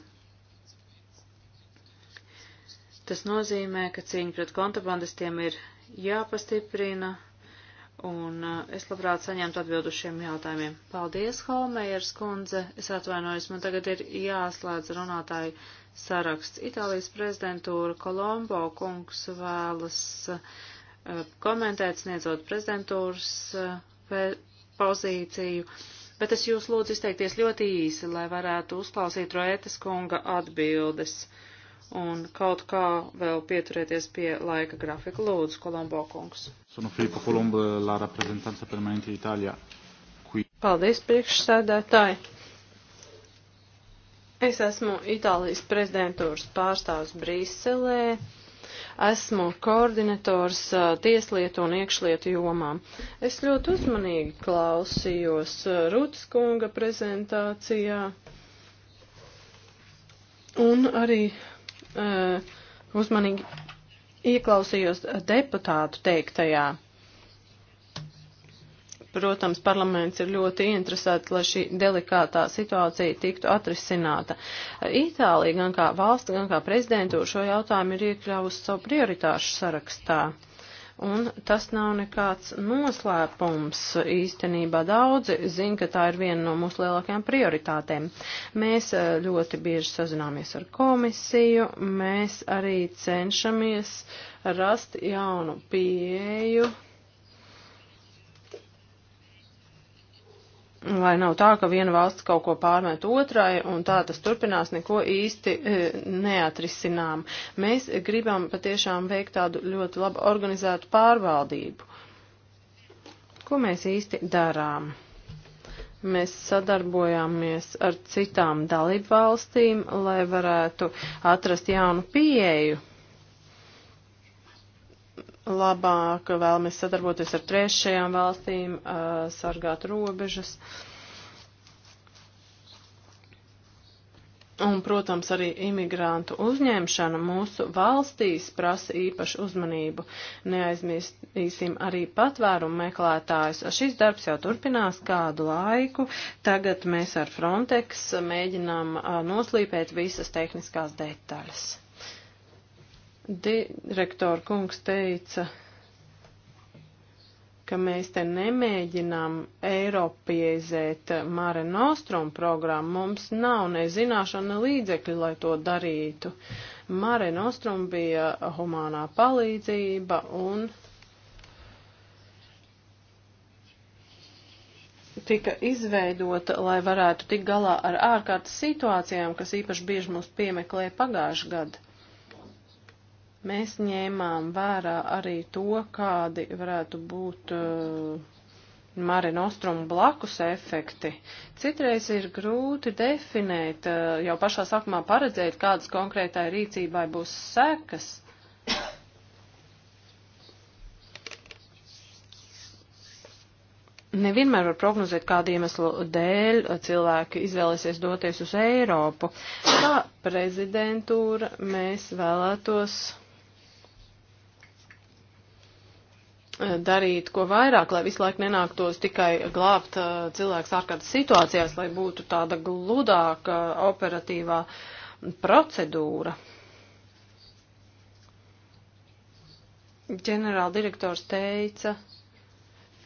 Tas nozīmē, ka cīņa pret kontrabandistiem ir jāpastiprina, Un uh, es labprāt saņemtu atbildu šiem jautājumiem. Paldies, Holmejers kundze. Es atvainojos, man tagad ir jāslēdz runātāju saraksts. Itālijas prezidentūra Kolombo kungs vēlas uh, komentēt, sniedzot prezidentūras uh, pozīciju, bet es jūs lūdzu izteikties ļoti īsi, lai varētu uzklausīt Roētas kunga atbildes un kaut kā vēl pieturēties pie laika grafika. Lūdzu, Kolombo kungs. Paldies, priekšsēdētāji. Es esmu Itālijas prezidentūras pārstāvs Brīselē. Esmu koordinators tieslietu un iekšlietu jomām. Es ļoti uzmanīgi klausījos Rūtas kunga prezentācijā un arī Eh, uzmanīgi ieklausījos deputātu teiktajā. Protams, parlaments ir ļoti interesēts, lai šī delikātā situācija tiktu atrisināta. Itālija gan kā valsts, gan kā prezidentūra šo jautājumu ir iekļāvusi savu prioritāšu sarakstā. Un tas nav nekāds noslēpums. Īstenībā daudzi zina, ka tā ir viena no mūsu lielākajām prioritātēm. Mēs eh, ļoti bieži sazināmies ar komisiju, mēs arī cenšamies rast jaunu pieeju lai nav tā, ka viena valsts kaut ko pārmet otrai, un tā tas turpinās, neko īsti e, neatrisinām. Mēs gribam patiešām veikt tādu ļoti labu organizētu pārvaldību. Ko mēs īsti darām? Mēs sadarbojāmies ar citām dalību valstīm, lai varētu atrast jaunu pieeju labāk, vēlamies sadarboties ar trešajām valstīm, sargāt robežas. Un, protams, arī imigrantu uzņemšana mūsu valstīs prasa īpašu uzmanību. Neaizmirsīsim arī patvērumu meklētājus. Šis darbs jau turpinās kādu laiku. Tagad mēs ar Frontex mēģinām noslīpēt visas tehniskās detaļas direktora kungs teica, ka mēs te nemēģinām eiropiezēt Mare Nostrum programmu, mums nav ne zināšana, ne līdzekļi, lai to darītu. Mare Nostrum bija humānā palīdzība un tika izveidota, lai varētu tik galā ar ārkārtas situācijām, kas īpaši bieži mūs piemeklēja pagājušajā gadā. Mēs ņēmām vērā arī to, kādi varētu būt uh, Mare Nostrum blakus efekti. Citreiz ir grūti definēt, uh, jau pašā sākumā paredzēt, kādas konkrētai rīcībai būs sekas. nevienmēr var prognozēt, kādu iemeslu dēļ cilvēki izvēlēsies doties uz Eiropu. Kā prezidentūra mēs vēlētos darīt ko vairāk, lai visu laiku nenāktos tikai glābt uh, cilvēks ārkārtas situācijās, lai būtu tāda gludāka operatīvā procedūra. Ģenerāldirektors teica,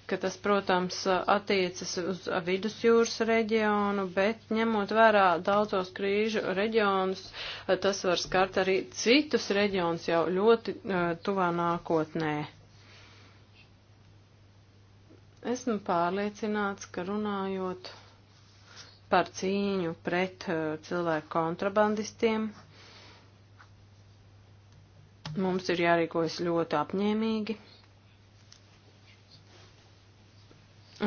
ka tas, protams, attiecas uz vidusjūras reģionu, bet ņemot vērā daudzos krīžu reģionus, tas var skart arī citus reģionus jau ļoti uh, tuvā nākotnē. Esmu pārliecināts, ka runājot par cīņu pret eh, cilvēku kontrabandistiem, mums ir jārīkojas ļoti apņēmīgi.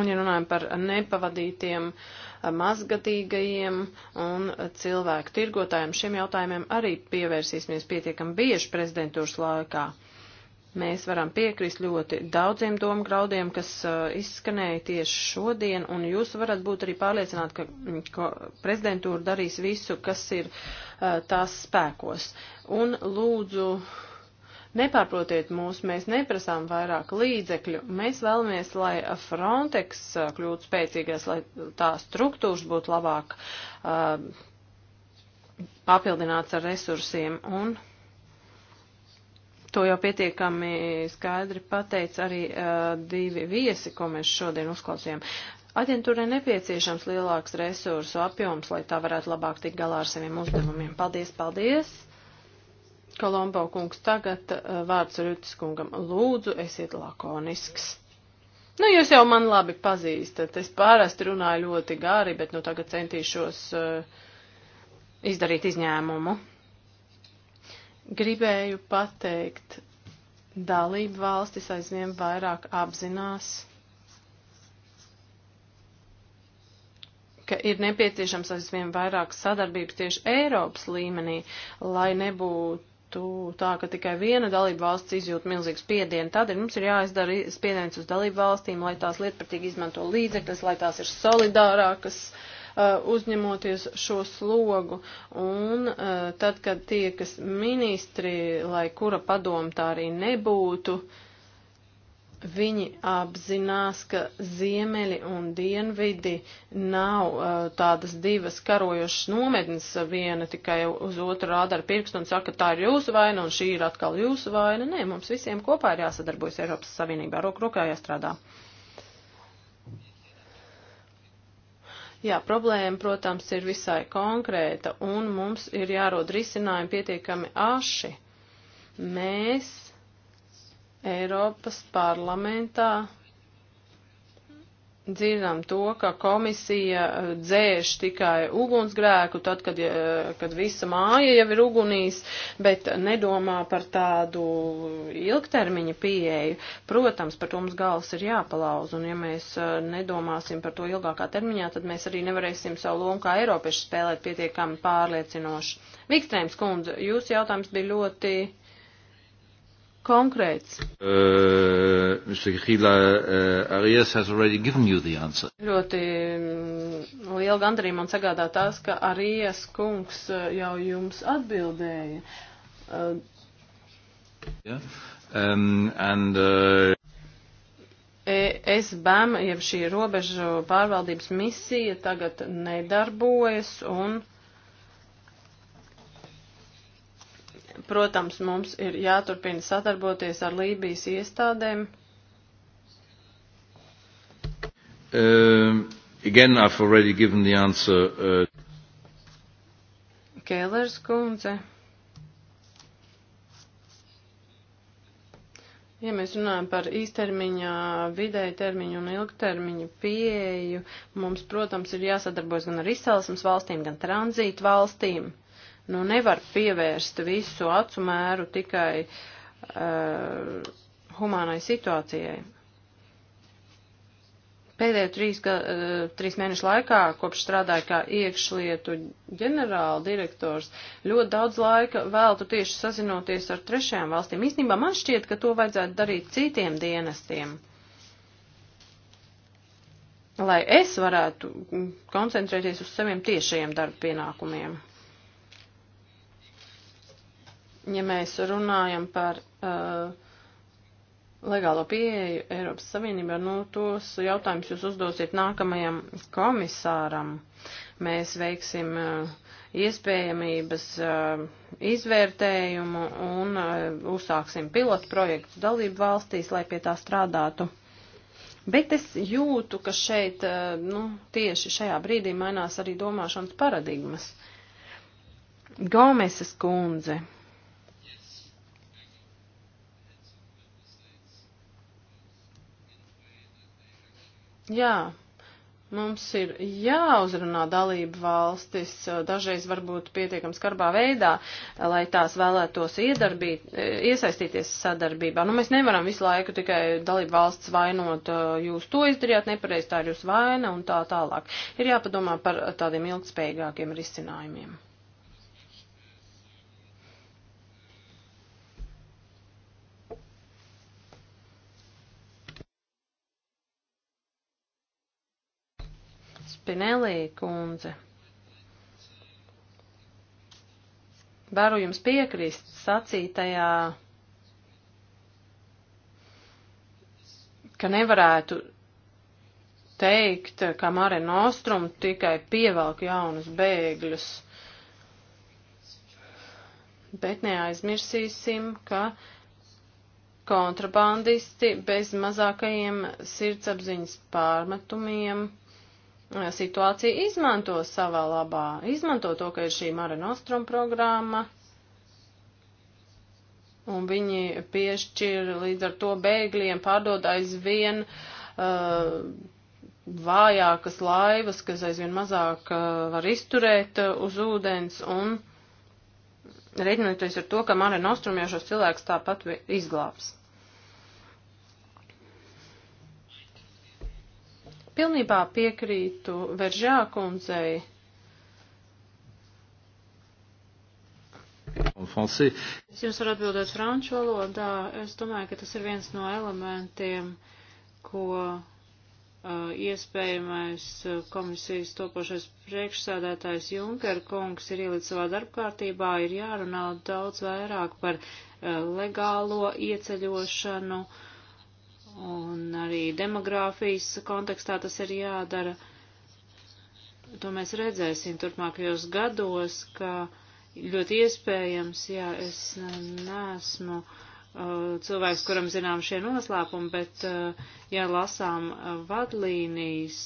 Un, ja runājam par nepavadītiem, eh, mazgadīgajiem un eh, cilvēku tirgotājiem, šiem jautājumiem arī pievērsīsimies pietiekam bieži prezidentūras laikā. Mēs varam piekrist ļoti daudziem domu graudiem, kas uh, izskanēja tieši šodien, un jūs varat būt arī pārliecināti, ka, mm, ka prezidentūra darīs visu, kas ir uh, tās spēkos. Un lūdzu, nepārprotiet mūs, mēs neprasām vairāk līdzekļu, mēs vēlamies, lai Frontex uh, kļūtu spēcīgais, lai tā struktūras būtu labāk uh, papildināts ar resursiem. Un, uh, To jau pietiekami skaidri pateica arī uh, divi viesi, ko mēs šodien uzklausījām. Aģentūrai nepieciešams lielāks resursu apjoms, lai tā varētu labāk tikt galā ar saviem uzdevumiem. Paldies, paldies! Kolombo kungs, tagad uh, vārds Rūtis kungam. Lūdzu, esiet lakonisks. Nu, jūs jau man labi pazīstat. Es pārasti runāju ļoti gari, bet nu tagad centīšos uh, izdarīt izņēmumu. Gribēju pateikt, dalību valstis aizvien vairāk apzinās, ka ir nepieciešams aizvien vairāk sadarbības tieši Eiropas līmenī, lai nebūtu tā, ka tikai viena dalība valsts izjūt milzīgu spiedienu. Tādēļ mums ir jāizdara spiediens uz dalību valstīm, lai tās lietpratīgi izmanto līdzekļus, lai tās ir solidārākas. Uh, Uh, uzņemoties šo slogu. Un uh, tad, kad tie, kas ministri, lai kura padoma tā arī nebūtu, viņi apzinās, ka ziemeļi un dienvidi nav uh, tādas divas karojošas nometnes, viena tikai uz otru rāda ar pirkstu un saka, tā ir jūsu vaina un šī ir atkal jūsu vaina. Nē, mums visiem kopā ir jāsadarbojas Eiropas Savienībā, roku rokā jāstrādā. Uh, Jā, problēma, protams, ir visai konkrēta, un mums ir jārod risinājumi pietiekami aši. Mēs Eiropas parlamentā dzirdam to, ka komisija uh, dzēš tikai ugunsgrēku, tad, kad, kad visa māja jau ir ugunīs, bet nedomā par tādu ilgtermiņa pieeju. Protams, par to mums gals ir jāpalauz, un ja mēs uh, nedomāsim par to ilgākā termiņā, tad mēs arī nevarēsim savu lomu kā Eiropieši spēlēt pietiekami pārliecinoši. Vikstrēms kundze, jūsu jautājums bija ļoti konkrēts? Uh, Gila, uh, Ļoti mm, liela gandarījuma man sagādā tas, ka Arijas kungs uh, jau jums atbildēja. Uh, yeah. um, and, uh... E SBM, jeb šī robežu pārvaldības misija tagad nedarbojas un uh, Protams, mums ir jāturpina sadarboties ar Lībijas iestādēm. Uh, again, I've already given the answer. Uh... Kēlers kundze. Ja mēs runājam par īstermiņa, vidēja termiņu un ilgtermiņu pieeju, mums, protams, ir jāsadarbojas gan ar izcelsmes valstīm, gan tranzītu valstīm. Uh, Nu, nevar pievērst visu acu mēru tikai uh, humānai situācijai. Pēdējo trīs, ga, uh, trīs mēnešu laikā, kopš strādāju kā iekšlietu ģenerāla direktors, ļoti daudz laika veltu tieši sazinoties ar trešajām valstīm. Īstenībā man šķiet, ka to vajadzētu darīt citiem dienestiem lai es varētu koncentrēties uz saviem tiešajiem darba pienākumiem ja mēs runājam par uh, legālo pieeju Eiropas Savienībā, nu, tos jautājumus jūs uzdosiet nākamajam komisāram. Mēs veiksim uh, iespējamības uh, izvērtējumu un uh, uzsāksim pilotu projektu dalību valstīs, lai pie tā strādātu. Bet es jūtu, ka šeit, uh, nu, tieši šajā brīdī mainās arī domāšanas paradigmas. Gomesas kundze Jā, mums ir jāuzrunā dalību valstis, eh, dažreiz varbūt pietiekam skarbā veidā, eh, lai tās vēlētos iedarbīt, eh, iesaistīties sadarbībā. Nu, mēs nevaram visu laiku tikai dalību valsts vainot, jūs to izdarījāt nepareiz, tā ir jūs vaina un tā tālāk. Ir jāpadomā par tādiem ilgspējīgākiem risinājumiem. Spinelī kundze. Varu jums piekrist sacītajā, ka nevarētu teikt, ka Mare Nostrum tikai pievelk jaunus bēgļus. Bet neaizmirsīsim, ka kontrabandisti bez mazākajiem sirdsapziņas pārmetumiem Eh, situāciju izmanto savā labā. Izmanto to, ka ir šī Mara Nostrum programma, un viņi piešķir līdz ar to bēgļiem pārdod aizvien uh, vājākas laivas, kas aizvien mazāk uh, var izturēt uh, uz ūdens, un reiķinoties ar to, ka Mare Nostrum jau šos cilvēkus tāpat izglābs. Pilnībā piekrītu Veržā kundzei. Es jums varu atbildēt franču valodā. Es domāju, ka tas ir viens no elementiem, ko uh, iespējamais uh, komisijas topošais priekšsādātājs Junker kungs ir ielicis savā darbkārtībā, ir jārunā daudz vairāk par uh, legālo ieceļošanu, uh, un arī demogrāfijas kontekstā tas ir jādara. To mēs redzēsim turpmākajos gados, ka ļoti iespējams, jā, es neesmu uh, cilvēks, kuram zinām šie noslēpumi, bet, uh, ja lasām uh, vadlīnijas,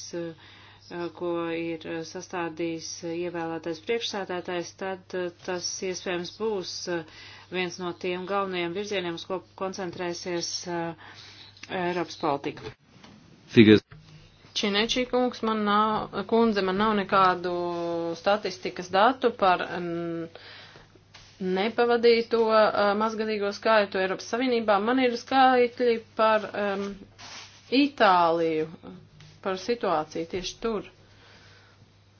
ko ir sastādījis ievēlētais priekšsēdētājs, tad tas iespējams būs viens no tiem galvenajiem virzieniem, uz ko koncentrēsies uh, Eiropas politiku. Figures. Činečī kungs, man nav, kundze, man nav nekādu statistikas datu par nepavadīto mazgadīgo skaitu Eiropas Savienībā. Man ir skaitļi par um, Itāliju, par situāciju tieši tur.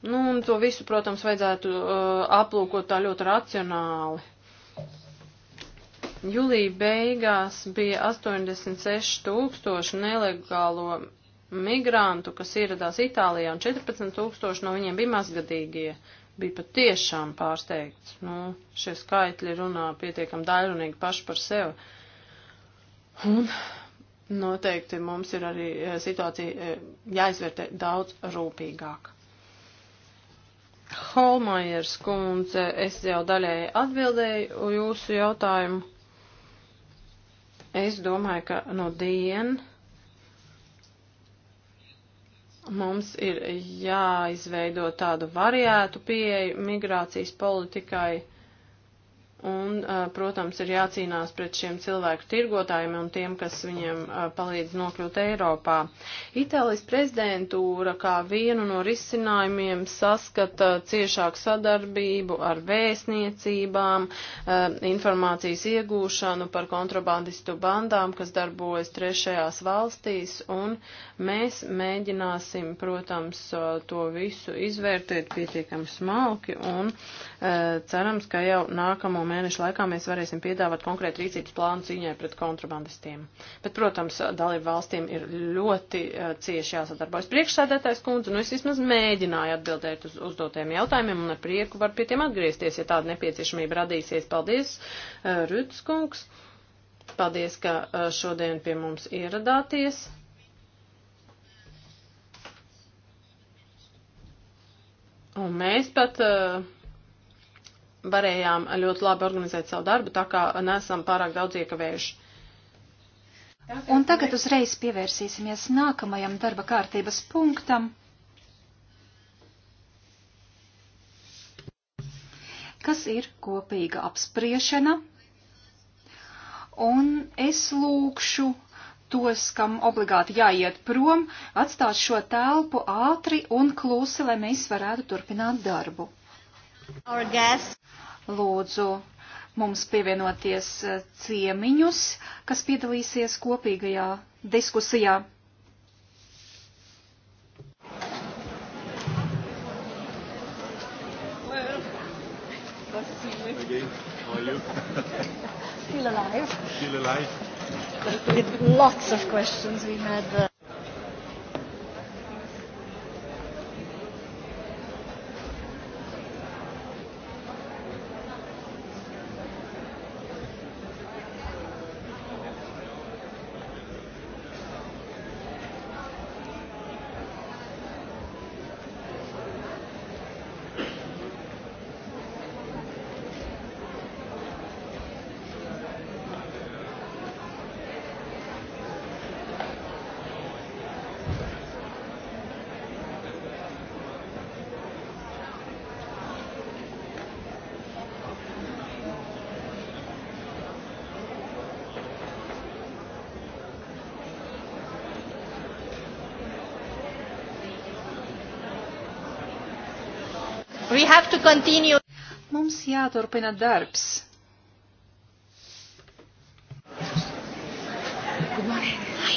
Nu, un to visu, protams, vajadzētu uh, aplūkot tā ļoti racionāli. Jūlija beigās bija 86 tūkstoši nelegālo migrantu, kas ieradās Itālijā, un 14 tūkstoši no viņiem bija mazgadīgie. Bija pat tiešām pārsteigts. Nu, šie skaitļi runā pietiekam daļrunīgi paši par sevi. Un noteikti mums ir arī eh, situācija eh, jāizvērtē daudz rūpīgāk. Holmajers kundze, es jau daļēji atbildēju jūsu jautājumu. Es domāju, ka no dien mums ir jāizveido tādu variētu pieeju migrācijas politikai Un, protams, ir jācīnās pret šiem cilvēku tirgotājiem un tiem, kas viņiem palīdz nokļūt Eiropā. Itālijas prezidentūra kā vienu no risinājumiem saskata ciešāku sadarbību ar vēstniecībām, informācijas iegūšanu par kontrabandistu bandām, kas darbojas trešajās valstīs, un mēs mēģināsim, protams, to visu izvērtēt pietiekami smalki un cerams, ka jau nākamo mēnesi mēnešu laikā mēs varēsim piedāvāt konkrētu rīcības plānu cīņai pret kontrabandistiem. Bet, protams, dalību valstīm ir ļoti uh, cieši jāsadarbojas. Priekšsēdētājs kundze, nu es vismaz mēģināju atbildēt uz uzdotiem jautājumiem un ar prieku var pie tiem atgriezties, ja tāda nepieciešamība radīsies. Paldies, uh, eh, Rudskungs. Paldies, ka uh, šodien pie mums ieradāties. Un mēs pat. Uh, varējām ļoti labi organizēt savu darbu, tā kā nesam pārāk daudz iekavējuši. Un tagad uzreiz pievērsīsimies nākamajam darba kārtības punktam, kas ir kopīga apspriešana. Un es lūkšu tos, kam obligāti jāiet prom, atstāt šo telpu ātri un klusi, lai mēs varētu turpināt darbu. Lūdzu mums pievienoties eh, ciemiņus, kas piedalīsies kopīgajā diskusijā. Again, how are you? Still alive. Still alive. With lots of questions we had. Uh... Mums jāturpina darbs. Good morning. Hi.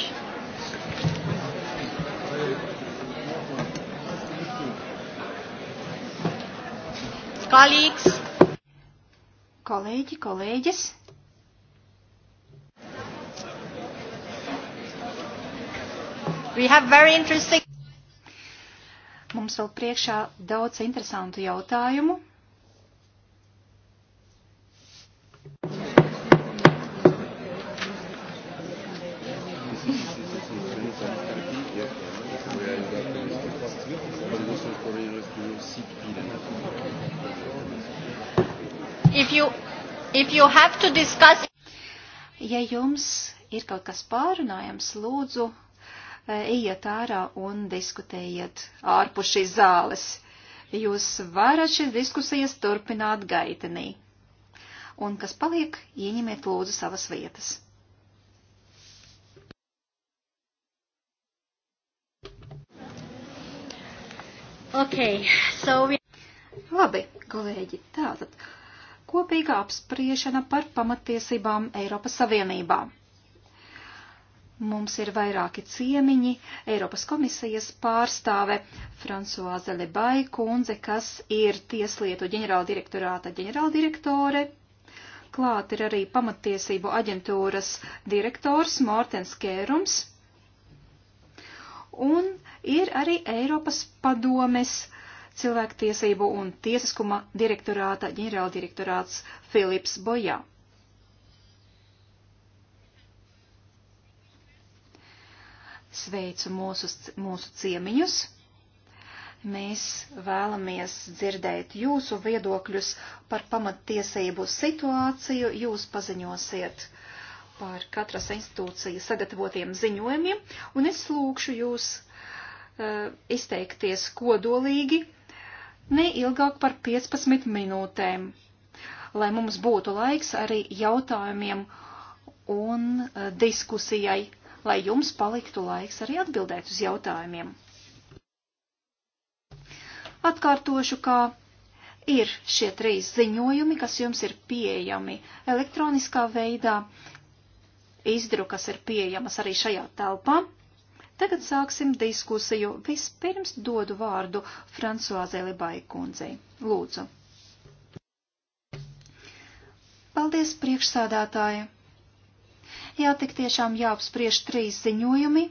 colleagues. Kolēģi, kolēģis. We have very interesting mums vēl priekšā daudz interesantu jautājumu. If you, if you have to discuss... Ja jums ir kaut kas pārunājams, lūdzu, ejiet eh, ārā un diskutējiet ārpus šīs zāles. Jūs varat šīs diskusijas turpināt gaitenī. Un kas paliek, ieņemiet lūdzu savas vietas. Okay, so we... Labi, kolēģi, tātad kopīga apspriešana par pamatiesībām Eiropas Savienībā. Mums ir vairāki ciemiņi, Eiropas komisijas pārstāve Fransuāze Lebai kundze, kas ir tieslietu ģenerāldirektorāta ģenerāldirektore. Klāt ir arī pamatiesību aģentūras direktors Mortens Kērums. Un ir arī Eiropas padomes cilvēktiesību un tiesiskuma direktorāta ģenerāldirektorāts Filips Bojā. Sveicu mūsu, mūsu ciemiņus. Mēs vēlamies dzirdēt jūsu viedokļus par pamattiesību situāciju. Jūs paziņosiet par katras institūcijas sagatavotiem ziņojumiem, un es lūkšu jūs uh, izteikties kodolīgi ne ilgāk par 15 minūtēm, lai mums būtu laiks arī jautājumiem un uh, diskusijai lai jums paliktu laiks arī atbildēt uz jautājumiem. Atkārtošu, kā ir šie trīs ziņojumi, kas jums ir pieejami elektroniskā veidā. Izdrukas ir pieejamas arī šajā telpā. Tagad sāksim diskusiju. Vispirms dodu vārdu Francoazē Libai kundzei. Lūdzu. Paldies, priekšsādātāji! Jā, tik tiešām jāapspriež trīs ziņojumi.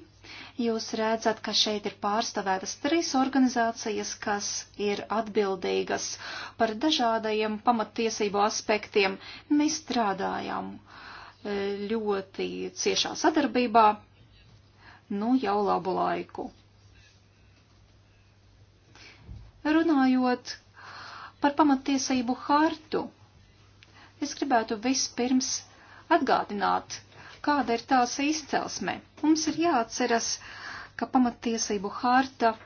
Jūs redzat, ka šeit ir pārstāvētas trīs organizācijas, kas ir atbildīgas par dažādajiem pamatiesību aspektiem. Mēs strādājam e, ļoti ciešā sadarbībā, nu jau labu laiku. Runājot par pamatiesību hartu, es gribētu vispirms atgādināt kāda ir tās izcelsme. Mums ir jāatceras, ka pamatiesību harta uh,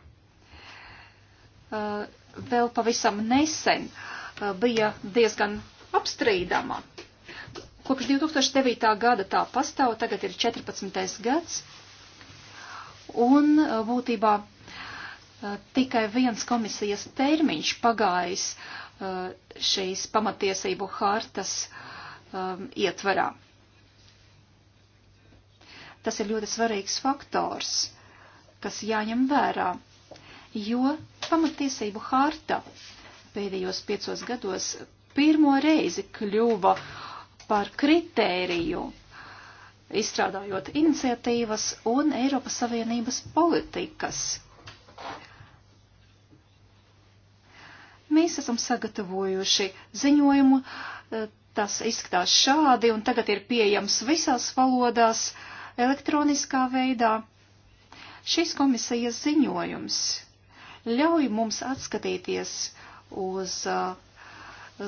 vēl pavisam nesen uh, bija diezgan apstrīdama. Kopš 2009. gada tā pastāv, tagad ir 14. gads, un uh, būtībā tikai viens komisijas termiņš pagājis šīs pamatiesību hartas um, ietvarā. Tas ir ļoti svarīgs faktors, kas jāņem vērā, jo pamatiesību harta pēdējos piecos gados pirmo reizi kļuva par kritēriju, izstrādājot iniciatīvas un Eiropas Savienības politikas. Mēs esam sagatavojuši ziņojumu, tas izskatās šādi un tagad ir pieejams visās valodās. Uh, elektroniskā veidā. Šis komisijas ziņojums ļauj mums atskatīties uz uh,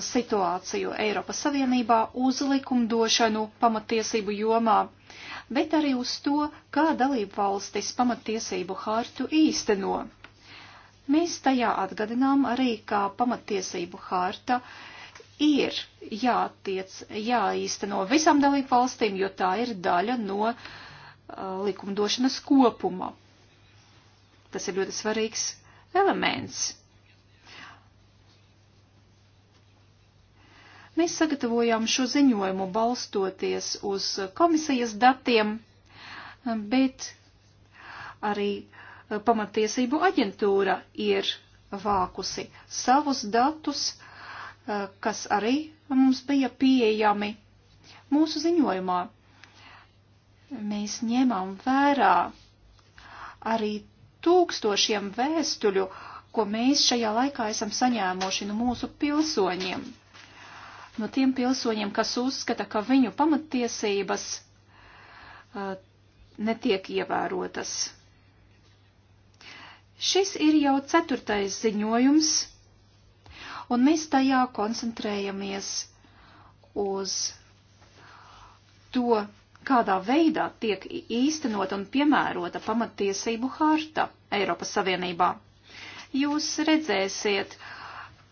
situāciju Eiropas Savienībā, uz likumdošanu pamatiesību jomā, bet arī uz to, kā dalību valstis pamatiesību hārtu īsteno. Mēs tajā atgadinām arī, kā pamatiesību hārta ir jātiec, jāīsteno visām dalību valstīm, jo tā ir daļa no uh, likumdošanas kopuma. Tas ir ļoti svarīgs elements. Mēs sagatavojām šo ziņojumu balstoties uz komisijas datiem, bet arī uh, pamatiesību aģentūra ir vākusi savus datus Eh, kas arī mums bija pieejami mūsu ziņojumā. Mēs ņemam vērā arī tūkstošiem vēstuļu, ko mēs šajā laikā esam saņēmuši no mūsu pilsoņiem. No tiem pilsoņiem, kas uzskata, ka viņu pamatiesības uh, eh, netiek ievērotas. Šis ir jau ceturtais ziņojums un mēs tajā koncentrējamies uz to, kādā veidā tiek īstenot un piemērota pamatiesību harta Eiropas Savienībā. Jūs redzēsiet,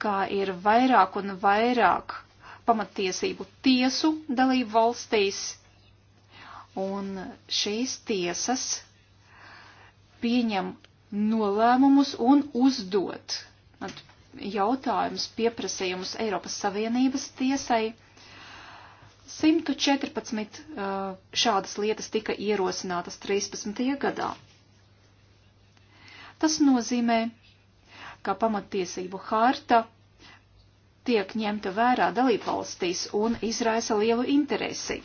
kā ir vairāk un vairāk pamatiesību tiesu dalību valstīs, un šīs tiesas pieņem nolēmumus un uzdot at, jautājumus, pieprasījumus Eiropas Savienības tiesai. 114 uh, šādas lietas tika ierosinātas 13. gadā. Tas nozīmē, ka pamatiesību harta tiek ņemta vērā dalībvalstīs un izraisa lielu interesi.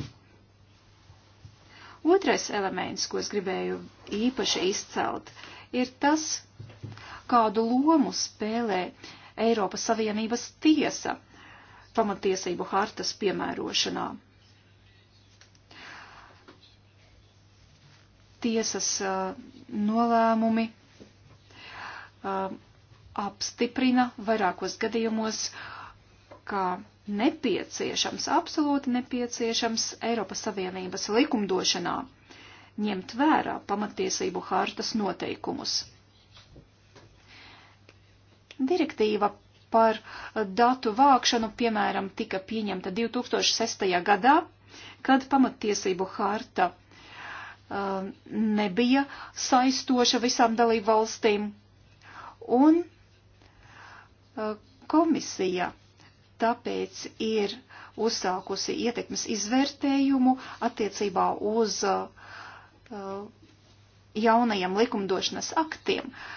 Otrais elements, ko es gribēju īpaši izcelt, ir tas, kādu lomu spēlē Eiropas Savienības tiesa pamatiesību hartas piemērošanā. Tiesas uh, nolēmumi uh, apstiprina vairākos gadījumos, kā nepieciešams, absolūti nepieciešams Eiropas Savienības likumdošanā ņemt vērā pamatiesību hartas noteikumus. Direktīva par datu vākšanu, piemēram, tika pieņemta 2006. gadā, kad pamattiesību harta uh, nebija saistoša visām dalību valstīm, un uh, komisija tāpēc ir uzsākusi ietekmes izvērtējumu attiecībā uz uh, uh jaunajiem likumdošanas aktiem, uh,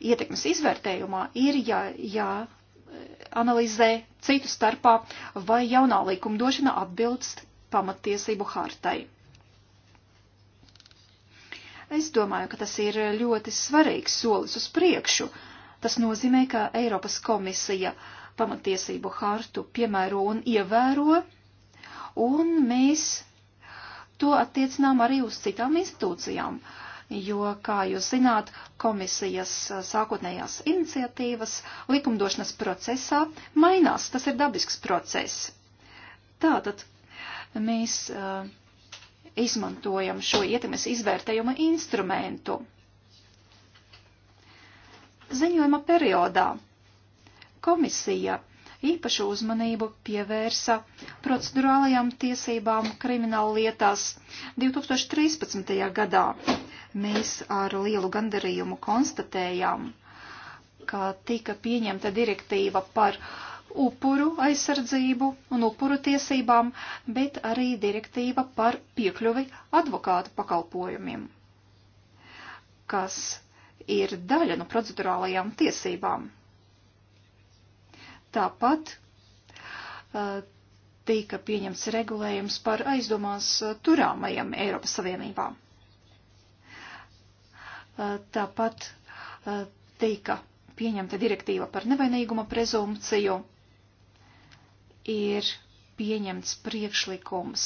ietekmes izvērtējumā ir jā, jā analizē citu starpā, vai jaunā likumdošana atbilst pamatiesību hartai. Es domāju, ka tas ir ļoti svarīgs solis uz priekšu. Tas nozīmē, ka Eiropas komisija pamatiesību hartu piemēro un ievēro, un mēs to attiecinām arī uz citām institūcijām. Uh, jo, kā jūs zināt, komisijas sākotnējās iniciatīvas likumdošanas procesā mainās. Tas ir dabisks process. Tātad mēs uh, izmantojam šo ietekmes izvērtējuma instrumentu. Ziņojuma periodā komisija īpašu uzmanību pievērsa procedurālajām tiesībām krimināla lietās 2013. gadā mēs ar lielu gandarījumu konstatējām, ka tika pieņemta direktīva par upuru aizsardzību un upuru tiesībām, bet arī direktīva par piekļuvi advokātu pakalpojumiem, kas ir daļa no procedurālajām tiesībām. Tāpat uh, tika pieņemts regulējums par aizdomās turāmajiem Eiropas Savienībā. Eh, tāpat eh, tika pieņemta direktīva par nevainīguma prezumpciju. Ir pieņemts priekšlikums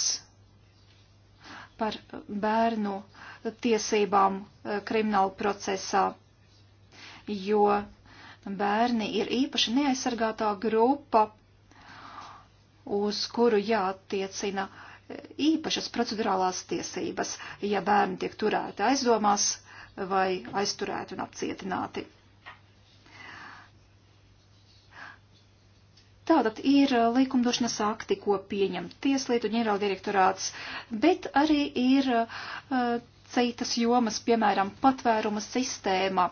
par bērnu tiesībām eh, krimināla procesā, jo bērni ir īpaši neaizsargātā grupa, uz kuru jātiecina īpašas procedurālās tiesības, ja bērni tiek turēti aizdomās vai aizturēti un apcietināti. Tātad ir likumdošanas akti, ko pieņem tieslietu ģenerāla direktorāts, bet arī ir uh, citas jomas, piemēram, patvēruma sistēma,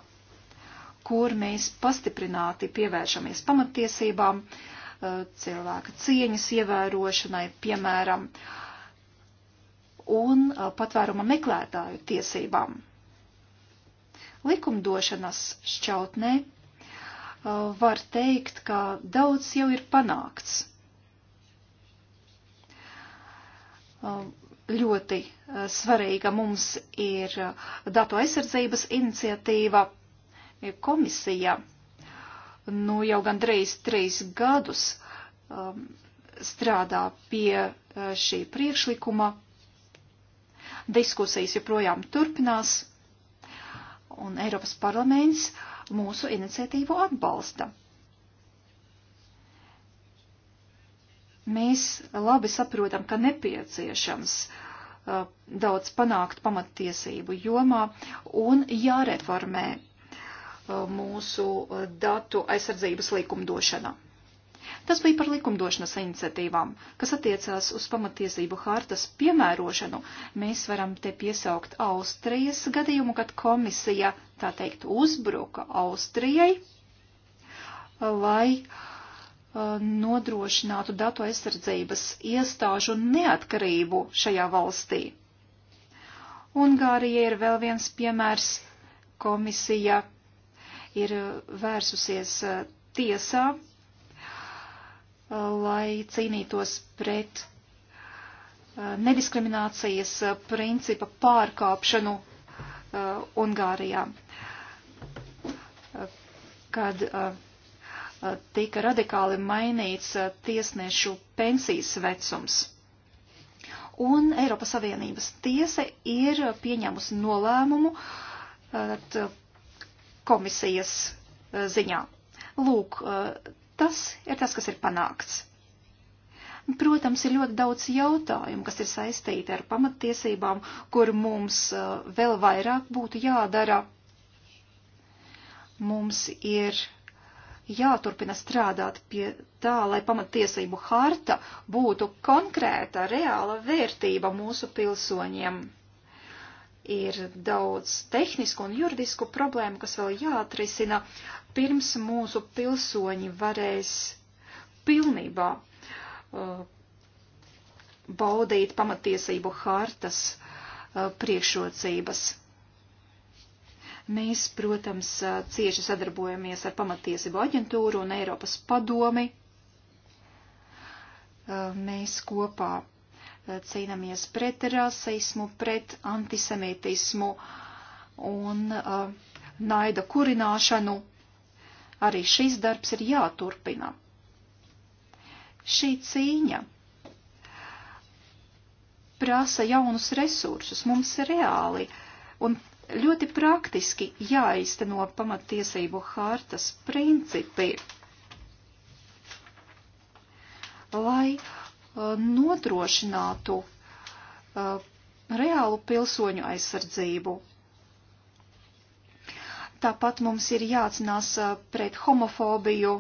kur mēs pastiprināti pievēršamies pamatiesībām, uh, cilvēka cieņas ievērošanai, piemēram, un uh, patvēruma meklētāju tiesībām. Likumdošanas šķautnē uh, var teikt, ka daudz jau ir panākts. Uh, ļoti uh, svarīga mums ir datu aizsardzības iniciatīva komisija. Nu, jau gandrīz trīs gadus um, strādā pie šī priekšlikuma. Diskusijas joprojām turpinās un Eiropas parlaments mūsu iniciatīvu atbalsta. Mēs labi saprotam, ka nepieciešams uh, daudz panākt pamattiesību jomā un jāreformē uh, mūsu uh, datu aizsardzības likumdošana. Tas bija par likumdošanas iniciatīvām, kas attiecās uz pamatiesību hartas piemērošanu. Mēs varam te piesaukt Austrijas gadījumu, kad komisija, tā teikt, uzbruka Austrijai, lai uh, nodrošinātu datu aizsardzības iestāžu neatkarību šajā valstī. Ungārija ir vēl viens piemērs. Komisija ir uh, vērsusies uh, tiesā lai cīnītos pret uh, nediskriminācijas uh, principa pārkāpšanu uh, Ungārijā, kad tika radikāli mainīts tiesnešu pensijas vecums. Un Eiropas Savienības tiesa ir pieņēmusi nolēmumu komisijas ziņā. Lūk, Tas ir tas, kas ir panākts. Protams, ir ļoti daudz jautājumu, kas ir saistīti ar pamattiesībām, kur mums uh, vēl vairāk būtu jādara. Mums ir jāturpina strādāt pie tā, lai pamattiesību harta būtu konkrēta, reāla vērtība mūsu pilsoņiem. Ir daudz tehnisku un juridisku problēmu, kas vēl jāatrisina, pirms mūsu pilsoņi varēs pilnībā uh, baudīt pamatiesību hartas uh, priekšrocības. Mēs, protams, uh, cieši sadarbojamies ar pamatiesību aģentūru un Eiropas padomi. Uh, mēs kopā uh, cīnāmies pret rasismu, pret antisemītismu un naida kurināšanu. Arī šis darbs ir jāturpina. Šī cīņa prasa jaunus resursus, mums ir reāli un ļoti praktiski jāizteno pamatiesību hārtas principi, lai uh, nodrošinātu uh, reālu pilsoņu aizsardzību Tāpat mums ir jācinās uh, pret homofobiju.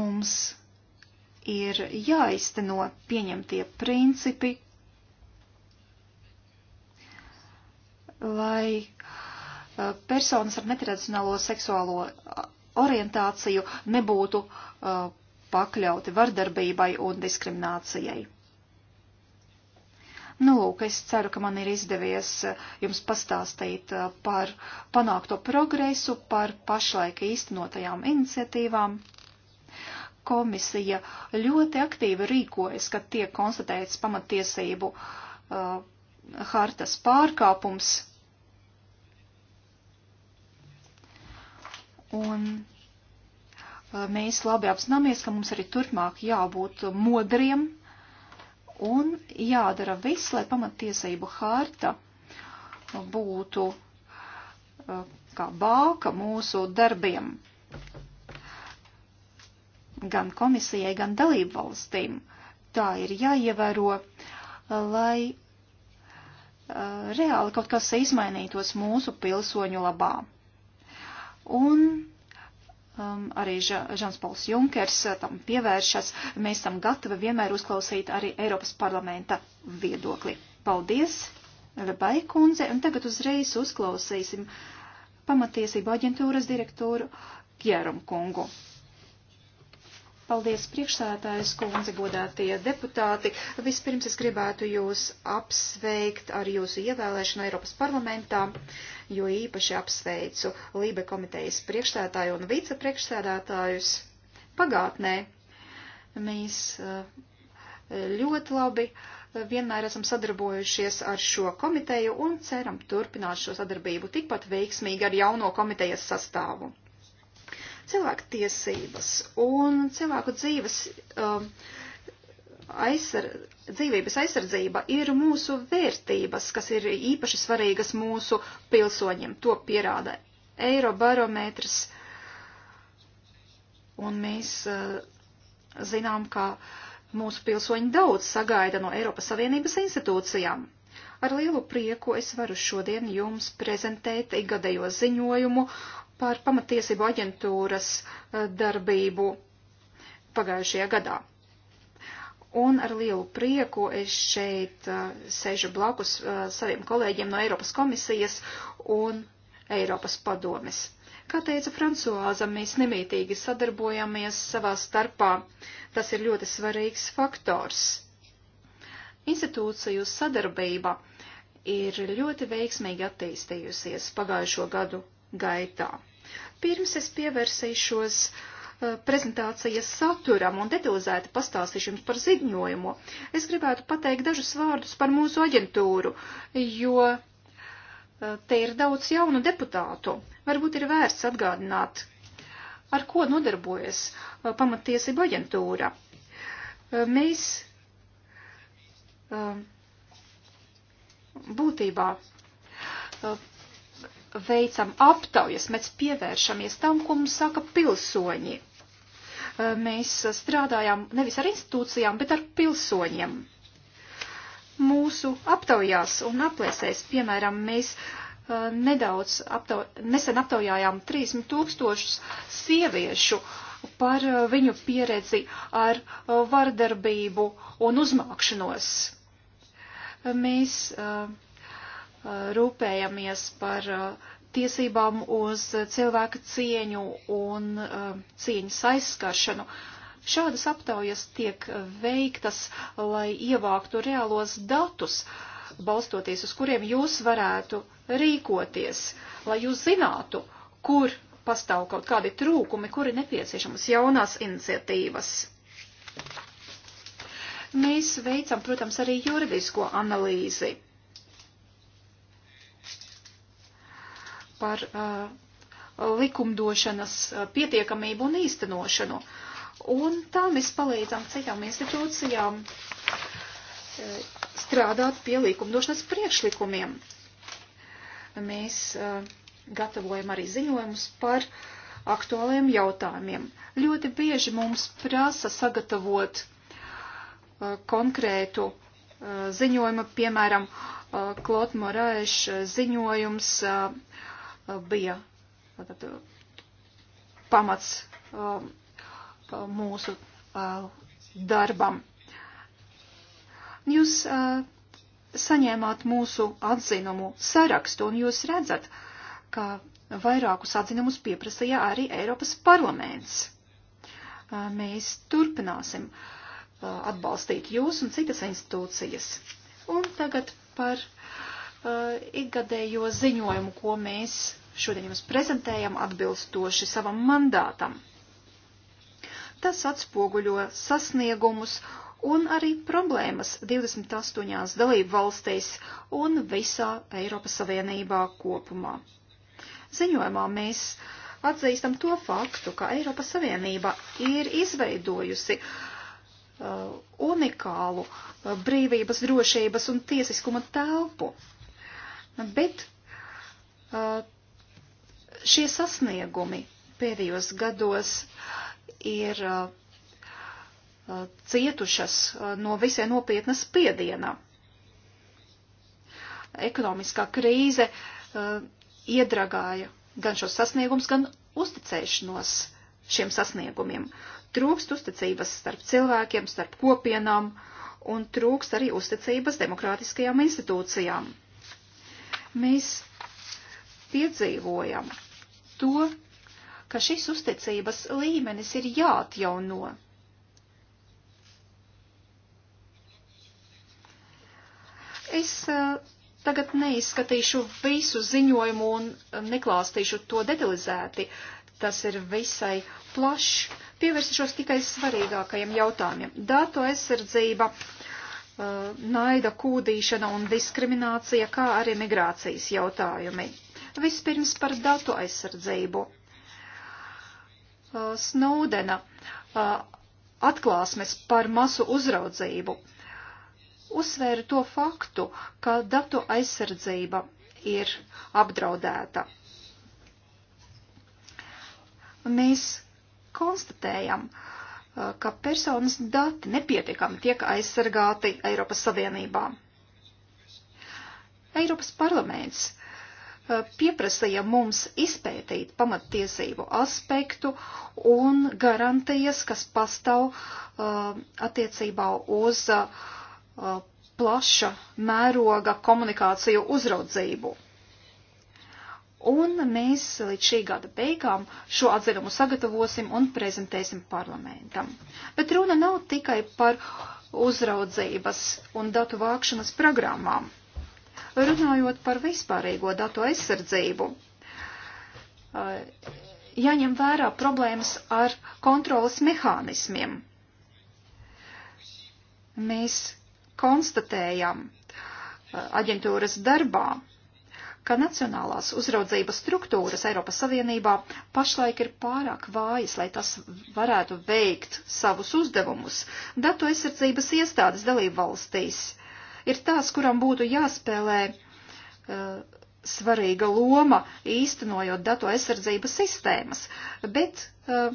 Mums ir jāizteno pieņemtie principi, lai uh, personas ar netradicionālo seksuālo uh, orientāciju nebūtu pakļauti vardarbībai un diskriminācijai. Nu, lūk, es ceru, ka man ir izdevies eh, jums pastāstīt eh, par panākto progresu, par pašlaika īstenotajām iniciatīvām. Komisija ļoti aktīvi rīkojas, kad tiek konstatēts pamatiesību uh, hartas pārkāpums. Un uh, mēs labi apzināmies, ka mums arī turpmāk jābūt modriem un jādara viss, lai pamatiesību harta būtu eh, kā bāka mūsu darbiem gan komisijai, gan dalību valstīm. Tā ir jāievēro, lai eh, reāli kaut kas izmainītos mūsu pilsoņu labā. Un Um, arī Žans Pols Junkers uh, tam pievēršas. Mēs esam gatavi vienmēr uzklausīt arī Eiropas parlamenta viedokli. Paldies, Lebai kundze, un tagad uzreiz uzklausīsim pamatiesību aģentūras direktoru Kjerum kungu. Paldies, priekšsētājs kundze, godātie deputāti. Vispirms es gribētu jūs apsveikt ar jūsu ievēlēšanu Eiropas parlamentā. Uh, jo īpaši apsveicu Lībe komitejas priekšstādātāju un vicepriekšstādātājus pagātnē. Mēs eh, ļoti labi eh, vienmēr esam sadarbojušies ar šo komiteju un ceram turpināt šo sadarbību tikpat veiksmīgi ar jauno komitejas sastāvu. Cilvēku tiesības un cilvēku dzīves. Um, uh, aizsar, dzīvības aizsardzība ir mūsu vērtības, kas ir īpaši svarīgas mūsu pilsoņiem. To pierāda Eirobarometrs. Un mēs uh, zinām, ka mūsu pilsoņi daudz sagaida no Eiropas Savienības institūcijām. Ar lielu prieku es varu šodien jums prezentēt ikgadējo ziņojumu par pamatiesību aģentūras eh, darbību pagājušajā gadā. Un ar lielu prieku es šeit uh, sēžu blakus uh, saviem kolēģiem no Eiropas komisijas un Eiropas padomes. Kā teica Francoāza, mēs nemītīgi sadarbojamies savā starpā. Tas ir ļoti svarīgs faktors. Institūciju sadarbība ir ļoti veiksmīgi attīstījusies pagājušo gadu gaitā. Pirms es pievērsīšos uh, Eh, prezentācijas saturam un detalizēti pastāstīšu jums par ziņojumu. Es gribētu pateikt dažus vārdus par mūsu aģentūru, jo eh, te ir daudz jaunu deputātu. Varbūt ir vērts atgādināt, ar ko nodarbojas eh, pamatiesība aģentūra. Mēs būtībā veicam aptaujas, mēs pievēršamies tam, ko mums saka pilsoņi. Mēs strādājam nevis ar institūcijām, bet ar pilsoņiem. Mūsu aptaujās un aplēsēs, piemēram, mēs nedaudz aptau, nesen aptaujājām 30 tūkstošus sieviešu par viņu pieredzi ar vardarbību un uzmākšanos. Mēs uh, rūpējamies par uh, tiesībām uz cilvēka cieņu un uh, cieņas aizskaršanu. Šādas aptaujas tiek veiktas, lai ievāktu reālos datus, balstoties uz kuriem jūs varētu rīkoties, lai jūs zinātu, kur pastāv kaut kādi trūkumi, kuri nepieciešamas jaunās iniciatīvas. Mēs veicam, protams, arī juridisko analīzi par uh, likumdošanas uh, pietiekamību un īstenošanu. Un tā mēs palīdzam citām institūcijām uh, strādāt pie likumdošanas priekšlikumiem. Mēs uh, gatavojam arī ziņojumus par aktuāliem jautājumiem. Ļoti bieži mums prasa sagatavot uh, konkrētu uh, ziņojumu, piemēram, uh, Klot Morēš uh, ziņojums uh, Uh, bija tātad, pamats um, mūsu uh, darbam. Jūs uh, saņēmāt mūsu atzinumu sarakstu, un jūs redzat, ka vairākus atzinumus pieprasīja arī Eiropas parlaments. Mēs turpināsim atbalstīt jūs un citas institūcijas. Un tagad par uh, uh, ikgadējo ziņojumu, ko mēs šodien jums prezentējam atbilstoši savam mandātam. Tas atspoguļo sasniegumus un arī problēmas 28 dalību valstīs un visā Eiropas Savienībā kopumā. Ziņojumā mēs atzīstam to faktu, ka Eiropas Savienība ir izveidojusi uh, unikālu uh, brīvības, drošības un tiesiskuma telpu, bet šie sasniegumi pēdējos gados ir cietušas no visai nopietnas spiediena. Ekonomiskā krīze iedragāja gan šos sasniegumus, gan uzticēšanos šiem sasniegumiem. Trūkst uzticības starp cilvēkiem, starp kopienām un trūkst arī uzticības demokrātiskajām institūcijām. Mēs piedzīvojam to, ka šis uzticības līmenis ir jāatjauno. Es uh, tagad neizskatīšu visu ziņojumu un neklāstīšu to detalizēti. Tas ir visai plašs. Pievērsīšos tikai svarīgākajiem jautājumiem. Datu aizsardzība, uh, Eh, naida kūdīšana un diskriminācija, kā arī migrācijas jautājumi. Vispirms par datu aizsardzību. Eh, Snowdena eh, atklāsmes par masu uzraudzību uzsvēra to faktu, ka datu aizsardzība ir apdraudēta. Mēs konstatējam, uh, ka personas dati nepietiekami tiek aizsargāti Eiropas Savienībā. Eiropas parlaments pieprasīja mums izpētīt pamattiesību aspektu un garantijas, kas pastāv uh, attiecībā uz uh, plaša mēroga komunikāciju uzraudzību un mēs līdz šī gada beigām šo atzinumu sagatavosim un prezentēsim parlamentam. Bet runa nav tikai par uzraudzības un datu vākšanas programmām. Runājot par vispārīgo datu aizsardzību, eh, jāņem vērā problēmas ar kontrolas mehānismiem. Mēs konstatējam eh, aģentūras darbā, ka nacionālās uzraudzības struktūras Eiropas Savienībā pašlaik ir pārāk vājas, lai tas varētu veikt savus uzdevumus. Datu aizsardzības iestādes dalību valstīs ir tās, kuram būtu jāspēlē uh, svarīga loma īstenojot datu aizsardzības sistēmas, bet uh,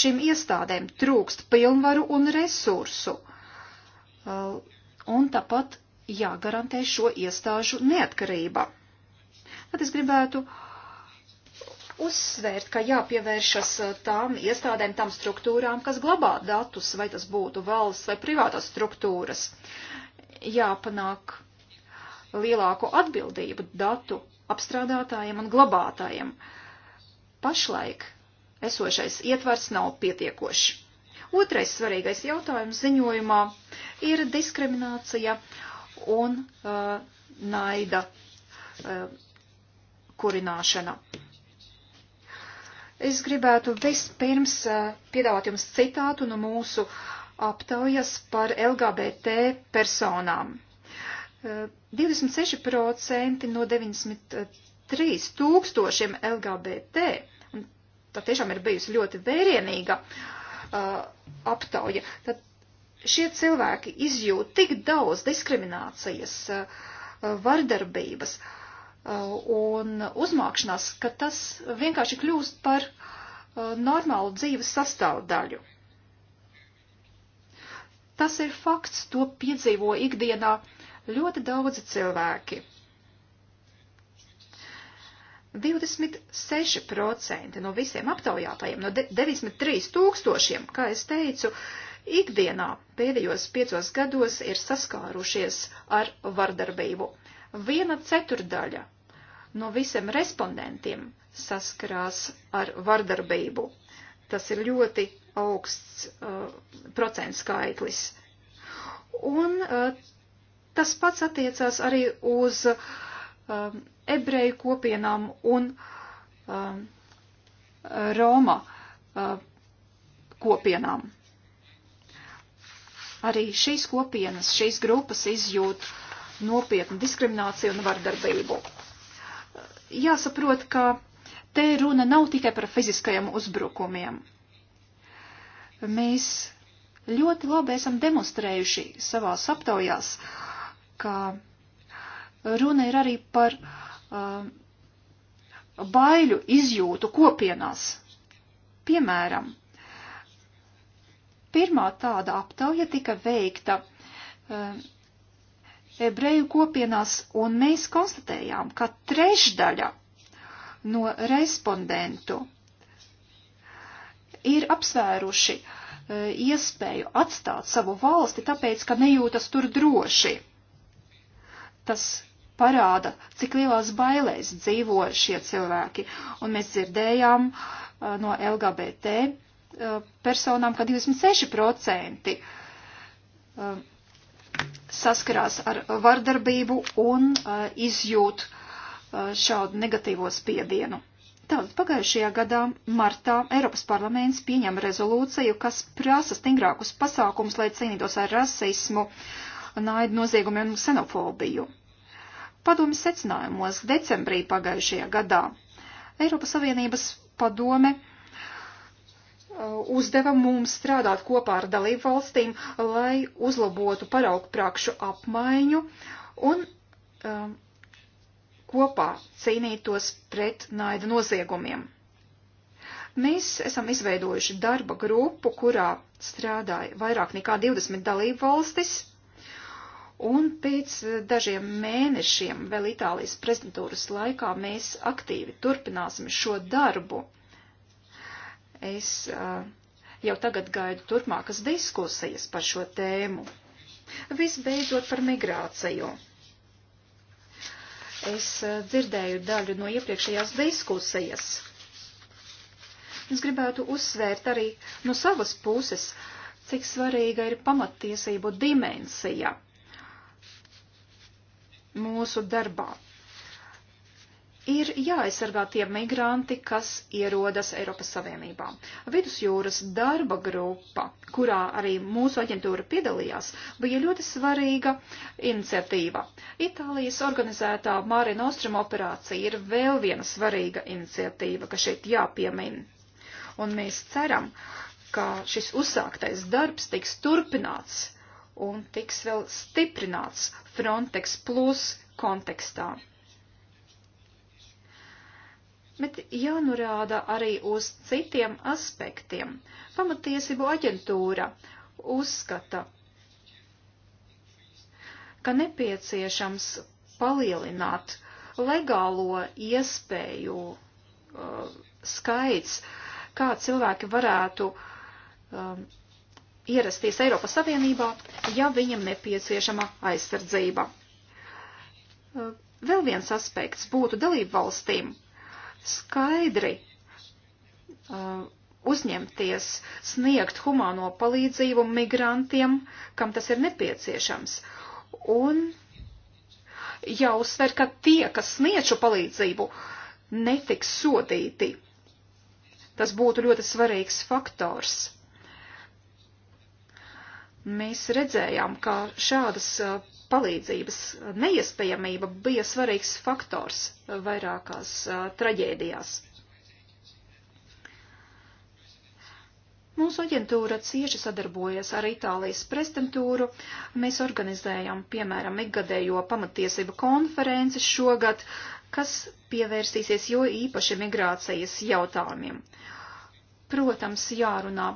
šīm iestādēm trūkst pilnvaru un resursu. Uh, un tāpat jāgarantē šo iestāžu neatkarība. Tad es gribētu uzsvērt, ka jāpievēršas uh, tām iestādēm, tām struktūrām, kas glabā datus, vai tas būtu valsts vai privātās struktūras. Jāpanāk lielāku atbildību datu apstrādātājiem un glabātājiem. Pašlaik esošais ietvars nav pietiekošs. Otrais svarīgais jautājums ziņojumā ir diskriminācija un uh, naida uh, kurināšana. Es gribētu vispirms uh, piedāvāt jums citātu no mūsu aptaujas par LGBT personām. Uh, 26% no 93 tūkstošiem LGBT, un tā tiešām ir bijusi ļoti vērienīga uh, aptauja, tad šie cilvēki izjūt tik daudz diskriminācijas, eh, vardarbības eh, un uzmākšanās, ka tas vienkārši kļūst par eh, normālu dzīves sastāvdaļu. Tas ir fakts, to piedzīvo ikdienā ļoti daudzi cilvēki. 26% no visiem aptaujātajiem, no 93 tūkstošiem, kā es teicu, uh, ikdienā pēdējos piecos gados ir saskārušies ar vardarbību. Viena ceturdaļa no visiem respondentiem saskarās ar vardarbību. Tas ir ļoti augsts uh, procents skaitlis. Un uh, tas pats attiecās arī uz uh, ebreju kopienām un uh, Roma uh, kopienām. Arī šīs kopienas, šīs grupas izjūt nopietnu diskrimināciju un vardarbību. Jāsaprot, ka te runa nav tikai par fiziskajiem uzbrukumiem. Mēs ļoti labi esam demonstrējuši savās aptaujās, ka runa ir arī par uh, baiļu izjūtu kopienās. Piemēram, Pirmā tāda aptauja tika veikta uh, ebreju kopienās, un mēs konstatējām, ka trešdaļa no respondentu ir apsvēruši uh, iespēju atstāt savu valsti, tāpēc, ka nejūtas tur droši. Tas parāda, cik lielās bailēs dzīvo šie cilvēki. Un mēs dzirdējām uh, no LGBT personām, ka 26% eh, saskarās ar vardarbību un eh, izjūt eh, šādu negatīvo spiedienu. Tātad pagājušajā gadā martā Eiropas parlaments pieņem rezolūciju, kas prasa stingrākus pasākumus, lai cīnītos ar rasismu, naidu noziegumiem un ksenofobiju. Padomis secinājumos decembrī pagājušajā gadā Eiropas Savienības padome uh, Uh, uzdevumu mums strādāt kopā ar dalību valstīm, lai uzlabotu paraugu prakšu apmaiņu un um, kopā cīnītos pret naida noziegumiem. Mēs esam izveidojuši darba grupu, kurā strādāja vairāk nekā 20 dalību valstis, un pēc dažiem mēnešiem vēl Itālijas prezidentūras laikā mēs aktīvi turpināsim šo darbu Es eh, jau tagad gaidu turpmākas diskusijas par šo tēmu. Visbeidzot par migrāciju. Es eh, dzirdēju daļu no iepriekšējās diskusijas. Es gribētu uzsvērt arī no savas puses, cik svarīga ir pamattiesību dimensija mūsu darbā ir jāaizsargā tie migranti, kas ierodas Eiropas Savienībā. Vidusjūras darba grupa, kurā arī mūsu aģentūra piedalījās, bija ļoti svarīga iniciatīva. Itālijas organizētā Māri Nostrum operācija ir vēl viena svarīga iniciatīva, kas šeit jāpiemin. Un mēs ceram, ka šis uzsāktais darbs tiks turpināts un tiks vēl stiprināts Frontex plus kontekstā bet jānorāda arī uz citiem aspektiem. Pamatiesību aģentūra uzskata, ka nepieciešams palielināt legālo iespēju uh, skaits, kā cilvēki varētu um, ierasties Eiropas Savienībā, ja viņam nepieciešama aizsardzība. Uh, vēl viens aspekts būtu dalību valstīm skaidri uh, uzņemties sniegt humāno palīdzību migrantiem, kam tas ir nepieciešams. Un jāuzsver, ka tie, kas sniedz šo palīdzību, netiks sodīti. Tas būtu ļoti svarīgs faktors. Mēs redzējām, ka šādas uh, palīdzības neiespējamība bija svarīgs faktors vairākās uh, traģēdijās. Mūsu aģentūra cieši sadarbojas ar Itālijas prezidentūru. Mēs organizējam, piemēram, ikgadējo pamatiesību konferenci šogad, kas pievērsīsies jo īpaši migrācijas jautājumiem. Protams, jārunā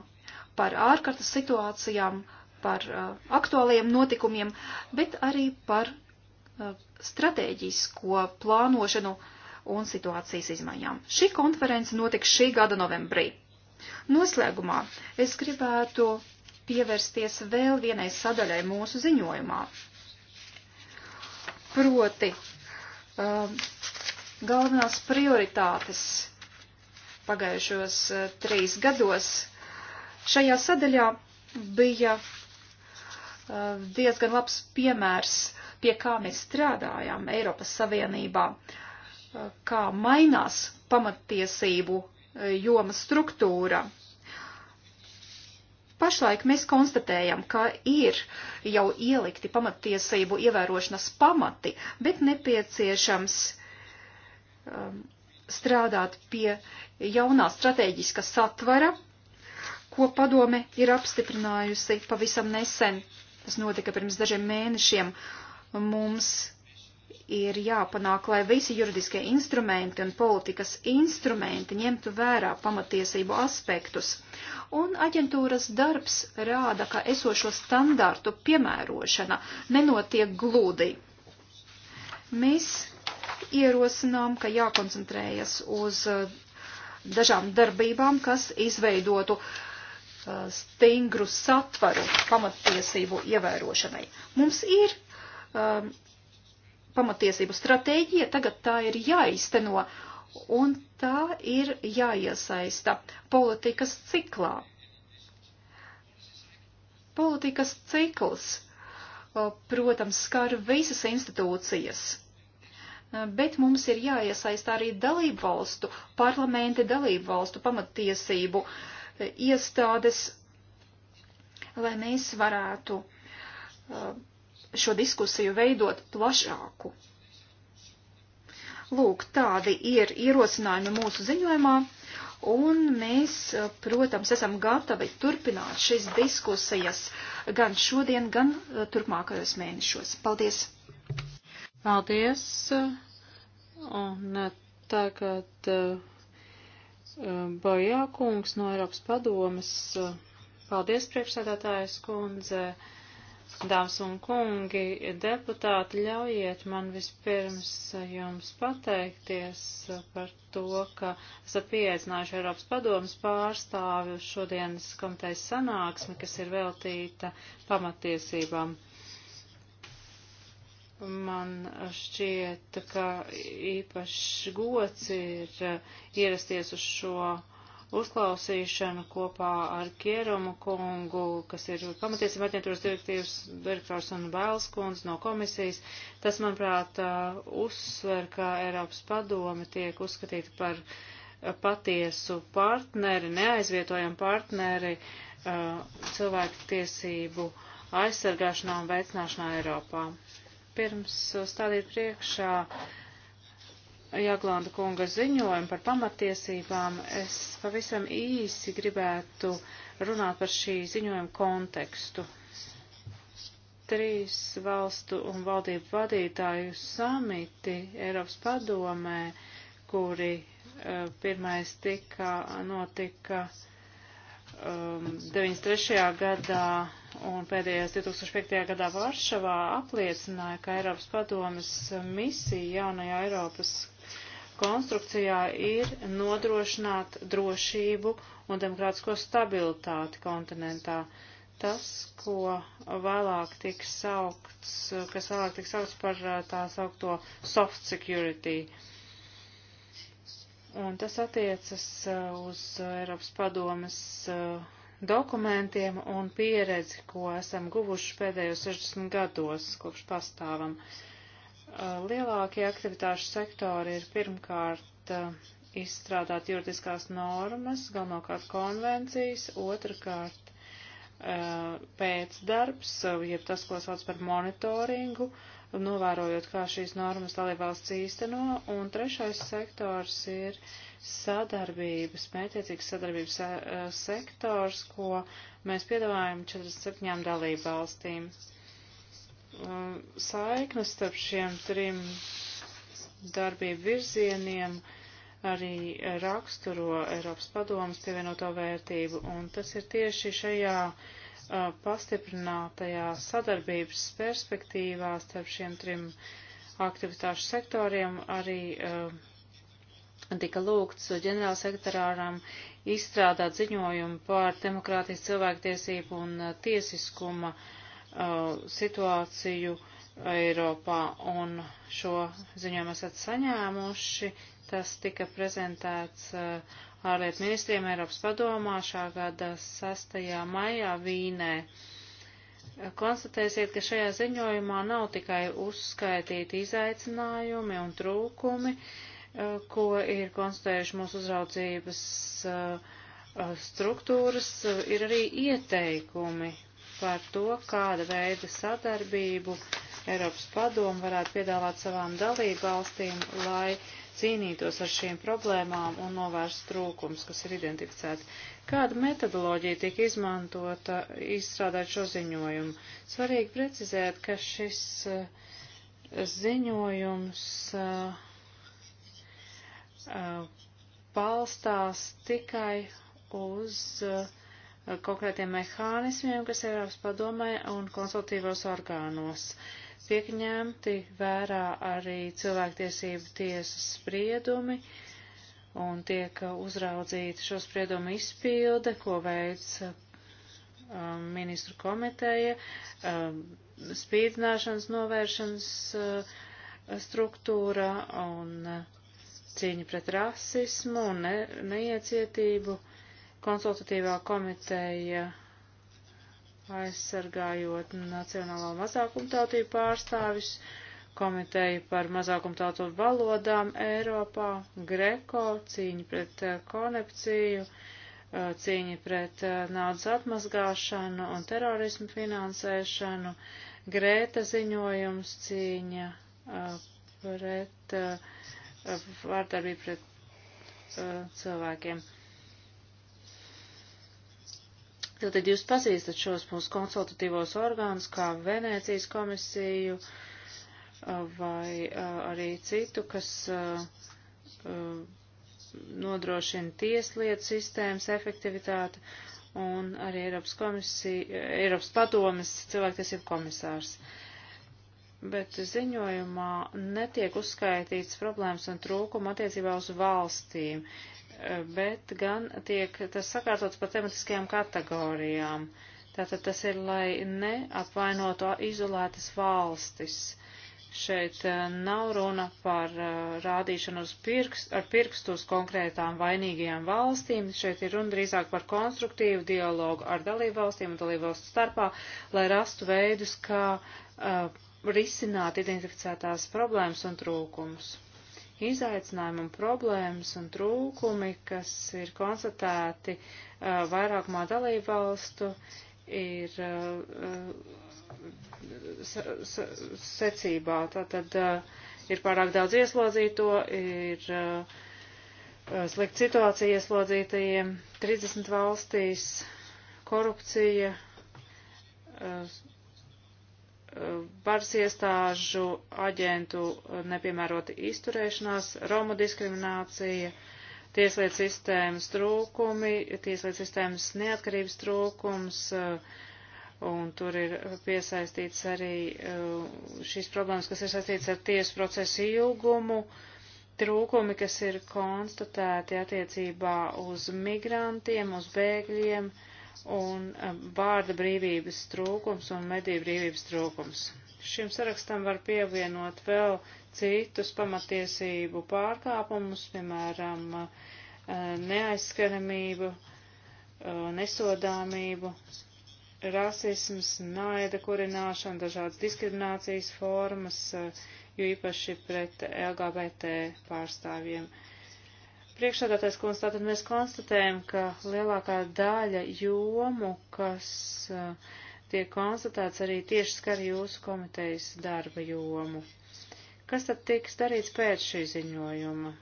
par ārkārtas situācijām, uh, par uh, aktuāliem notikumiem, bet arī par uh, stratēģisko plānošanu un situācijas izmaiņām. Šī konference notiks šī gada novembrī. Noslēgumā es gribētu pievērsties vēl vienai sadaļai mūsu ziņojumā. Proti, um, galvenās prioritātes pagājušos uh, trīs gados šajā sadaļā bija Eh, diezgan labs piemērs, pie kā mēs strādājām Eiropas Savienībā, eh, kā mainās pamattiesību eh, joma struktūra. Pašlaik mēs konstatējam, ka ir jau ielikti pamattiesību ievērošanas pamati, bet nepieciešams um, strādāt pie jaunā strateģiska satvara, ko padome ir apstiprinājusi pavisam nesen. Uh, Tas notika pirms dažiem mēnešiem. Mums ir jāpanāk, lai visi juridiskie instrumenti un politikas instrumenti ņemtu vērā pamatiesību aspektus. Un aģentūras darbs rāda, ka esošo standārtu piemērošana nenotiek glūdi. Mēs ierosinām, ka jākoncentrējas uz eh, dažām darbībām, kas izveidotu uh, Uh, stingru satvaru pamatiesību ievērošanai. Mums ir um, pamatiesību stratēģija, tagad tā ir jāizteno, un tā ir jāiesaista politikas ciklā. Politikas cikls, uh, protams, skar visas institūcijas, uh, bet mums ir jāiesaista arī dalību valstu, parlamenti dalību valstu pamatiesību uh, iestādes, lai mēs varētu uh, šo diskusiju veidot plašāku. Lūk, tādi ir ierosinājumi mūsu ziņojumā, un mēs, uh, protams, esam gatavi turpināt šīs diskusijas gan šodien, gan uh, turpmākajos mēnešos. Paldies! Paldies! Un tagad. Uh Bojā kungs no Eiropas padomas. Paldies, priekšsēdētājas kundze, dāmas un kungi, deputāti, ļaujiet man vispirms jums pateikties par to, ka esat pieaicinājuši Eiropas padomas pārstāvi uz šodienas komitejas sanāksmi, kas ir veltīta pamatiesībām. Man šķiet, ka īpašs gods ir uh, ierasties uz šo uzklausīšanu kopā ar Kierumu kungu, kas ir pamatiesība aģentūras direktīvas direktors un Bēls kundze no komisijas. Tas, manuprāt, uh, uzsver, ka Eiropas padome tiek uzskatīta par uh, patiesu partneri, neaizvietojamu partneri cilvēku tiesību aizsargāšanā un veicināšanā Eiropā. Pirms stādīt priekšā Jaglanda kunga ziņojumu par pamatiesībām, es pavisam īsi gribētu runāt par šī ziņojuma kontekstu. Trīs valstu un valdību vadītāju samiti Eiropas padomē, kuri eh, pirmais tika, notika um, 93. gadā un pēdējais 2005. gadā Varšavā apliecināja, ka Eiropas padomas misija jaunajā Eiropas konstrukcijā ir nodrošināt drošību un demokrātisko stabilitāti kontinentā. Tas, ko vēlāk tiks saukts, kas vēlāk tiks saukts par tā saukto soft security. Un tas attiecas uz Eiropas padomas uh, dokumentiem un pieredzi, ko esam guvuši pēdējos 60 gados, kopš pastāvam. Lielākie aktivitāšu sektori ir pirmkārt izstrādāt juridiskās normas, galvenokārt konvencijas, otrkārt pēcdarbs, jeb tas, ko sauc par monitoringu, novērojot, kā šīs normas dalībvalsts īsteno, un trešais sektors ir sadarbības, mētiecīgs sadarbības eh, sektors, ko mēs piedāvājam 47 dalībvalstīm. Saiknes starp šiem trim darbību virzieniem arī raksturo Eiropas padomas pievienoto vērtību, un tas ir tieši šajā uh, pastiprinātajā sadarbības perspektīvā starp šiem trim aktivitāšu sektoriem arī uh, tika lūgts ģenerālsekretārām izstrādāt ziņojumu par demokrātijas cilvēktiesību un tiesiskuma uh, situāciju Eiropā, un šo ziņojumu esat saņēmuši. Tas tika prezentēts uh, ārlietu ministriem Eiropas padomā šā gada 6. maijā Vīnē. Konstatēsiet, ka šajā ziņojumā nav tikai uzskaitīti izaicinājumi un trūkumi, eh, ko ir konstatējuši mūsu uzraudzības eh, struktūras, eh, ir arī ieteikumi par to, kāda veida sadarbību Eiropas padomu varētu piedāvāt savām dalību valstīm, lai uh, cīnītos ar šīm problēmām un novērstu trūkums, kas ir identificēti. Kāda metodoloģija tika izmantota izstrādāt šo ziņojumu? Svarīgi precizēt, ka šis eh, ziņojums eh, eh, balstās tikai uz uh, konkrētiem mehānismiem, kas Eiropas padomē un konsultīvos orgānos. Tiek ņemti vērā arī cilvēktiesību tiesas spriedumi un tiek uzraudzīta šo spriedumu izpilde, ko veids um, ministru komiteja, um, spīdzināšanas novēršanas uh, struktūra un uh, cīņa pret rasismu un ne, neiecietību konsultatīvā komiteja aizsargājot nacionālo mazākumtautību pārstāvis, komiteja par mazākumtautu valodām Eiropā, Greko, cīņa pret eh, konepciju, eh, cīņa pret eh, naudas atmazgāšanu un terorismu finansēšanu, Grēta ziņojums cīņa pret vārdarbību pret cilvēkiem. Tātad jūs pazīstat šos mūsu konsultatīvos orgānus, kā Venēcijas komisiju vai arī citu, kas nodrošina tieslietu sistēmas efektivitāti un arī Eiropas, komisija, Eiropas padomes cilvēktiesību komisārs. Bet ziņojumā netiek uzskaitīts problēmas un trūkuma attiecībā uz valstīm. Uh, bet gan tiek tas sakārtots pa tematiskajām kategorijām. Tātad tas ir, lai neapvainoto izolētas valstis. Šeit e, nav runa par e, rādīšanu uz pirkst, ar pirkstu uz konkrētām vainīgajām valstīm. Šeit ir runa drīzāk par konstruktīvu dialogu ar dalībvalstīm un dalībvalstu starpā, lai rastu veidus, kā uh, risināt identificētās problēmas un trūkumus izaicinājumi un problēmas un trūkumi, kas ir konstatēti uh, vairākumā dalību valstu, ir uh, secībā. Tātad uh, ir pārāk daudz ieslodzīto, ir uh, uh, slikta situācija ieslodzītajiem 30 valstīs, korupcija uh, varas iestāžu aģentu nepiemērota izturēšanās, Romu diskriminācija, tieslietu sistēmas trūkumi, tieslietu sistēmas neatkarības trūkums, uh, un tur ir piesaistīts arī uh, šīs problēmas, kas ir saistīts ar tiesu procesu ilgumu, trūkumi, kas ir konstatēti attiecībā uz migrantiem, uz bēgļiem, uh, un um, vārda brīvības trūkums un mediju brīvības trūkums. Šim sarakstam var pievienot vēl citus pamatiesību pārkāpumus, piemēram, uh, neaizskaramību, uh, nesodāmību, rasisms, naida kurināšana, dažādas diskriminācijas formas, uh, jo īpaši pret LGBT pārstāvjiem. Uh, Priekšsēdētais kundze, tātad mēs konstatējam, ka lielākā daļa jomu, kas uh, tiek konstatēts, arī tieši skar jūsu komitejas darba jomu. Kas tad tiks darīts pēc šī ziņojuma?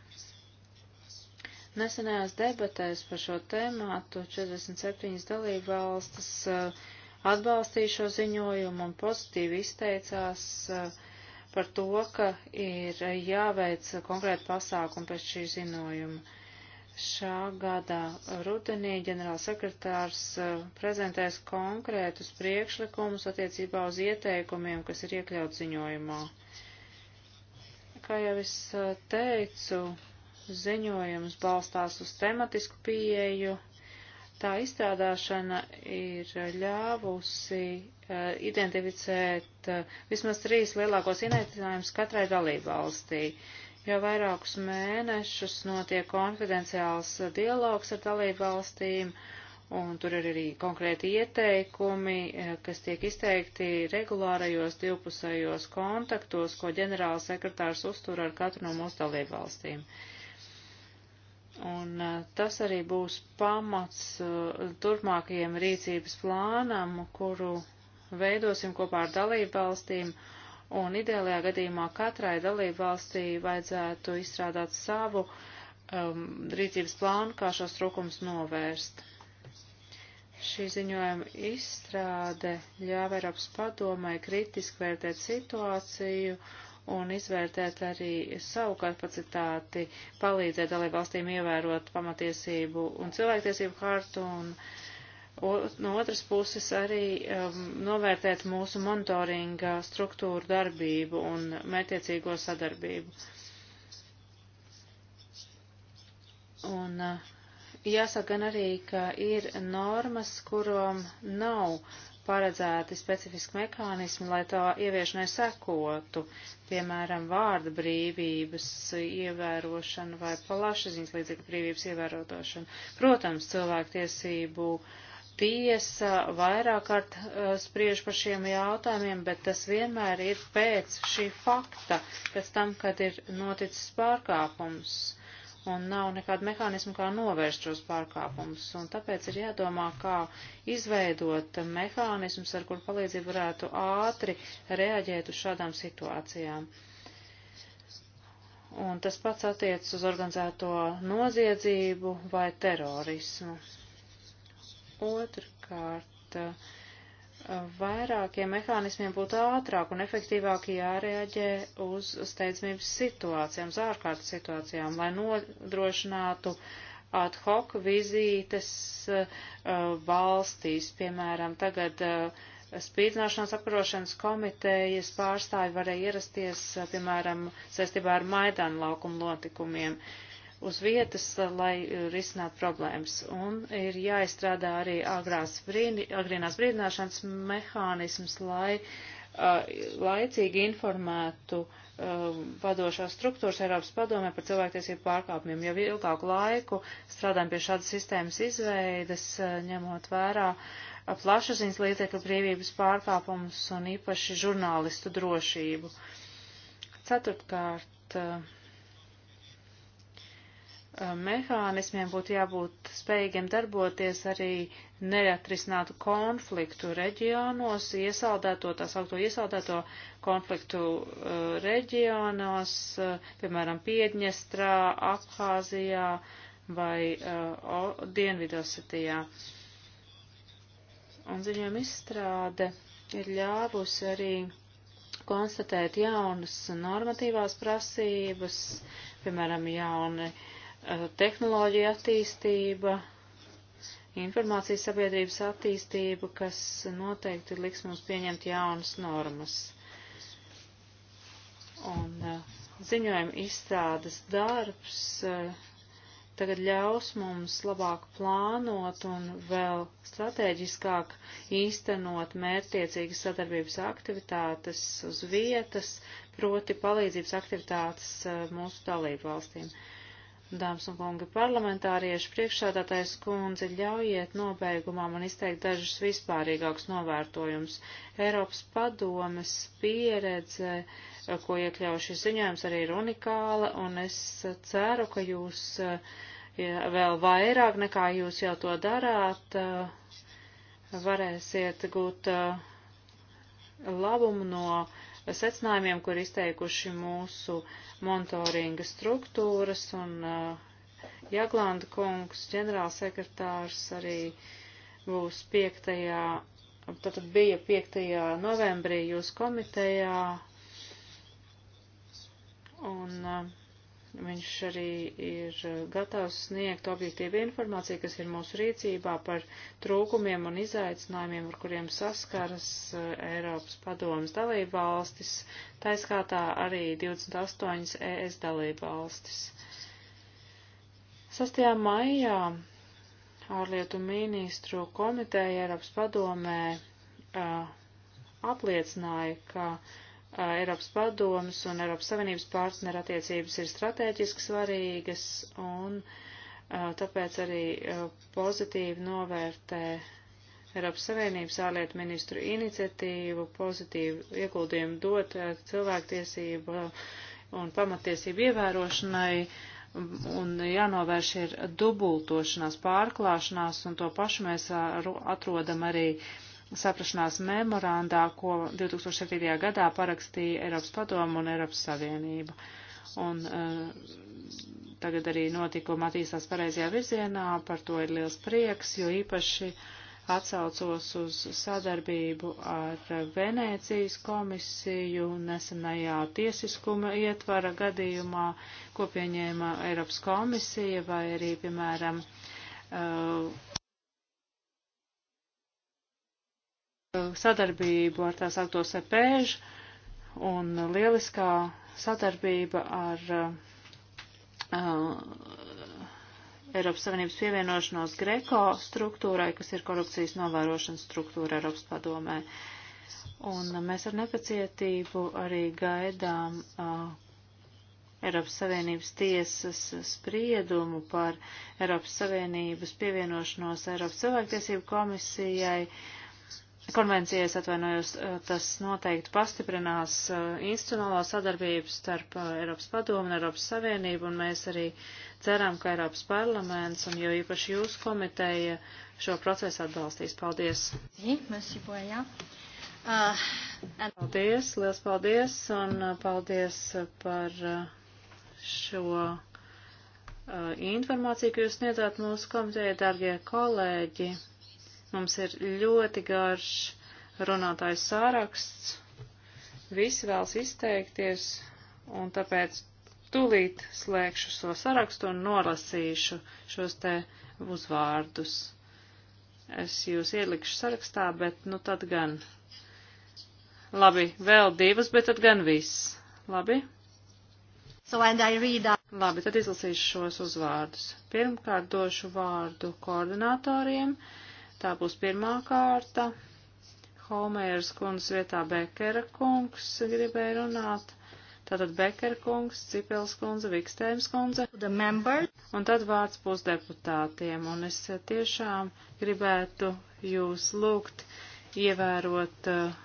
Nesenajās debatēs par šo tēmātu 47 dalību valstis atbalstīja šo ziņojumu un pozitīvi izteicās uh, par to, ka ir jāveic konkrēti pasākumi pēc šī zinojuma. Šā gadā rudenī ģenerālsekretārs uh, prezentēs konkrētus priekšlikumus attiecībā uz ieteikumiem, kas ir iekļauts ziņojumā. Kā jau es uh, teicu, ziņojums balstās uz tematisku pieeju Tā izstrādāšana ir eh, ļāvusi eh, identificēt eh, vismaz trīs lielākos ienaidinājumus katrai dalībvalstī. Jau vairākus mēnešus notiek konfidenciāls dialogs ar dalībvalstīm, un tur ir arī konkrēti ieteikumi, kas tiek izteikti regulārajos divpusējos kontaktos, ko ģenerālsekretārs uztur ar katru no mūsu dalībvalstīm. valstīm. Un tas arī būs pamats turpmākajiem rīcības plānam, kuru veidosim kopā ar dalību valstīm. Un ideālajā gadījumā katrai dalību valstī vajadzētu izstrādāt savu um, rīcības plānu, kā šos trūkums novērst. Šī ziņojuma izstrāde ļāva Eiropas padomai kritiski vērtēt situāciju un izvērtēt arī savu kapacitāti, palīdzēt dalībvalstīm ievērot pamatiesību un cilvēktiesību hartu un o, no otras puses arī um, novērtēt mūsu monitoringa struktūru darbību un mērķiecīgo sadarbību. Un uh, jāsaka gan arī, ka ir normas, kurām nav uh, paredzēti specifiski mekānismi, lai to ieviešanai sekotu, piemēram, vārda brīvības ievērošanu vai plašsaziņas līdzekļu brīvības ievērotošanu. Protams, cilvēktiesību tiesa vairāk kārt uh, spriež par šiem jautājumiem, bet tas vienmēr ir pēc šī fakta, pēc tam, kad ir noticis pārkāpums un nav nekāda mehānisma, kā novērst šos pārkāpumus. Un tāpēc ir jādomā, kā izveidot mehānismus, ar kur palīdzību varētu ātri reaģēt uz šādām situācijām. Un tas pats attiecas uz organizēto noziedzību vai terorismu. Otrkārt, uh, vairākiem mehānismiem būtu ātrāk un efektīvāk jārēģē uz steidzamības situācijām, uz ārkārtas situācijām, lai nodrošinātu ad hoc vizītes uh, valstīs. Piemēram, tagad uh, spīdzināšanas apkarošanas komitejas pārstāvi varēja ierasties, uh, piemēram, saistībā ar Maidānu laukumu notikumiem. Uh, uz vietas, lai eh, risinātu problēmas. Un ir jāizstrādā arī brīni, agrīnās brīdināšanas mehānisms, lai uh, laicīgi informētu uh, vadošās struktūras Eiropas padomē par cilvēktiesību pārkāpumiem. Jau ilgāku laiku strādājam pie šādas sistēmas izveidas, uh, ņemot vērā plašsaziņas līdzekļu brīvības pārkāpumus un īpaši žurnālistu drošību. Ceturtkārt, uh, Eh, mehānismiem būtu jābūt spējīgiem darboties arī neatrisinātu konfliktu reģionos, iesaldēto, tā saukto iesaldēto konfliktu uh, reģionos, uh, piemēram, Piedņestrā, Abhāzijā vai uh, Dienvidosetijā. Un ziņojuma izstrāde ir ļāvusi arī konstatēt jaunas normatīvās prasības, piemēram, jauni uh, Eh, tehnoloģija attīstība, informācijas sabiedrības attīstība, kas noteikti liks mums pieņemt jaunas normas. Un eh, ziņojuma izstrādes darbs eh, tagad ļaus mums labāk plānot un vēl strateģiskāk īstenot mērtiecīgas sadarbības aktivitātes uz vietas, proti palīdzības aktivitātes mūsu dalību valstīm. Uh, Dāmas un kungi parlamentārieši, priekšsādātais kundze, ļaujiet nobeigumā man izteikt dažus vispārīgākus novērtojumus. Eiropas padomes pieredze, ko iekļauj šis ziņojums, arī ir unikāla, un es ceru, ka jūs vēl vairāk nekā jūs jau to darāt, varēsiet gūt uh, labumu no secinājumiem, kur izteikuši mūsu monitoringa struktūras, un uh, Jaglanda kungs, ģenerālsekretārs, arī būs 5. tātad bija 5. novembrī jūs komitejā, un uh, Viņš arī ir gatavs sniegt objektīvu informāciju, kas ir mūsu rīcībā par trūkumiem un izaicinājumiem, ar kuriem saskaras eh, Eiropas padomas dalība valstis, taiskātā arī 28 ES dalība valstis. 6. maijā ārlietu ministru komiteja Eiropas padomē uh, apliecināja, ka Eiropas padomas un Eiropas Savienības partneru attiecības ir strateģiski svarīgas un tāpēc arī pozitīvi novērtē Eiropas Savienības ārlietu ministru iniciatīvu pozitīvu ieguldījumu dot cilvēktiesību un pamatiesību ievērošanai un jānovērš ir dubultošanās, pārklāšanās, un to pašu mēs atrodam arī uh, saprašanās memorandā, ko 2007. gadā parakstīja Eiropas padomu un Eiropas Savienība. Un uh, tagad arī notikuma attīstās pareizajā virzienā, par to ir liels prieks, jo īpaši atsaucos uz sadarbību ar Venēcijas komisiju nesenajā tiesiskuma ietvara gadījumā, ko pieņēma Eiropas komisija vai arī, piemēram, uh, Uh, sadarbību ar tā saukto sepēžu un lieliskā sadarbība ar uh, uh, Eiropas Savienības pievienošanos Greko struktūrai, kas ir korupcijas novērošanas struktūra Eiropas padomē. Un mēs ar nepacietību arī gaidām uh, Eiropas Savienības tiesas spriedumu par Eiropas Savienības pievienošanos Eiropas cilvēktiesību komisijai uh, konvencijas, atvainojos, eh, tas noteikti pastiprinās eh, institucionālo sadarbību starp eh, Eiropas padomu un Eiropas Savienību, un mēs arī ceram, ka Eiropas parlaments un jo īpaši jūs komiteja šo procesu atbalstīs. Paldies! Ah, paldies, liels paldies, un paldies par šo informāciju, ko jūs sniedzāt mūsu komiteja, darbie kolēģi. Mums ir ļoti garš runātājs sāraksts. Visi vēlas izteikties, un tāpēc tūlīt slēgšu šo so sarakstu un nolasīšu šos te uzvārdus. Es jūs ielikšu sarakstā, bet nu tad gan. Labi, vēl divas, bet tad gan viss. Labi? So and I read up. Labi, tad izlasīšu šos uzvārdus. Pirmkārt došu vārdu koordinatoriem. Uh, Tā būs pirmā kārta. Homēras kundas vietā Bekera kungs gribēja runāt. Tātad Bekera kungs, Cipels kundze, Vikstēms kundze. Un tad vārds būs deputātiem. Un es tiešām gribētu jūs lūgt ievērot uh,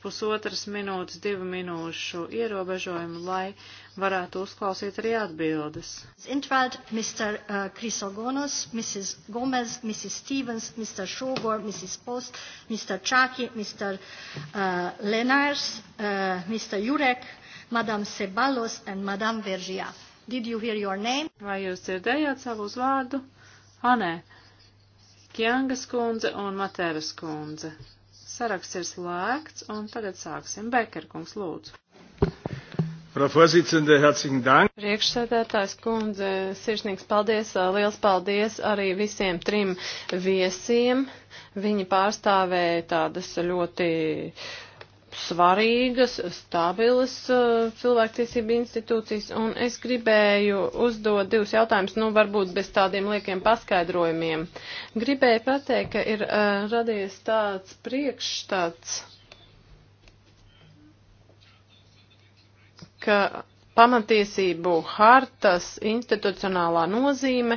pusotras minūtes, divu minūšu ierobežojumu, lai varētu uzklausīt arī atbildes. Intveld, Mr. Krisogonos, uh, Mrs. Gomez, Mrs. Stevens, Mr. Šogor, Mrs. Post, Mr. Čaki, Mr. Uh, Lenars, uh, Mr. Jurek, Madam Sebalos and Madam Vergia. Did you hear your name? Vai jūs dzirdējāt savu uzvārdu? Anē, Kjangas kundze un Materas kundze. Saraksts ir slēgts, un tagad sāksim. Bekerkungs, lūdzu. Priekšsēdētājs kundze, sirsnīgs paldies, liels paldies arī visiem trim viesiem. Viņi pārstāvēja tādas ļoti uh, svarīgas, stabilas uh, eh, cilvēktiesība institūcijas, un es gribēju uzdot divus jautājumus, nu varbūt bez tādiem liekiem paskaidrojumiem. Gribēju pateikt, ka ir uh, radies tāds priekšstats, ka pamatiesību hartas institucionālā nozīme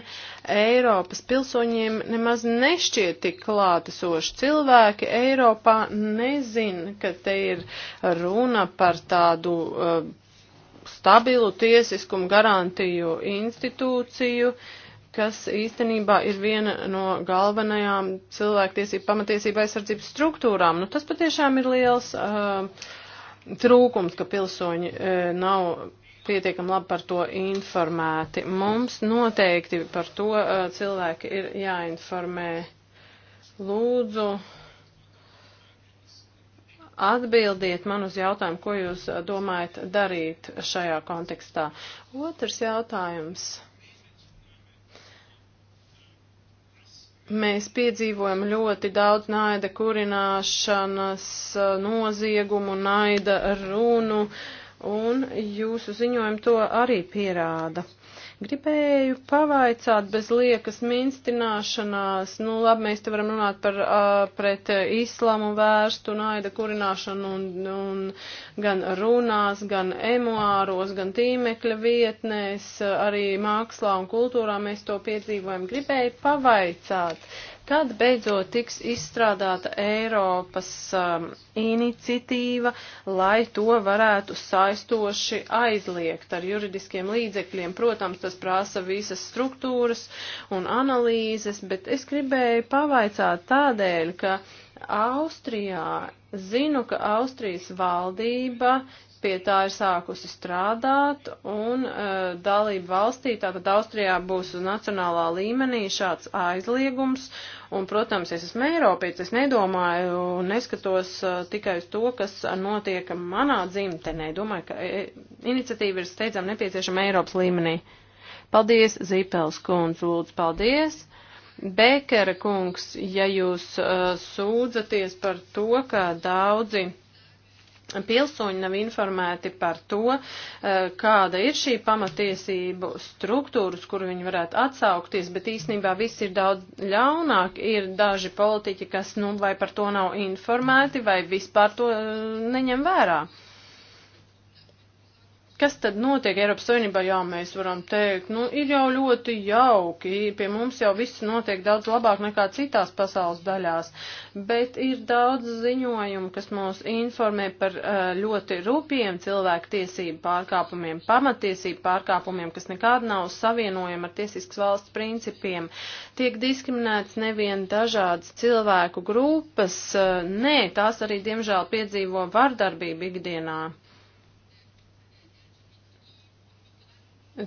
Eiropas pilsoņiem nemaz nešķiet tik klātesoši. Cilvēki Eiropā nezin, ka te ir runa par tādu uh, stabilu tiesiskumu garantiju institūciju, kas īstenībā ir viena no galvenajām cilvēktiesību pamatiesību aizsardzības struktūrām. Nu, tas patiešām ir liels uh, trūkums, ka pilsoņi uh, nav pietiekam labi par to informēti. Mums noteikti par to uh, cilvēki ir jāinformē. Lūdzu, atbildiet man uz jautājumu, ko jūs uh, domājat darīt šajā kontekstā. Otrs jautājums. Mēs piedzīvojam ļoti daudz naida kurināšanas, uh, noziegumu, naida runu. Uh, un jūsu ziņojumi to arī pierāda. Gribēju pavaicāt bez liekas minstināšanās, nu labi, mēs te varam runāt par uh, pret islamu vērstu naida kurināšanu un, un gan runās, gan emuāros, gan tīmekļa vietnēs, arī mākslā un kultūrā mēs to piedzīvojam. Gribēju pavaicāt. Uh, Kad beidzot tiks izstrādāta Eiropas um, iniciatīva, lai to varētu saistoši aizliegt ar juridiskiem līdzekļiem? Protams, tas prasa visas struktūras un analīzes, bet es gribēju pavaicāt tādēļ, ka Austrijā zinu, ka Austrijas valdība pie tā ir sākusi strādāt, un uh, e, dalība valstī, tātad Austrijā būs uz nacionālā līmenī šāds aizliegums, un, protams, es esmu Eiropietis, es nedomāju, neskatos uh, tikai uz to, kas notiek manā dzimtenē, domāju, ka e, iniciatīva ir steidzām nepieciešama Eiropas līmenī. Paldies, Zīpels kundze, lūdzu, paldies! Bekera kungs, ja jūs uh, sūdzaties par to, ka daudzi pilsoņi nav informēti par to, eh, kāda ir šī pamatiesību struktūra, uz kuru viņi varētu atsaukties, bet īstenībā viss ir daudz ļaunāk. Ir daži politiķi, kas nu vai par to nav informēti, vai vispār to eh, neņem vērā. Kas tad notiek Eiropas Savienībā? Jā, mēs varam teikt, nu, ir jau ļoti jauki, pie mums jau viss notiek daudz labāk nekā citās pasaules daļās, bet ir daudz ziņojumu, kas mūs informē par eh, ļoti rūpiem cilvēku tiesību pārkāpumiem, pamatiesību pārkāpumiem, kas nekād nav savienojami ar tiesiskas valsts principiem. Tiek diskriminēts nevien dažādas cilvēku grupas, eh, nē, tās arī, diemžēl, piedzīvo vardarbību ikdienā.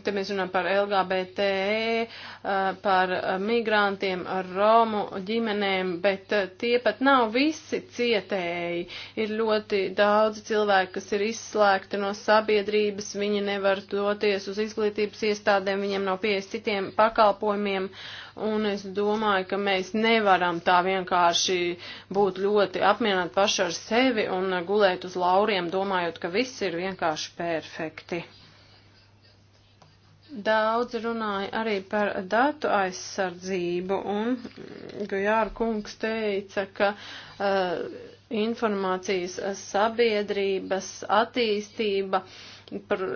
Te mēs runājam par LGBT, e, eh, par eh, migrantiem, romu ģimenēm, bet eh, tie pat nav visi cietēji. Ir ļoti daudz cilvēku, kas ir izslēgti no sabiedrības, viņi nevar doties uz izglītības iestādēm, viņiem nav pieejas citiem pakalpojumiem, un es domāju, ka mēs nevaram tā vienkārši būt ļoti apmierināti paši ar sevi un gulēt uz lauriem, domājot, ka viss ir vienkārši perfekti. Daudz runāja arī par datu aizsardzību, un Gujāra kungs teica, ka uh, informācijas sabiedrības attīstība par,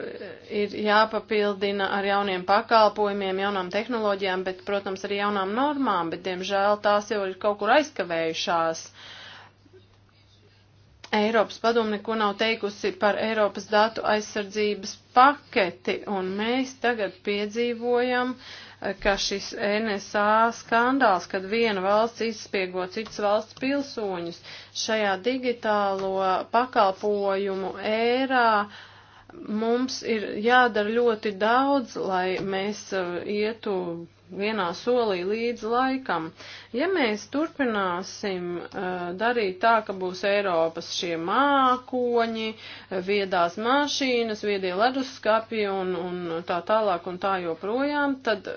ir jāpapildina ar jauniem pakalpojumiem, jaunām tehnoloģijām, bet, protams, arī jaunām normām, bet, diemžēl, tās jau ir kaut kur aizkavējušās. Uh, Eiropas padomu neko nav teikusi par Eiropas datu aizsardzības paketi, un mēs tagad piedzīvojam, eh, ka šis NSA skandāls, kad viena valsts izspiego citas valsts pilsoņus, šajā digitālo pakalpojumu ērā mums ir jādara ļoti daudz, lai mēs eh, ietu vienā solī līdz laikam. Ja mēs turpināsim uh, darīt tā, ka būs Eiropas šie mākoņi, viedās mašīnas, viedie leduskapi un, un tā tālāk un tā joprojām, tad.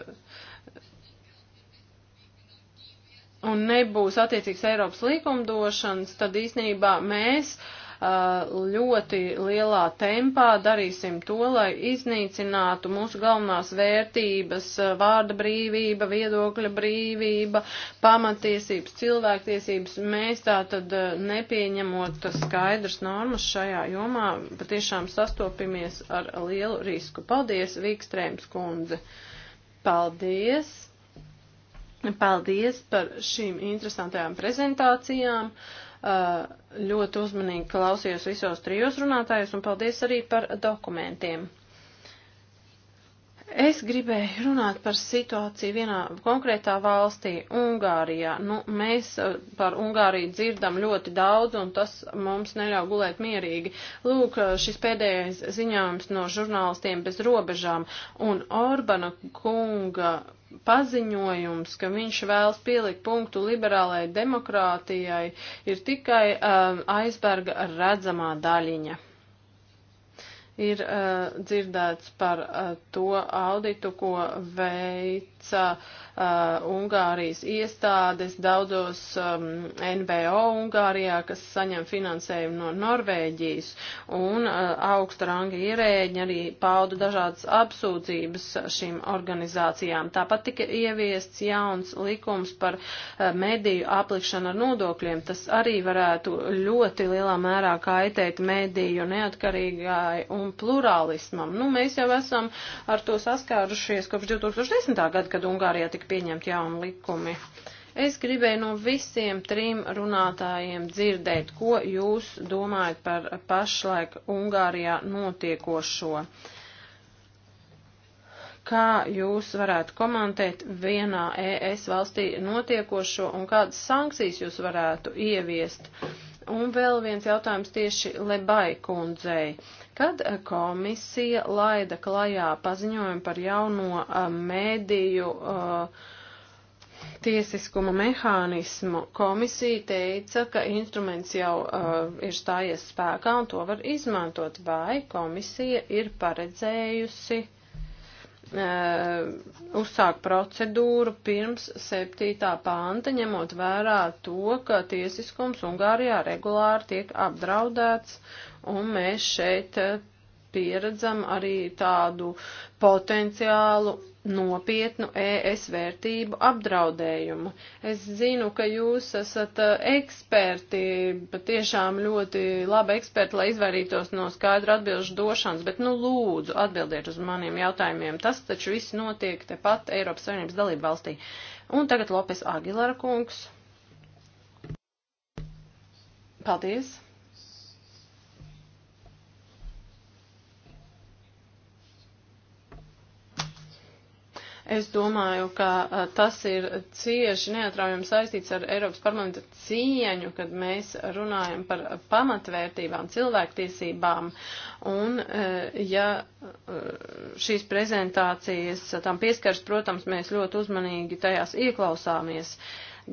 Un nebūs attiecīgs Eiropas likumdošanas, tad īsnībā mēs uh, Uh, ļoti lielā tempā darīsim to, lai iznīcinātu mūsu galvenās vērtības uh, - vārda brīvība, viedokļa brīvība, pamatiesības, cilvēktiesības. Mēs tā tad uh, nepieņemot skaidrs normas šajā jomā, patiešām sastopamies ar lielu risku. Paldies, Vīkstrēms kundze! Paldies! Paldies par šīm interesantajām prezentācijām. Uh, ļoti uzmanīgi klausījos visos trijos runātājos un paldies arī par dokumentiem. Es gribēju runāt par situāciju vienā konkrētā valstī, Ungārijā. Nu, mēs par Ungāriju dzirdam ļoti daudz, un tas mums neļauj gulēt mierīgi. Lūk, šis pēdējais ziņojums no žurnālistiem bez robežām un Orbana kunga paziņojums, ka viņš vēlas pielikt punktu liberālajai demokrātijai, ir tikai uh, aizberga redzamā daļiņa. Ir uh, dzirdēts par uh, to auditu, ko veica uh, uh, Ungārijas iestādes, daudzos um, NVO Ungārijā, kas saņem finansējumu no Norvēģijas, un uh, augsta ranga ierēģi arī pauda dažādas apsūdzības šīm organizācijām. Tāpat tika ieviests jauns likums par uh, mediju aplikšanu ar nodokļiem. Tas arī varētu ļoti lielā mērā kaitēt mediju neatkarīgai un plurālismam. Nu, mēs jau esam ar to saskārušies kopš 2010. gada, kad Ungārijā tika tiek pieņemti jauni likumi. Es gribēju no visiem trim runātājiem dzirdēt, ko jūs domājat par pašlaik Ungārijā notiekošo. Kā jūs varētu komentēt vienā ES valstī notiekošo un kādas sankcijas jūs varētu ieviest? Un vēl viens jautājums tieši Lebai kundzei. Uh, Kad eh, komisija laida klajā paziņojumu par jauno eh, mēdīju uh, tiesiskuma mehānismu, komisija teica, ka instruments jau uh, ir stājies spēkā un to var izmantot, vai komisija ir paredzējusi uh, Uh, uzsāk procedūru pirms 7. panta, ņemot vērā to, ka tiesiskums Ungārijā regulāri tiek apdraudēts, un mēs šeit uh, pieredzam arī tādu potenciālu nopietnu ES vērtību apdraudējumu. Es zinu, ka jūs esat uh, eksperti, patiešām ļoti labi eksperti, lai izvairītos no skaidra atbilžu došanas, bet nu lūdzu atbildiet uz maniem jautājumiem. Tas taču viss notiek tepat Eiropas Savienības dalību valstī. Un tagad Lopes Agilara kungs. Paldies! Es domāju, ka tas ir cieši neatraujami saistīts ar Eiropas parlamenta cieņu, kad mēs runājam par pamatvērtībām, cilvēktiesībām. Un, ja šīs prezentācijas tam pieskars, protams, mēs ļoti uzmanīgi tajās ieklausāmies.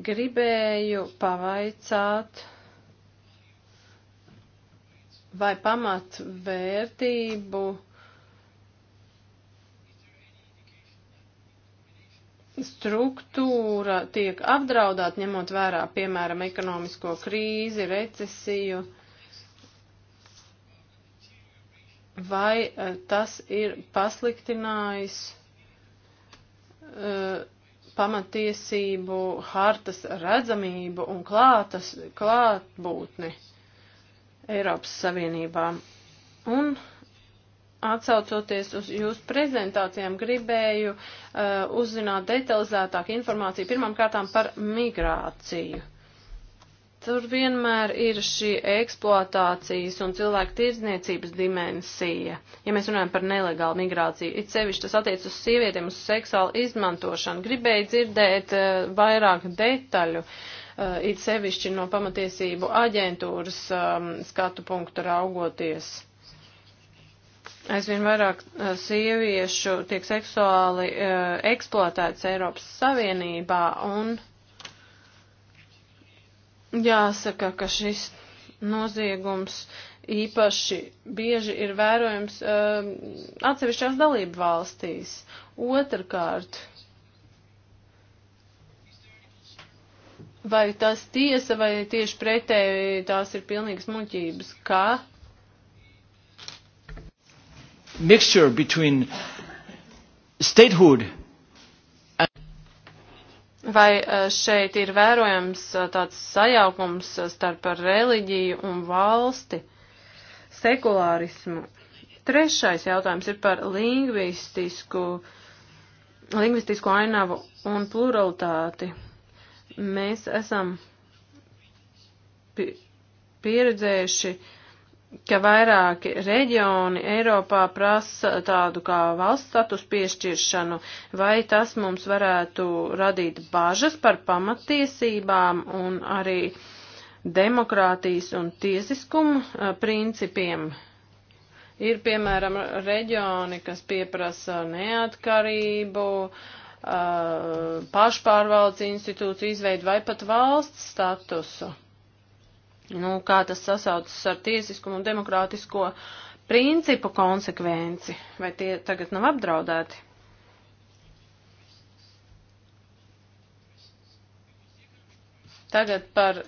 Gribēju pavaicāt vai pamatvērtību struktūra tiek apdraudāta, ņemot vērā, piemēram, ekonomisko krīzi, recesiju, vai e, tas ir pasliktinājis uh, pamatiesību hartas redzamību un klātas, klātbūtni Eiropas Savienībā. Un Atsaucoties uz jūsu prezentācijām, gribēju uh, uzzināt detalizētāk informāciju pirmkārtām par migrāciju. Tur vienmēr ir šī eksploatācijas un cilvēku tirdzniecības dimensija. Ja mēs runājam par nelegālu migrāciju, it sevišķi tas attiec uz sievietēm, uz seksuālu izmantošanu. Gribēju dzirdēt uh, vairāk detaļu, uh, it sevišķi no pamatiesību aģentūras um, skatu punktu raugoties aizvien vairāk sieviešu tiek seksuāli uh, eksploatētas Eiropas Savienībā, un jāsaka, ka šis noziegums īpaši bieži ir vērojams uh, atsevišķās dalību valstīs. Otrakārt, vai tas tiesa, vai tieši pretēji tās ir pilnīgas muļķības, ka mixture between statehood Vai uh, šeit ir vērojams uh, tāds sajaukums uh, starp reliģiju un valsti, sekulārismu? Trešais jautājums ir par lingvistisku, lingvistisku ainavu un pluralitāti. Mēs esam pieredzējuši uh, ka vairāki reģioni Eiropā prasa tādu kā valsts status piešķiršanu, vai tas mums varētu radīt bažas par pamatiesībām un arī demokrātijas un tiesiskumu eh, principiem. Ir, piemēram, reģioni, kas pieprasa neatkarību, eh, pašpārvaldes institūciju izveidu vai pat valsts statusu. Nu, kā tas sasaucas ar tiesiskumu un demokrātisko principu konsekvenci? Vai tie tagad nav apdraudēti? Tagad par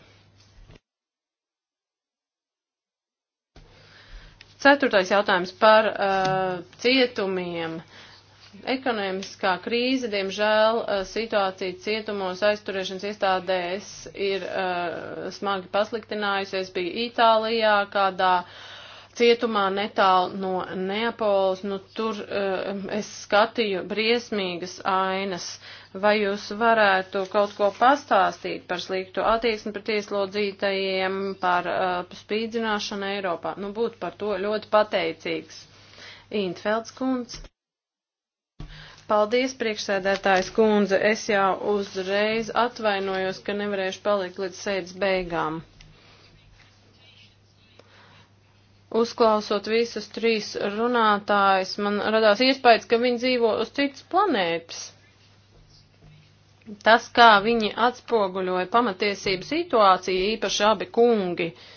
Ceturtais jautājums par uh, cietumiem. Uh, Ekonomiskā krīze, diemžēl, eh, situācija cietumos aizturēšanas iestādēs ir uh, smagi pasliktinājusies. Bija Itālijā kādā cietumā netālu no Neapoles, nu tur uh, es skatīju briesmīgas ainas. Vai jūs varētu kaut ko pastāstīt par sliktu attieksmi pret ieslodzītajiem, par uh, spīdzināšanu Eiropā? Nu, būtu par to ļoti pateicīgs. Intfelds kundze. Paldies, priekšsēdētājs kundze. Es jau uzreiz atvainojos, ka nevarēšu palikt līdz sēdes beigām. Uzklausot visus trīs runātājus, man radās iespējas, ka viņi dzīvo uz citas planētas. Tas, kā viņi atspoguļoja pamatiesību situāciju, īpaši abi kungi. Uh,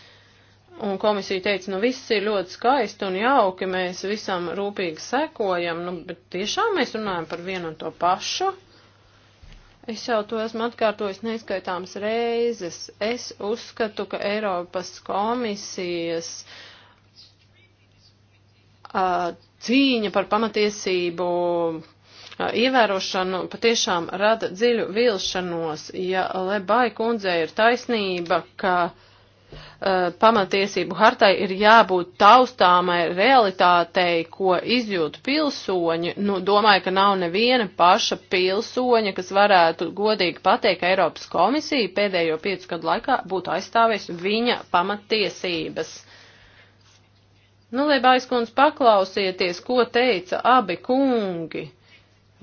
Un komisija teica, nu viss ir ļoti skaisti un jauki, mēs visam rūpīgi sekojam, nu, bet tiešām mēs runājam par vienu un to pašu. Es jau to esmu atkārtojis neskaitāms reizes. Es uzskatu, ka Eiropas komisijas uh, cīņa par pamatiesību ievērošanu patiešām rada dziļu vilšanos, ja Lebai kundzei ir taisnība, ka uh, Eh, pamatiesību hartai ir jābūt taustāmai realitātei, ko izjūt pilsoņi. Nu, domāju, ka nav neviena paša pilsoņa, kas varētu godīgi pateikt, ka Eiropas komisija pēdējo piecu gadu laikā būtu aizstāvējusi viņa pamatiesības. Nu, Liebaiskundz, paklausieties, ko teica abi kungi.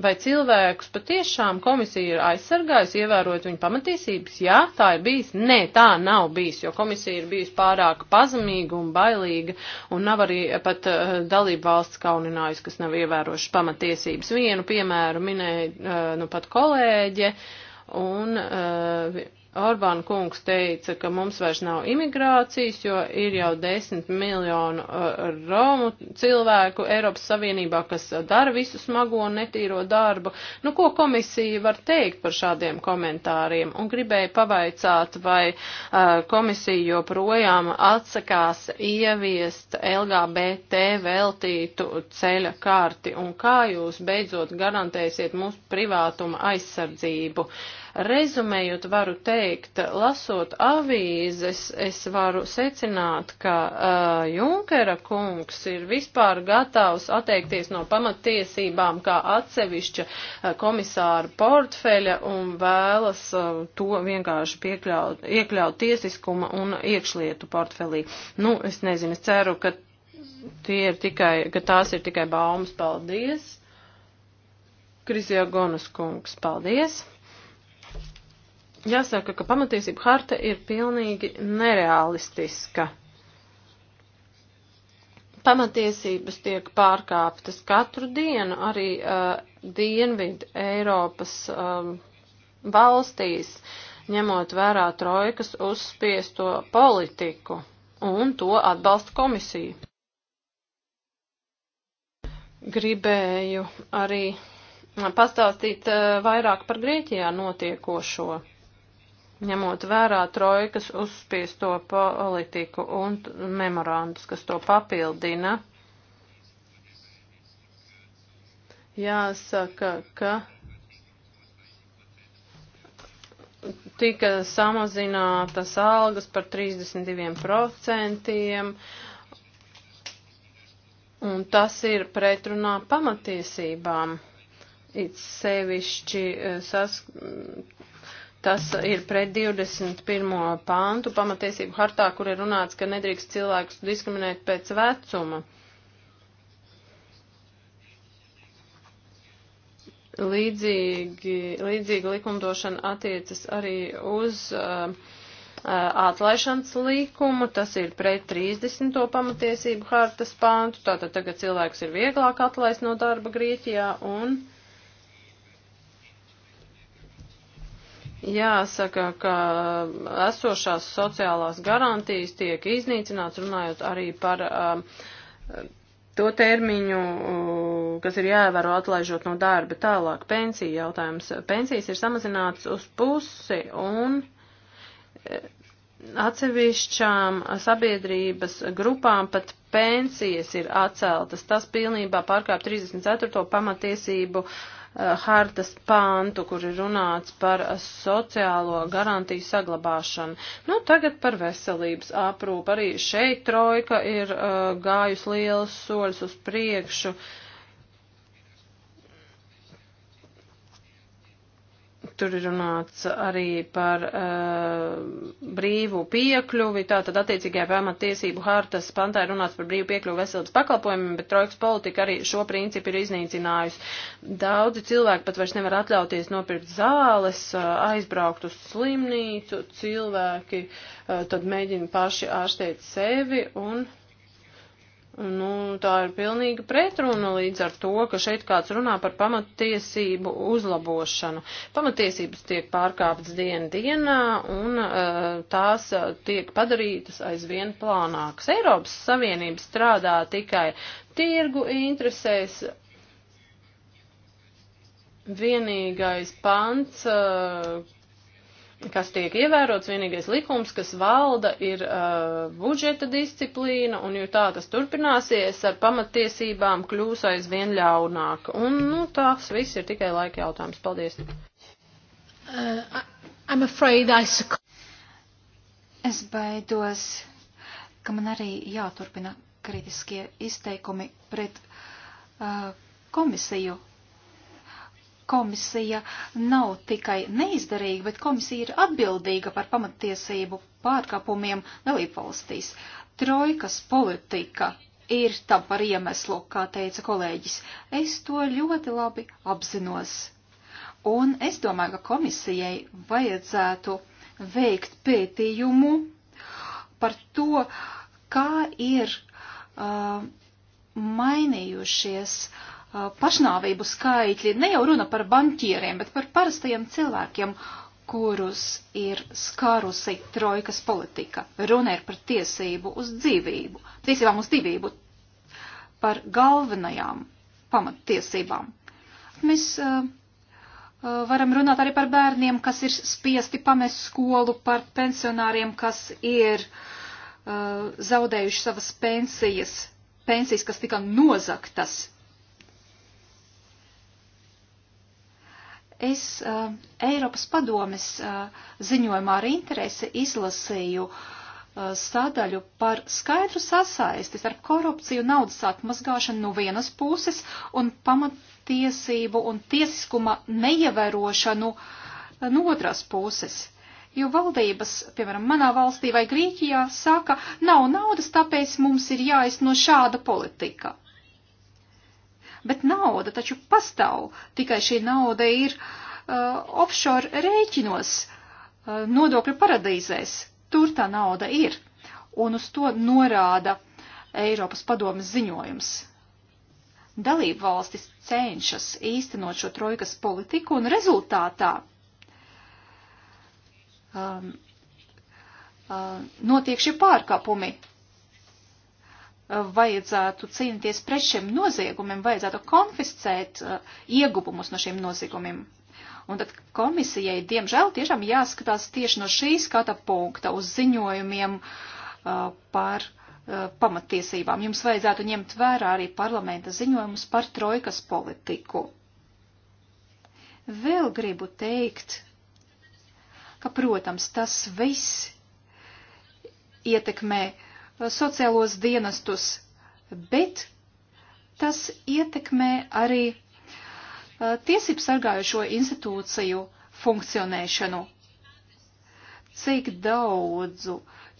Vai cilvēkus patiešām komisija ir aizsargājusi, ievērot viņu pamatiesības? Jā, tā ir bijis. Nē, tā nav bijis, jo komisija ir bijusi pārāk pazemīga un bailīga un nav arī pat uh, eh, dalību valsts kauninājusi, kas nav ievērojuši pamatiesības. Vienu piemēru minēja uh, nu pat kolēģe un. Uh, Orbāna kungs teica, ka mums vairs nav imigrācijas, jo ir jau desmit miljonu uh, romu cilvēku Eiropas Savienībā, kas uh, dara visu smago un netīro darbu. Nu, ko komisija var teikt par šādiem komentāriem? Un gribēju pavaicāt, vai uh, komisija joprojām atsakās ieviest LGBT veltītu ceļa karti un kā jūs beidzot garantēsiet mūsu privātuma aizsardzību. Uh, Rezumējot, varu teikt, lasot avīzes, es varu secināt, ka uh, Junkera kungs ir vispār gatavs atteikties no pamatiesībām kā atsevišķa uh, komisāra portfeļa un vēlas uh, to vienkārši piekļaut, iekļaut tiesiskuma un iekšlietu portfelī. Nu, es nezinu, es ceru, ka, ir tikai, ka tās ir tikai baumas. Paldies! Krizija Gonas kungs, paldies! jāsaka, ka pamatiesība harta ir pilnīgi nerealistiska. Pamatiesības tiek pārkāptas katru dienu arī uh, Dienvidu Eiropas um, valstīs, ņemot vērā trojkas uzspiesto politiku, un to atbalsta komisija. Gribēju arī pastāstīt uh, vairāk par Grieķijā notiekošo ņemot vērā trojkas uzspiesto politiku un memorandus, kas to papildina. Jāsaka, ka tika samazinātas algas par 32%, un tas ir pretrunā pamatiesībām. It sevišķi eh, sas, Tas ir pret 21. pāntu pamatiesību hartā, kur ir runāts, ka nedrīkst cilvēkus diskriminēt pēc vecuma. Līdzīgi, līdzīga likumdošana attiecas arī uz uh, uh atlaišanas līkumu, tas ir pret 30. pamatiesību hartas pāntu, tātad tagad cilvēks ir vieglāk atlaist no darba Grieķijā un uh, Jāsaka, ka esošās sociālās garantijas tiek iznīcināts, runājot arī par uh, to termiņu, uh, kas ir jāievēro atlaižot no darba tālāk. Pensija jautājums. Pensijas ir samazināts uz pusi un uh, atsevišķām sabiedrības grupām pat pensijas ir atceltas. Tas pilnībā pārkāp 34. pamatiesību uh, Eh, hartas pāntu, kur ir runāts par sociālo garantiju saglabāšanu. Nu, tagad par veselības aprūpu. Arī šeit trojka ir eh, gājusi liels soļus uz priekšu. Uh, tur ir runāts arī par uh, brīvu piekļuvi, tātad attiecīgajā pamatiesību hartas pantā ir runāts par brīvu piekļuvi veselības pakalpojumiem, bet trojkas politika arī šo principu ir iznīcinājusi. Daudzi cilvēki pat vairs nevar atļauties nopirkt zāles, uh, aizbraukt uz slimnīcu, cilvēki uh, tad mēģina paši ārstēt sevi un Nu, tā ir pilnīga pretruna līdz ar to, ka šeit kāds runā par pamatiesību uzlabošanu. Pamatiesības tiek pārkāptas dienu dienā un uh, tās eh, tiek padarītas aizvien plānākas. Eiropas Savienība strādā tikai tirgu interesēs. Vienīgais pants, uh, kas tiek ievērots, vienīgais likums, kas valda, ir uh, budžeta disciplīna, un jo tā tas turpināsies, ar pamatiesībām kļūs aizvien ļaunāk. Un, nu, tās viss ir tikai laika jautājums. Paldies. Uh, I... Es baidos, ka man arī jāturpina kritiskie izteikumi pret uh, komisiju komisija nav tikai neizdarīga, bet komisija ir atbildīga par pamatiesību pārkāpumiem dalībvalstīs. Trojkas politika ir tam par iemeslu, kā teica kolēģis. Es to ļoti labi apzinos. Un es domāju, ka komisijai vajadzētu veikt pētījumu par to, kā ir uh, mainījušies uh, Uh, pašnāvību skaitļi ne jau runa par bankieriem, bet par parastajiem cilvēkiem, kurus ir skārusi trojkas politika. Runa ir par tiesību uz dzīvību, tiesībām uz dzīvību, par galvenajām pamattiesībām. Mēs uh, uh, varam runāt arī par bērniem, kas ir spiesti pamest skolu, par pensionāriem, kas ir uh, zaudējuši savas pensijas, pensijas, kas tika nozaktas Es uh, Eiropas padomes uh, ziņojumā ar interesi izlasīju uh, sadaļu par skaidru sasaisti starp korupciju, naudas atmazgāšanu no vienas puses un pamatiesību un tiesiskuma neievērošanu no otras puses. Jo valdības, piemēram, manā valstī vai Grieķijā, saka, nav naudas, tāpēc mums ir jāizno šāda politika bet nauda taču pastāv, tikai šī nauda ir uh, offshore rēķinos, uh, nodokļu paradīzēs, tur tā nauda ir, un uz to norāda Eiropas padomas ziņojums. Dalību valstis cenšas īstenot šo trojkas politiku un rezultātā um, um, notiek šie pārkāpumi vajadzētu cīnīties pret šiem noziegumiem, vajadzētu konfiscēt uh, ieguvumus no šiem noziegumiem. Un tad komisijai, diemžēl, tiešām jāskatās tieši no šī skata punkta uz ziņojumiem uh, par uh, pamatiesībām. Jums vajadzētu ņemt vērā arī parlamenta ziņojumus par trojkas politiku. Vēl gribu teikt, ka, protams, tas viss ietekmē sociālos dienestus, bet tas ietekmē arī tiesību sargājušo institūciju funkcionēšanu. Cik daudzu,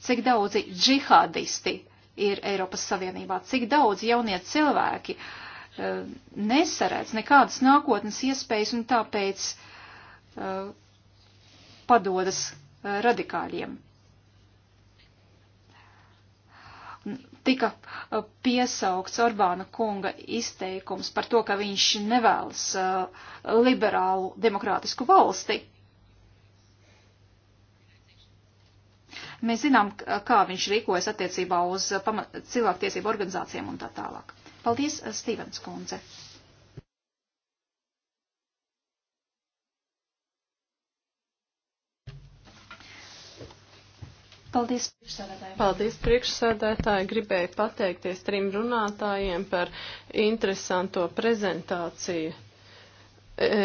cik daudzi džihādisti ir Eiropas Savienībā, cik daudz jaunie cilvēki uh, nesaredz nekādas nākotnes iespējas un tāpēc uh, padodas uh, radikāļiem. tika uh, piesaukts Orbāna kunga izteikums par to, ka viņš nevēlas uh, liberālu demokrātisku valsti. Mēs zinām, uh, kā viņš rīkojas attiecībā uz cilvēktiesību organizācijām un tā tālāk. Paldies, Stīvens Kunze! Paldies, priekšsēdētāji. Paldies, priekšsēdētāji. Gribēju pateikties trim runātājiem par interesanto prezentāciju. E,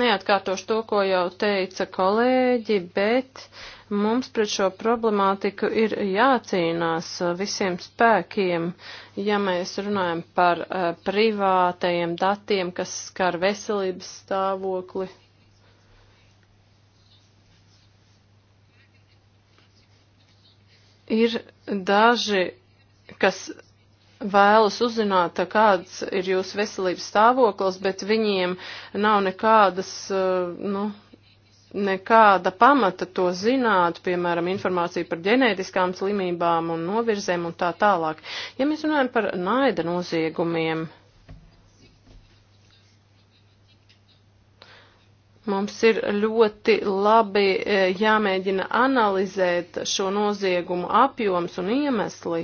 neatkārtošu to, ko jau teica kolēģi, bet mums pret šo problemātiku ir jācīnās visiem spēkiem, ja mēs runājam par e, privātajiem datiem, kas skar veselības stāvokli Ir daži, kas vēlas uzzināt, kāds ir jūsu veselības stāvoklis, bet viņiem nav nekādas, eh, nu, nekāda pamata to zināt, piemēram, informācija par ģenētiskām slimībām un novirzēm un tā tālāk. Ja mēs runājam par naida noziegumiem, uh, Mums ir ļoti labi e, jāmēģina analizēt šo noziegumu apjoms un iemesli.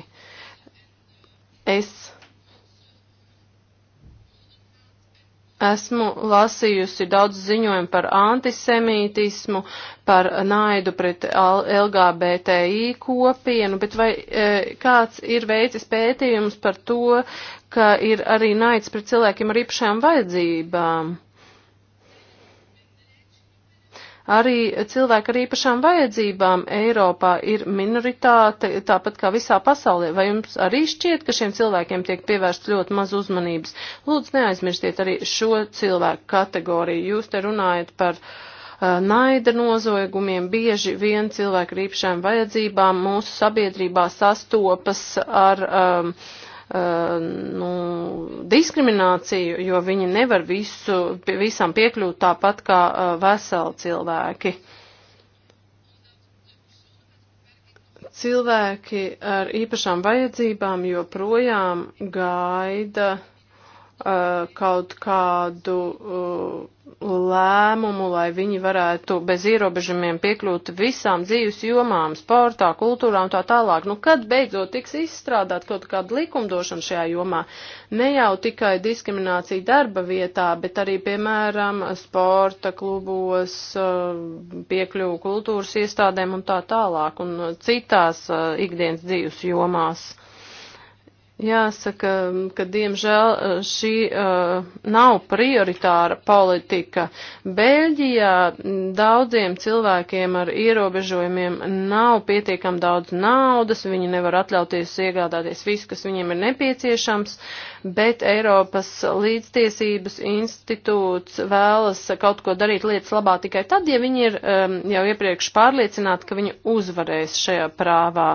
Es Esmu lasījusi daudz ziņojumu par antisemītismu, par naidu pret LGBTI kopienu, bet vai e, kāds ir veicis pētījums par to, ka ir arī naids pret cilvēkiem ar īpašām vajadzībām? Arī cilvēki ar īpašām vajadzībām Eiropā ir minoritāte, tāpat kā visā pasaulē. Vai jums arī šķiet, ka šiem cilvēkiem tiek pievērsts ļoti maz uzmanības? Lūdzu, neaizmirstiet arī šo cilvēku kategoriju. Jūs te runājat par uh, naida nozoigumiem. Bieži vien cilvēki ar īpašām vajadzībām mūsu sabiedrībā sastopas ar. Um, uh, Um, nu, diskrimināciju, jo viņi nevar visu, visam piekļūt tāpat kā uh, veseli cilvēki. Cilvēki ar īpašām vajadzībām joprojām gaida Uh, kaut kādu uh, lēmumu, lai viņi varētu bez ierobežumiem piekļūt visām dzīves jomām, sportā, kultūrā un tā tālāk. Nu, kad beidzot tiks izstrādāt kaut kāda likumdošana šajā jomā? Ne jau tikai diskriminācija darba vietā, bet arī, piemēram, sporta klubos, uh, piekļuvu kultūras iestādēm un tā tālāk un citās ikdienas dzīves jomās. Jāsaka, ka diemžēl šī uh, nav prioritāra politika. Bēļģijā daudziem cilvēkiem ar ierobežojumiem nav pietiekam daudz naudas, viņi nevar atļauties iegādāties visu, kas viņiem ir nepieciešams, bet Eiropas līdztiesības institūts vēlas kaut ko darīt lietas labā tikai tad, ja viņi ir um, jau iepriekš pārliecināti, ka viņi uzvarēs šajā prāvā.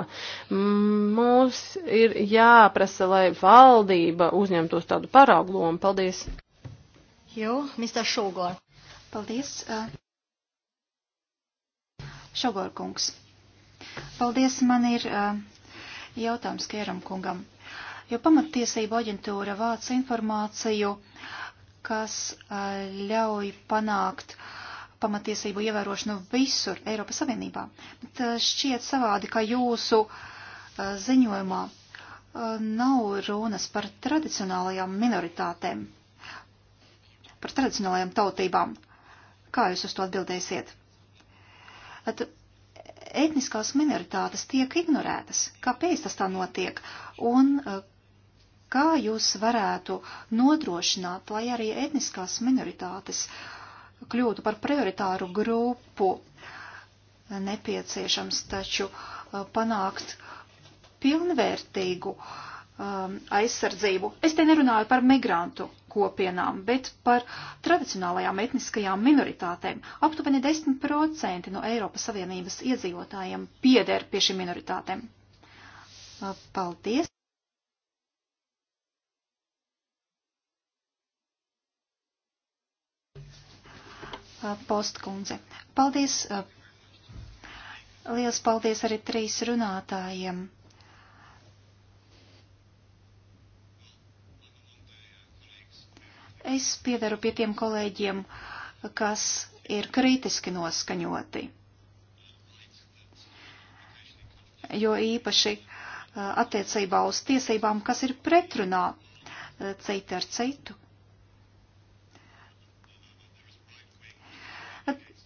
Mums ir jāprasa, lai valdība uzņemtos tādu paraugu lomu. Paldies! Jo, Mr. Šogor. Paldies. Uh... Šogor kungs. Paldies, man ir uh, jautājums Kēram kungam jo pamatiesība aģentūra vāc informāciju, kas ļauj panākt pamatiesību ievērošanu visur Eiropas Savienībā. Bet šķiet savādi, ka jūsu ziņojumā nav runas par tradicionālajām minoritātēm, par tradicionālajām tautībām. Kā jūs uz to atbildēsiet? At etniskās minoritātes tiek ignorētas. Kāpēc tas tā notiek? Un Kā jūs varētu nodrošināt, lai arī etniskās minoritātes kļūtu par prioritāru grupu? Nepieciešams taču uh, panākt pilnvērtīgu um, aizsardzību. Es te nerunāju par migrantu kopienām, bet par tradicionālajām etniskajām minoritātēm. Aptuveni 10% no Eiropas Savienības iedzīvotājiem pieder pie šīm minoritātēm. Uh, paldies! postkundze. Paldies! Liels paldies arī trīs runātājiem! Es piedaru pie tiem kolēģiem, kas ir kritiski noskaņoti, jo īpaši attiecībā uz tiesībām, kas ir pretrunā cita ar citu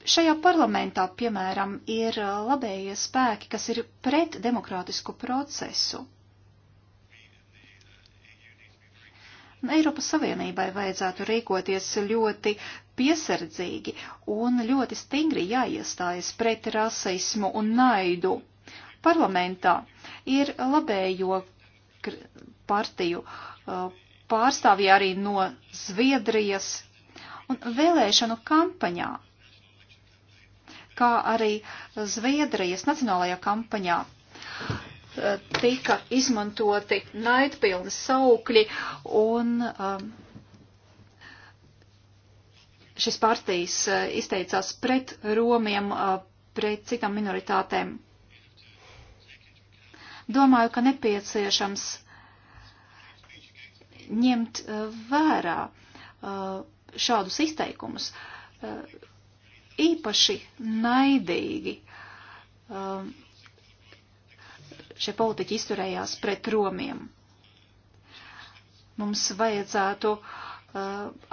Šajā parlamentā, piemēram, ir uh, labējie spēki, kas ir pret demokrātisku procesu. Eiropas Savienībai vajadzētu rīkoties ļoti piesardzīgi un ļoti stingri jāiestājas pret rasismu un naidu. Parlamentā ir labējo partiju uh, pārstāvji arī no Zviedrijas un vēlēšanu kampaņā kā arī Zviedrijas nacionālajā kampaņā eh, tika izmantoti naidpilni saukļi un ehm, šis partijas eh, izteicās pret romiem, eh, pret citām minoritātēm. Domāju, ka nepieciešams ņemt vērā šādus izteikumus īpaši naidīgi um, šie politiķi izturējās pret romiem. Mums vajadzētu uh,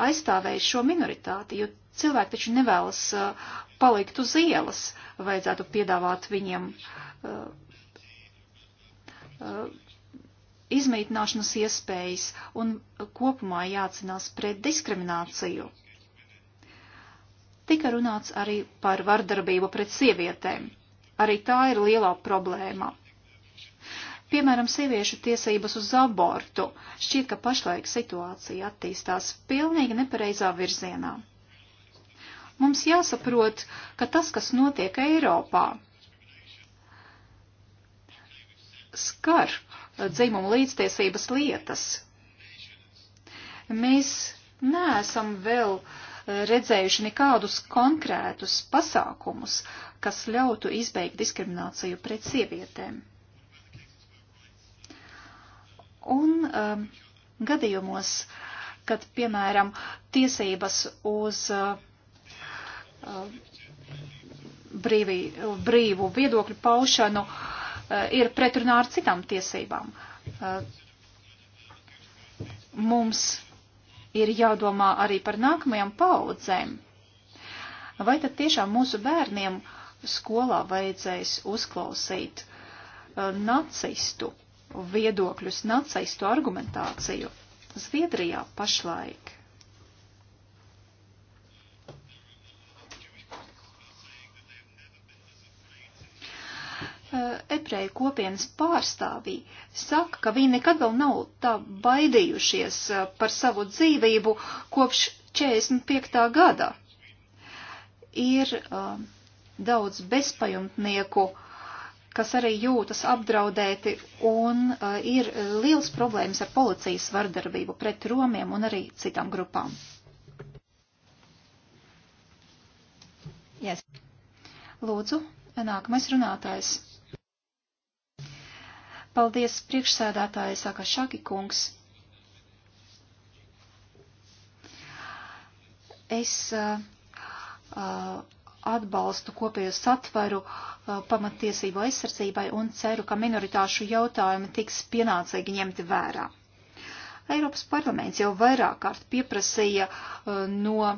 aizstāvēt šo minoritāti, jo cilvēki taču nevēlas uh, palikt uz ielas, vajadzētu piedāvāt viņiem uh, uh izmītināšanas iespējas un kopumā jācinās pret diskrimināciju. Tika runāts arī par vardarbību pret sievietēm. Arī tā ir lielā problēma. Piemēram, sieviešu tiesības uz abortu. Šķiet, ka pašlaik situācija attīstās pilnīgi nepareizā virzienā. Mums jāsaprot, ka tas, kas notiek Eiropā, skar dzimumu līdztiesības lietas. Mēs neesam vēl uh, redzējuši nekādus konkrētus pasākumus, kas ļautu izbeigt diskrimināciju pret sievietēm. Un um, gadījumos, kad, piemēram, tiesības uz uh, brīvi, brīvu viedokļu paušanu uh, ir pretrunā ar citām tiesībām. Uh, mums ir jādomā arī par nākamajām paudzēm. Vai tad tiešām mūsu bērniem skolā vajadzēs uzklausīt uh, nacistu viedokļus, nacistu argumentāciju? Zviedrijā pašlaik Eh, ebreju kopienas pārstāvī saka, ka viņi nekad vēl nav tā baidījušies eh, par savu dzīvību kopš 45. gada. Ir uh, daudz bezpajumtnieku, kas arī jūtas apdraudēti, un uh, ir liels problēmas ar policijas vardarbību pret romiem un arī citām grupām. Yes. Lūdzu, nākamais runātājs. Paldies priekšsēdātāja Saka Šaki kungs. Es uh, uh, atbalstu kopējo satvaru uh, pamatiesību aizsardzībai un ceru, ka minoritāšu jautājumi tiks pienācīgi ņemti vērā. Eiropas parlaments jau vairāk kārt pieprasīja uh, no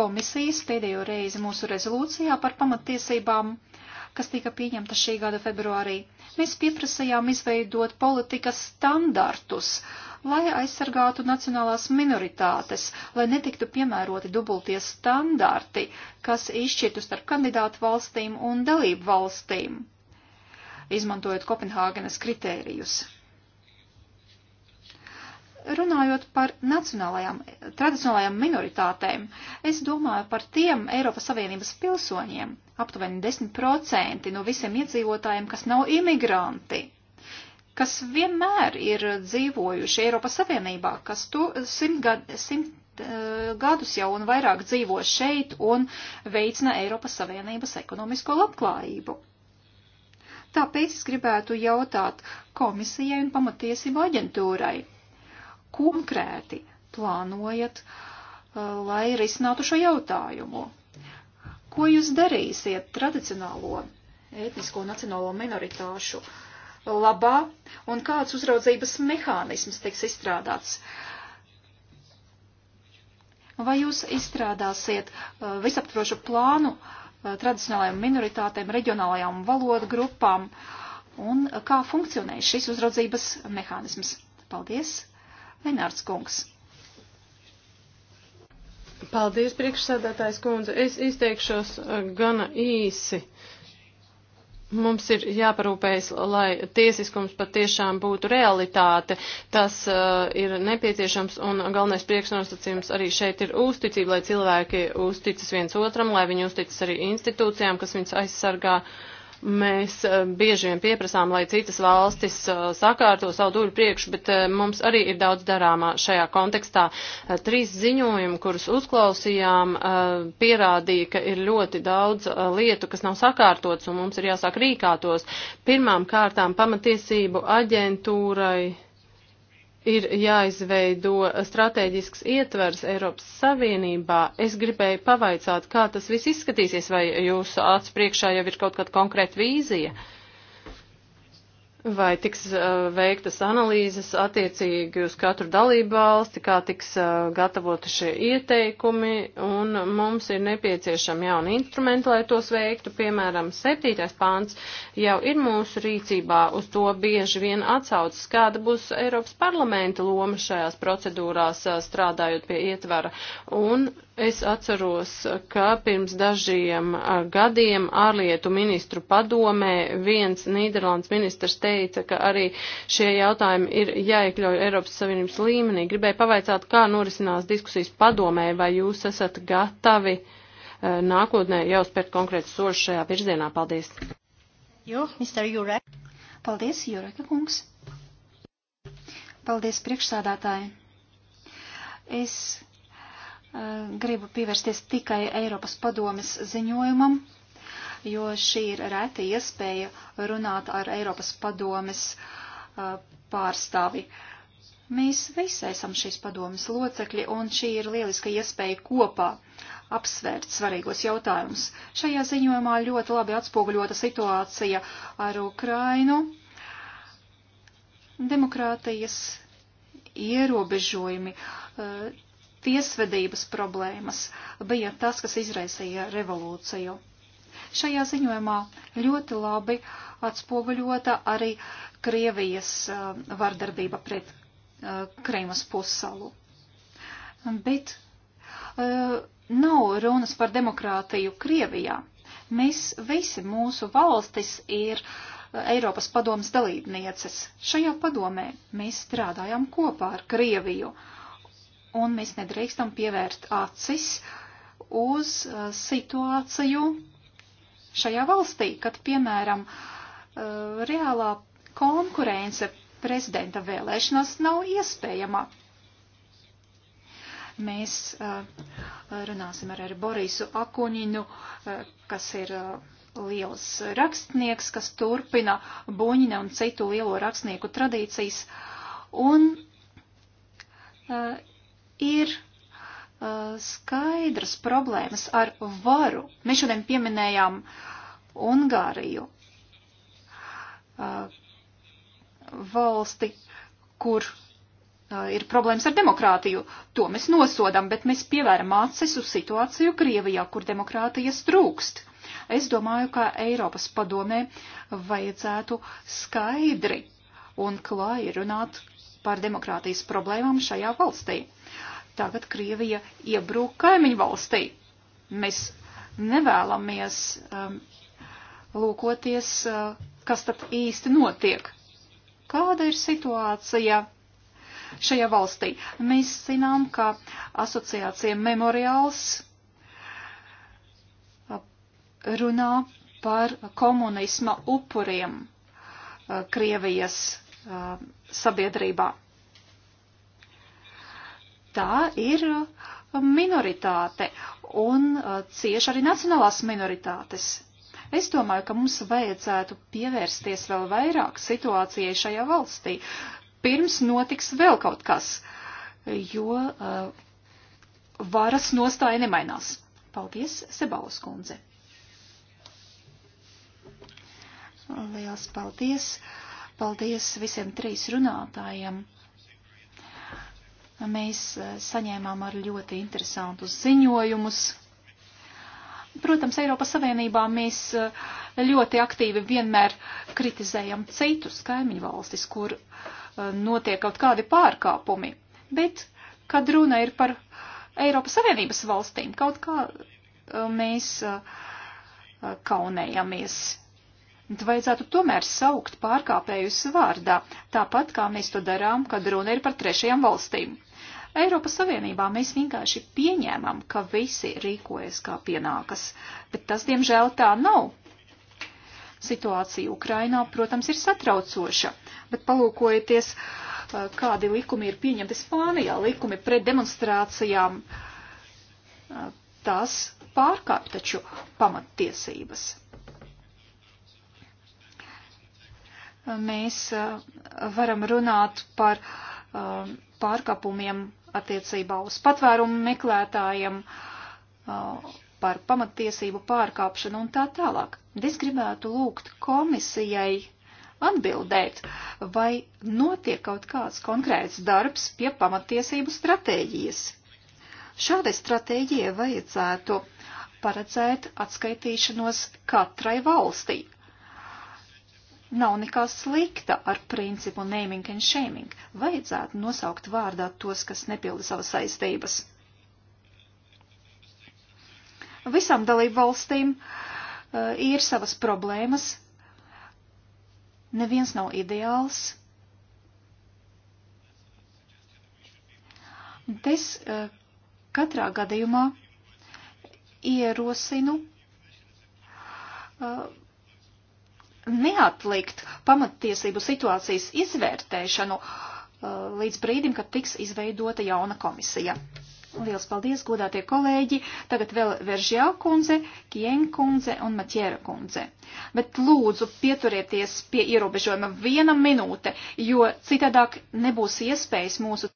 komisijas pēdējo reizi mūsu rezolūcijā par pamatiesībām uh, kas tika pieņemta šī gada februārī. Mēs pieprasījām izveidot politikas standartus, lai aizsargātu nacionālās minoritātes, lai netiktu piemēroti dubultie standarti, kas izšķirtu starp kandidātu valstīm un dalību valstīm, izmantojot Kopenhāgenes kritērijus. Runājot par nacionālajām, tradicionālajām minoritātēm, es domāju par tiem Eiropas Savienības pilsoņiem, aptuveni 10% no visiem iedzīvotājiem, kas nav imigranti, kas vienmēr ir dzīvojuši Eiropas Savienībā, kas tu simt, gad, simt uh, eh, gadus jau un vairāk dzīvo šeit un veicina Eiropas Savienības ekonomisko labklājību. Tāpēc es gribētu jautāt komisijai un pamatiesību aģentūrai konkrēti plānojat, uh, lai risinātu šo jautājumu? Ko jūs darīsiet tradicionālo etnisko nacionālo minoritāšu labā un kāds uzraudzības mehānisms tiks izstrādāts? Vai jūs izstrādāsiet uh, visaptrošu plānu uh, tradicionālajām minoritātēm, reģionālajām valodu grupām un kā funkcionē šis uzraudzības mehānisms? Paldies! Lenārds kungs. Paldies, priekšsēdētājs kundze. Es izteikšos uh, gana īsi. Mums ir jāparūpējas, lai tiesiskums patiešām būtu realitāte. Tas uh, ir nepieciešams un galvenais priekšnosacījums arī šeit ir uzticība, lai cilvēki uzticas viens otram, lai viņi uzticas arī institūcijām, kas viņus aizsargā. Uh, Mēs eh, bieži vien pieprasām, lai citas valstis eh, sakārto savu duļu priekšu, bet eh, mums arī ir daudz darāmā šajā kontekstā. Trīs ziņojumi, kurus uzklausījām, pierādīja, ka ir ļoti daudz lietu, kas nav sakārtots un mums ir jāsāk rīkātos. Pirmām kārtām pamatiesību aģentūrai ir jāizveido strateģisks ietvers Eiropas Savienībā. Es gribēju pavaicāt, kā tas viss izskatīsies, vai jūsu acu priekšā jau ir kaut kāda konkrēta vīzija. Uh, Vai tiks uh, veiktas analīzes attiecīgi uz katru dalību valsti, kā tiks uh, gatavoti šie ieteikumi, un mums ir nepieciešami jauni instrumenti, lai tos veiktu. Piemēram, septītais pāns jau ir mūsu rīcībā, uz to bieži vien atsaucas, kāda būs Eiropas parlamenta loma šajās procedūrās, uh, strādājot pie ietvara. Un Es atceros, ka pirms dažiem gadiem ārlietu ministru padomē viens Nīderlands ministrs teica, ka arī šie jautājumi ir jāiekļauj Eiropas Savienības līmenī. Gribēju pavaicāt, kā norisinās diskusijas padomē, vai jūs esat gatavi nākotnē jau spērt konkrētus soļus šajā virzienā. Paldies! Jo, Mr. Jurek. Paldies, Jureka kungs! Paldies, priekšsādātāji! Es Eh, gribu pievērsties tikai Eiropas padomes ziņojumam, jo šī ir reta iespēja runāt ar Eiropas padomes eh, pārstāvi. Mēs visi esam šīs padomes locekļi, un šī ir lieliska iespēja kopā apsvērt svarīgos jautājumus. Šajā ziņojumā ļoti labi atspoguļota situācija ar Ukrainu. Demokrātijas ierobežojumi eh, tiesvedības problēmas bija tas, kas izraisīja revolūciju. Šajā ziņojumā ļoti labi atspoguļota arī Krievijas uh, vardarbība pret uh, Krīmas pussalu. Bet uh, nav runas par demokrātiju Krievijā. Mēs visi mūsu valstis ir Eiropas padomas dalībnieces. Šajā padomē mēs strādājam kopā ar Krieviju. Uh, un mēs nedrīkstam pievērt acis uz uh, situāciju šajā valstī, kad, piemēram, uh, reālā konkurence prezidenta vēlēšanās nav iespējama. Mēs uh, runāsim ar, ar Borisu Akuņinu, kas ir liels rakstnieks, kas turpina Buņina un citu lielo rakstnieku tradīcijas. Un ir uh, skaidras problēmas ar varu. Mēs šodien pieminējām Ungāriju, uh, valsti, kur uh, ir problēmas ar demokrātiju. To mēs nosodam, bet mēs pievēram acis uz situāciju Krievijā, kur demokrātijas trūkst. Es domāju, ka Eiropas padomē vajadzētu skaidri un klāji runāt par demokrātijas problēmām šajā valstī tagad Krievija iebrūk kaimiņu valstī. Mēs nevēlamies um, lūkoties, uh, kas tad īsti notiek. Kāda ir situācija šajā valstī? Mēs zinām, ka asociācija memoriāls uh, runā par komunisma upuriem uh, Krievijas uh, sabiedrībā tā ir uh, minoritāte un uh, cieši arī nacionālās minoritātes. Es domāju, ka mums vajadzētu pievērsties vēl vairāk situācijai šajā valstī, pirms notiks vēl kaut kas, jo uh, varas nostāja nemainās. Paldies, Sebalas kundze. Liels paldies! Paldies visiem trīs runātājiem! Mēs eh, saņēmām ar ļoti interesantus ziņojumus. Protams, Eiropas Savienībā mēs eh, ļoti aktīvi vienmēr kritizējam citus kaimiņu valstis, kur eh, notiek kaut kādi pārkāpumi. Bet, kad runa ir par Eiropas Savienības valstīm, kaut kā mēs kaunējamies. Vajadzētu tomēr saukt pārkāpējus vārdā, tāpat kā mēs to darām, kad runa ir par trešajām valstīm. Eiropas Savienībā mēs vienkārši pieņēmam, ka visi rīkojas kā pienākas, bet tas, diemžēl, tā nav. Situācija Ukrainā, protams, ir satraucoša, bet palūkojieties, uh, kādi likumi ir pieņemti Spānijā, likumi pret demonstrācijām. Uh, tas pārkāp taču pamattiesības. Mēs uh, varam runāt par pārkāpumiem attiecībā uz patvērumu meklētājiem, par pamatiesību pārkāpšanu un tā tālāk. Es gribētu lūgt komisijai atbildēt, vai notiek kaut kāds konkrēts darbs pie pamatiesību stratēģijas. Šādai stratēģijai vajadzētu paredzēt atskaitīšanos katrai valstī, Nav nekā slikta ar principu naming and shaming. Vajadzētu nosaukt vārdā tos, kas nepilda savas saistības. Visām dalību valstīm uh, ir savas problēmas. Neviens nav ideāls. Es uh, eh, katrā gadījumā ierosinu uh, neatlikt pamattiesību situācijas izvērtēšanu uh, līdz brīdim, kad tiks izveidota jauna komisija. Liels paldies, godātie kolēģi! Tagad vēl Veržjā kundze, Kien kundze un Maķēra kundze. Bet lūdzu pieturieties pie ierobežojuma viena minūte, jo citādāk nebūs iespējas mūsu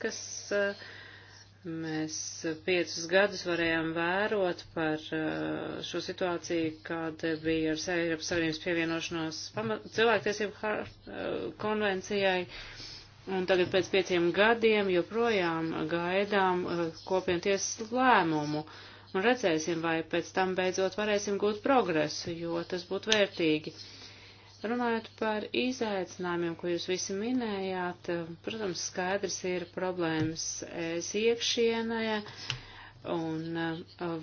kas eh, mēs piecus gadus varējām vērot par eh, šo situāciju, kāda bija ar Eiropas Savienības pievienošanos cilvēktiesību eh, konvencijai. Un tagad pēc pieciem gadiem joprojām gaidām kopienu tiesas lēmumu. Un redzēsim, vai pēc tam beidzot varēsim gūt progresu, jo tas būtu vērtīgi. Uh, Runājot par izaicinājumiem, ko jūs visi minējāt, protams, skaidrs ir problēmas es iekšienē, un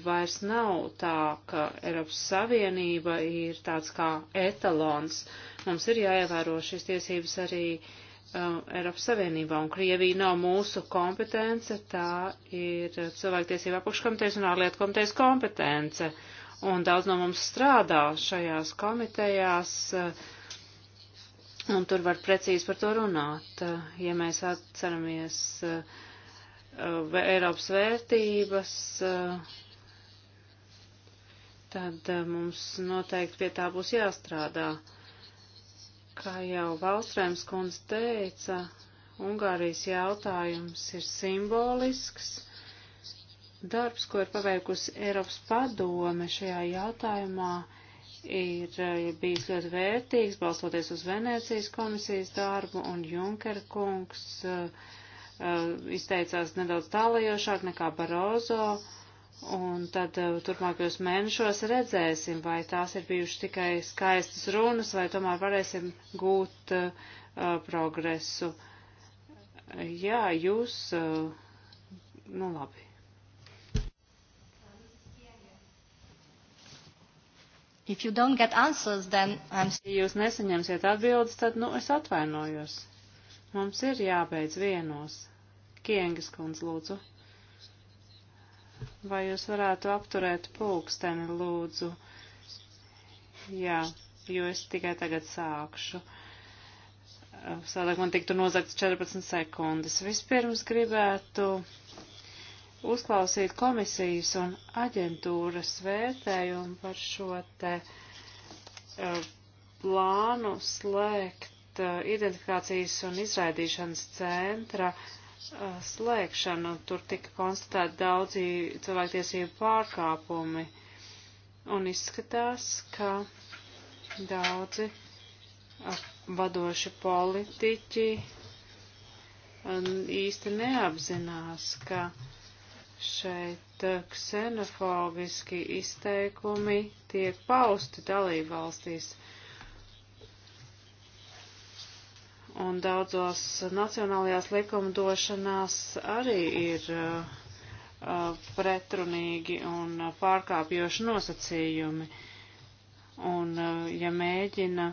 vairs nav tā, ka Eiropas Savienība ir tāds kā etalons. Mums ir jāievēro šīs tiesības arī um, Eiropas Savienībā, un Krievija nav mūsu kompetence, tā ir cilvēktiesība apakškomitejas un ārlietu komitejas kompetence. Uh, un daudz no mums strādā šajās komitejās, eh, un tur var precīzi par to runāt. Eh, ja mēs atceramies eh, Eiropas vērtības, tad mums noteikti pie tā būs jāstrādā. Kā jau Valstrēms kundze teica, Ungārijas jautājums ir simbolisks Darbs, ko ir paveikusi Eiropas padome šajā jautājumā, ir eh, bijis ļoti vērtīgs, balstoties uz Venēcijas komisijas darbu, un Junker kungs uh, izteicās nedaudz tālajošāk nekā Barozo, un tad uh, turpmākajos mēnešos redzēsim, vai tās ir bijušas tikai skaistas runas, vai tomēr varēsim gūt uh, progresu. Jā, jūs, nu labi. If you don't get answers, then I'm... Ja jūs nesaņemsiet atbildes, tad, nu, es atvainojos. Mums ir jābeidz vienos. Kiengas kundz, lūdzu. Vai jūs varētu apturēt pulksteni, lūdzu? Jā, jo es tikai tagad sākšu. Sādāk man tiktu nozagts 14 sekundes. Vispirms gribētu uzklausīt komisijas un aģentūras vērtējumu par šo te uh, plānu slēgt uh, identifikācijas un izraidīšanas centra uh, slēgšanu. Tur tika konstatēti daudzi cilvēktiesību pārkāpumi un izskatās, ka daudzi vadoši politiķi īsti neapzinās, ka uh, šeit eh, ksenofobiski izteikumi tiek pausti dalību valstīs. Un daudzos nacionālajās likumdošanās arī ir uh, pretrunīgi un pārkāpjoši nosacījumi. Un uh, ja mēģina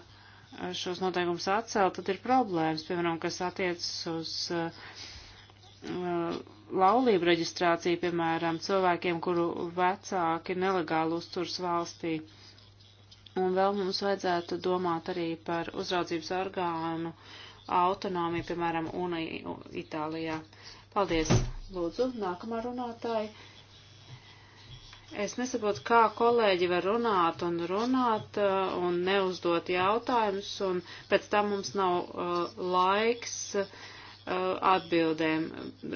šos noteikumus atcelt, tad ir problēmas, piemēram, kas attiecas uz uh, laulību reģistrāciju, piemēram, cilvēkiem, kuru vecāki nelegāli uzturs valstī. Un vēl mums vajadzētu domāt arī par uzraudzības orgānu autonomiju, piemēram, UNA Itālijā. Paldies, lūdzu, nākamā runātāja. Es nesaprotu, kā kolēģi var runāt un runāt uh, un neuzdot jautājumus, un pēc tam mums nav uh, laiks. Uh, Uh, atbildēm.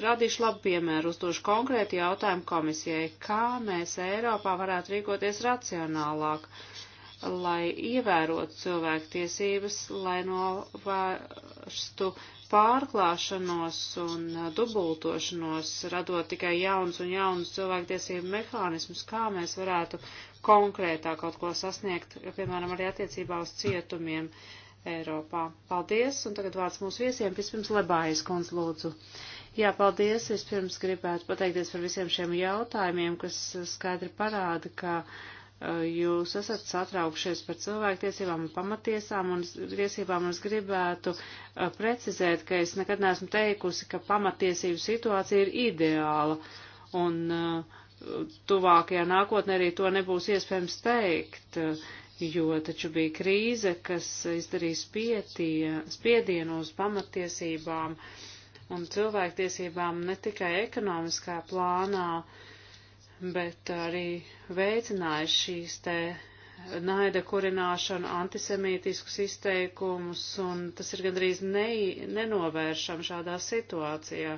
Radīšu labu piemēru, uzdošu konkrētu jautājumu komisijai, kā mēs Eiropā varētu rīkoties racionālāk, lai ievērotu cilvēku tiesības, lai novērstu pārklāšanos un dubultošanos, radot tikai jaunus un jaunus cilvēktiesību mehānismus, kā mēs varētu konkrētā kaut ko sasniegt, piemēram, arī attiecībā uz cietumiem. Uh, Eiropā. Paldies, un tagad vārds mūsu viesiem, vispirms Lebājas kundz lūdzu. Jā, paldies, vispirms gribētu pateikties par visiem šiem jautājumiem, kas skaidri parāda, ka uh, jūs esat satraukšies par cilvēktiesībām un pamatiesām un tiesībām, un es gribētu uh, precizēt, ka es nekad neesmu teikusi, ka pamatiesību situācija ir ideāla, un uh, tuvākajā nākotnē arī to nebūs iespējams teikt. Uh, jo taču bija krīze, kas izdarīja spietie, spiedienu uz pamatiesībām un cilvēktiesībām ne tikai ekonomiskā plānā, bet arī veicināja šīs te naida kurināšanu, antisemītiskus izteikumus, un tas ir gandrīz ne, nenovēršam šādā situācijā.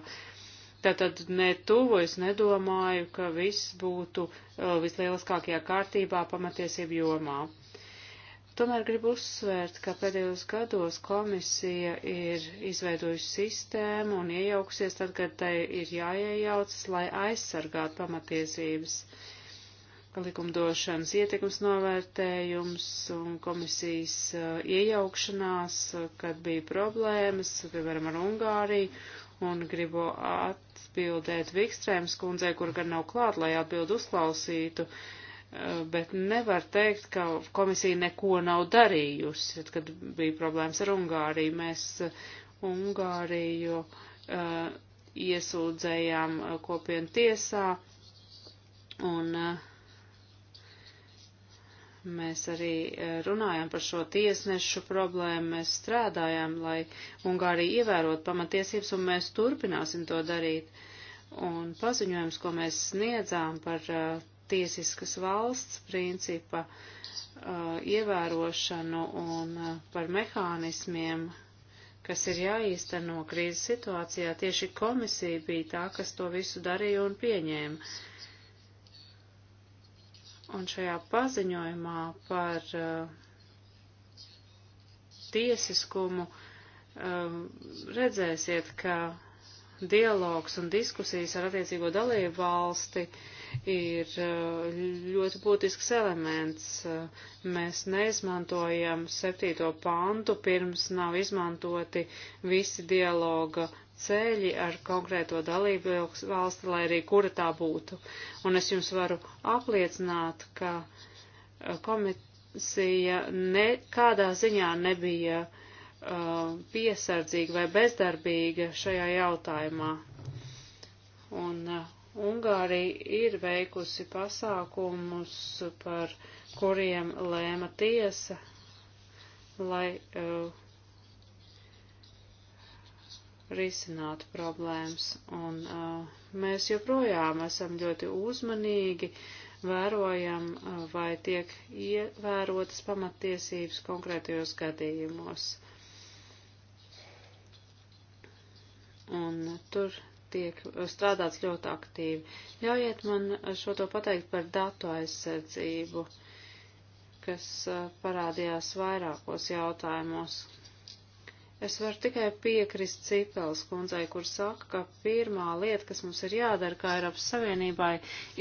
Tātad ne tuvu es nedomāju, ka viss būtu uh, vislieliskākajā kārtībā pamatiesību jomā. Tomēr gribu uzsvērt, ka pēdējos gados komisija ir izveidojusi sistēmu un iejaukusies tad, kad tai ir jāiejaucas, lai aizsargātu pamatiesības likumdošanas ietekmes novērtējums un komisijas uh, iejaukšanās, uh, kad bija problēmas, piemēram, ar Ungāriju, un gribu atbildēt Vikstrēms kundzei, kur gan nav klāt, lai atbildu uzklausītu. Uh, Eh, bet nevar teikt, ka komisija neko nav darījusi. Tad, kad bija problēmas ar Ungāriju, mēs eh, Ungāriju uh, iesūdzējām kopienu tiesā, un uh, mēs arī runājām par šo tiesnešu problēmu, mēs strādājām, lai Ungārija ievērot pamatiesības, un mēs turpināsim to darīt. Un paziņojums, ko mēs sniedzām par uh, tiesiskas valsts principa uh, ievērošanu un uh, par mehānismiem, kas ir jāīsteno krīzes situācijā. Tieši komisija bija tā, kas to visu darīja un pieņēma. Un šajā paziņojumā par uh, tiesiskumu um, redzēsiet, ka dialogs un diskusijas ar attiecīgo dalību valsti uh, ir eh, ļoti būtisks elements. Eh, mēs neizmantojam septīto pantu, pirms nav izmantoti visi dialoga ceļi ar konkrēto dalību valsti, lai arī kura tā būtu. Un es jums varu apliecināt, ka eh, komisija nekādā ziņā nebija uh, piesardzīga vai bezdarbīga šajā jautājumā. Un uh, Ungārija ir veikusi pasākumus, par kuriem lēma tiesa, lai uh, risinātu problēmas. Un uh, mēs joprojām esam ļoti uzmanīgi, vērojam, uh, vai tiek ievērotas pamatiesības konkrētajos gadījumos. Un tur tiek uh, strādāts ļoti aktīvi. Ļaujiet man uh, šo to pateikt par datu aizsardzību, kas uh, parādījās vairākos jautājumos. Es varu tikai piekrist Cipels kundzei, kur saka, ka pirmā lieta, kas mums ir jādara kā Eiropas Savienībai,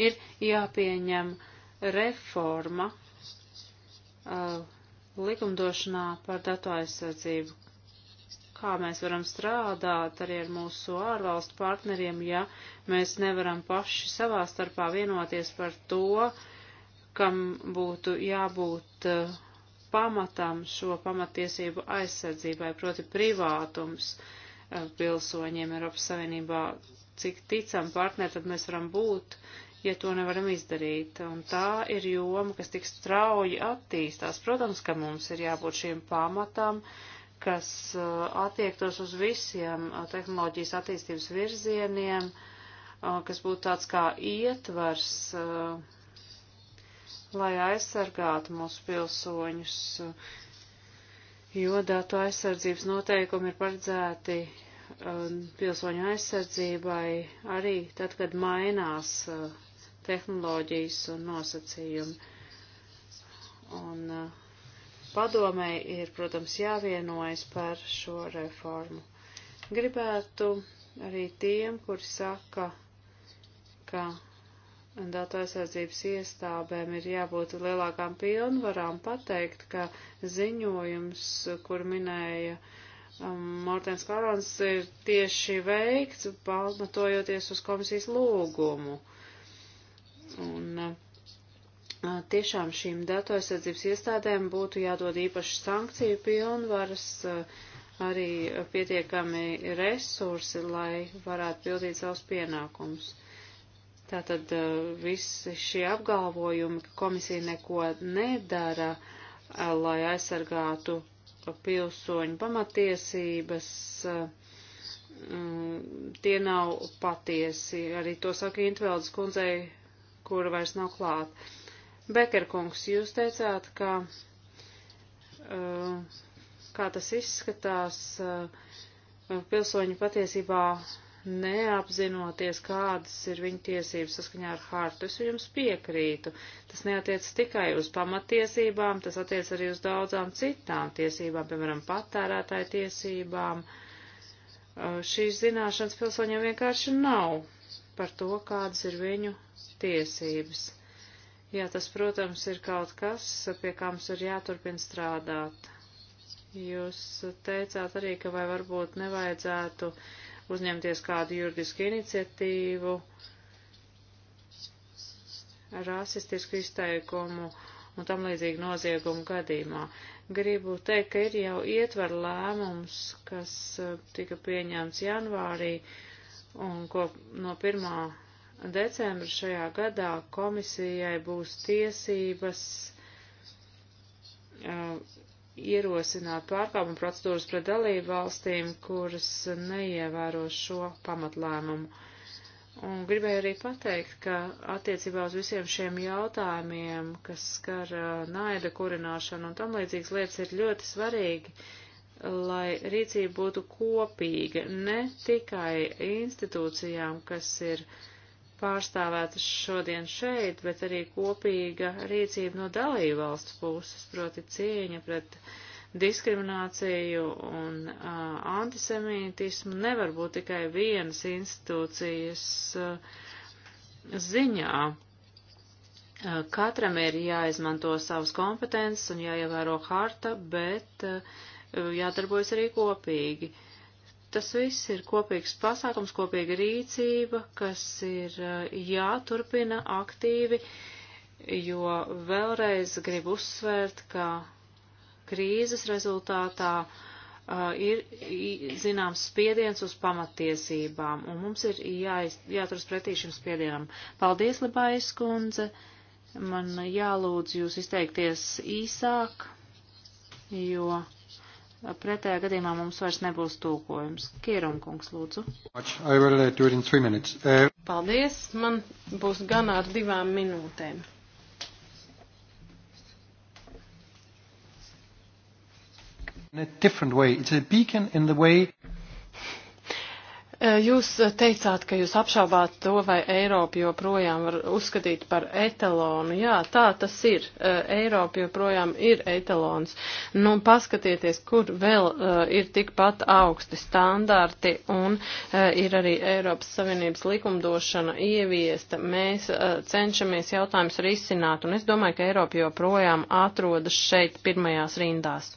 ir jāpieņem reforma uh, likumdošanā par datu aizsardzību, kā mēs varam strādāt arī ar mūsu ārvalstu partneriem, ja mēs nevaram paši savā starpā vienoties par to, kam būtu jābūt eh, pamatam šo pamatiesību aizsardzībai, proti privātums eh, pilsoņiem Eiropas Savienībā, cik ticam partneri, tad mēs varam būt, ja to nevaram izdarīt. Un tā ir joma, kas tik strauji attīstās. Protams, ka mums ir jābūt šiem pamatam, uh, kas uh, attiektos uz visiem uh, tehnoloģijas attīstības virzieniem, uh, kas būtu tāds kā ietvars, lai aizsargātu mūsu pilsoņus, jo datu aizsardzības noteikumi ir paredzēti pilsoņu aizsardzībai arī tad, kad mainās tehnoloģijas un nosacījumi. Un uh, Padomēji ir, protams, jāvienojas par šo reformu. Gribētu arī tiem, kuri saka, ka datu aizsardzības iestādēm ir jābūt lielākām pilnvarām, pateikt, ka ziņojums, kur minēja um, Mortens Karons, ir tieši veikts, pamatojoties uz komisijas lūgumu. Un, uh, tiešām šīm datu aizsardzības iestādēm būtu jādod īpaši sankciju pilnvaras, arī pietiekami resursi, lai varētu pildīt savus pienākumus. Tātad visi šie apgalvojumi, ka komisija neko nedara, lai aizsargātu pilsoņu pamatiesības, tie nav patiesi. Arī to saka Intveldes kundzei, kura vairs nav klāta. Bekerkungs, jūs teicāt, ka uh, kā tas izskatās, uh, pilsoņi patiesībā neapzinoties, kādas ir viņa tiesības saskaņā ar hārtu. Es jums piekrītu. Tas neatiec tikai uz pamatiesībām, tas attiec arī uz daudzām citām tiesībām, piemēram, patērētāju tiesībām. Uh, šīs zināšanas pilsoņiem vienkārši nav par to, kādas ir viņu tiesības. Jā, tas, protams, ir kaut kas, pie kā mums ir jāturpina strādāt. Jūs teicāt arī, ka vai varbūt nevajadzētu uzņemties kādu juridisku iniciatīvu, rasistisku izteikumu un tam līdzīgu noziegumu gadījumā. Gribu teikt, ka ir jau ietver lēmums, kas tika pieņemts janvārī un ko no pirmā decembra šajā gadā komisijai būs tiesības uh, ierosināt pārkāpuma procedūras pret dalību valstīm, kuras neievēro šo pamatlēmumu. Un gribēju arī pateikt, ka attiecībā uz visiem šiem jautājumiem, kas skar uh, naida kurināšanu un tam līdzīgas lietas, ir ļoti svarīgi, lai rīcība būtu kopīga ne tikai institūcijām, kas ir uh, pārstāvētas šodien šeit, bet arī kopīga rīcība no dalību valstu puses, proti cieņa pret diskrimināciju un uh, antisemītismu nevar būt tikai vienas institūcijas uh, ziņā. Uh, katram ir jāizmanto savas kompetences un jāievēro harta, bet uh, jādarbojas arī kopīgi. Uh, Tas viss ir kopīgs pasākums, kopīga rīcība, kas ir eh, jāturpina aktīvi, jo vēlreiz gribu uzsvērt, ka krīzes rezultātā uh, ir zināms spiediens uz pamatiesībām, un mums ir jāiz, jāturas pretī šim spiedienam. Paldies, Libais kundze! Man jālūdz jūs izteikties īsāk, jo Pretējā gadījumā mums vairs nebūs tūkojums. Kīrum kungs, lūdzu. Uh, uh, Paldies, man būs gan ar divām minūtēm. In a different way. It's a beacon in the way Jūs teicāt, ka jūs apšaubāt to, vai Eiropu joprojām var uzskatīt par etalonu. Jā, tā tas ir. Eiropa joprojām ir etalons. Nu, paskatieties, kur vēl ir tikpat augsti standarti un ir arī Eiropas Savienības likumdošana ieviesta. Mēs cenšamies jautājumus risināt un es domāju, ka Eiropa joprojām atrodas šeit pirmajās rindās.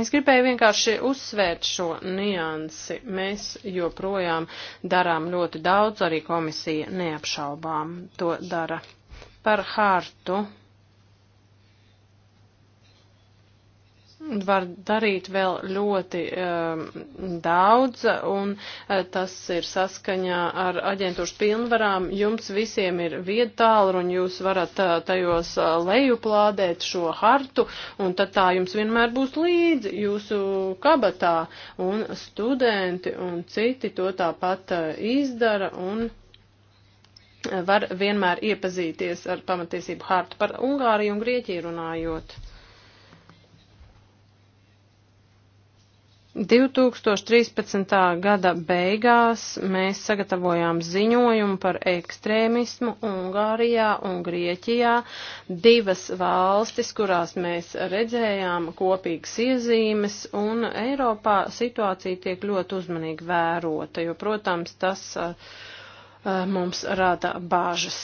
Es gribēju vienkārši uzsvērt šo niansi. Mēs joprojām darām ļoti daudz, arī komisija neapšaubām to dara. Par hārtu var darīt vēl ļoti um, daudz, un uh, tas ir saskaņā ar aģentūras pilnvarām. Jums visiem ir viedtālu, un jūs varat uh, tajos uh, lejuplādēt šo hartu, un tad tā jums vienmēr būs līdzi jūsu kabatā, un studenti un citi to tāpat uh, izdara. Un var vienmēr iepazīties ar pamatiesību hartu par Ungāriju un Grieķiju runājot. 2013. gada beigās mēs sagatavojām ziņojumu par ekstrēmismu Ungārijā un Grieķijā, divas valstis, kurās mēs redzējām kopīgas iezīmes, un Eiropā situācija tiek ļoti uzmanīgi vērota, jo, protams, tas eh, mums rada bāžas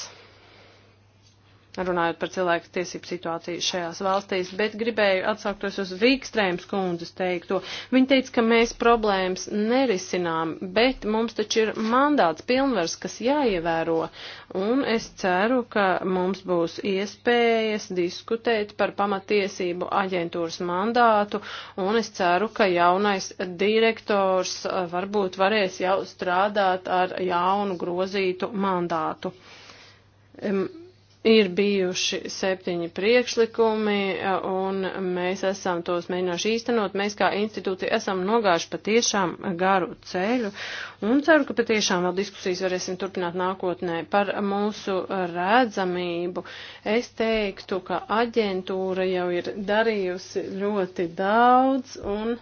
runājot par cilvēku tiesību situāciju šajās valstīs, bet gribēju atsauktos uz Vīkstrēmas kundzes teikto. Viņa teica, ka mēs problēmas nerisinām, bet mums taču ir mandāts pilnvars, kas jāievēro, un es ceru, ka mums būs iespējas diskutēt par pamatiesību aģentūras mandātu, un es ceru, ka jaunais direktors uh, varbūt varēs jau strādāt ar jaunu grozītu mandātu. Um, Ir bijuši septiņi priekšlikumi, un mēs esam tos mēģinājuši īstenot. Mēs kā institūcija esam nogājuši patiešām garu ceļu, un ceru, ka patiešām vēl diskusijas varēsim turpināt nākotnē. Par mūsu redzamību es teiktu, ka aģentūra jau ir darījusi ļoti daudz, un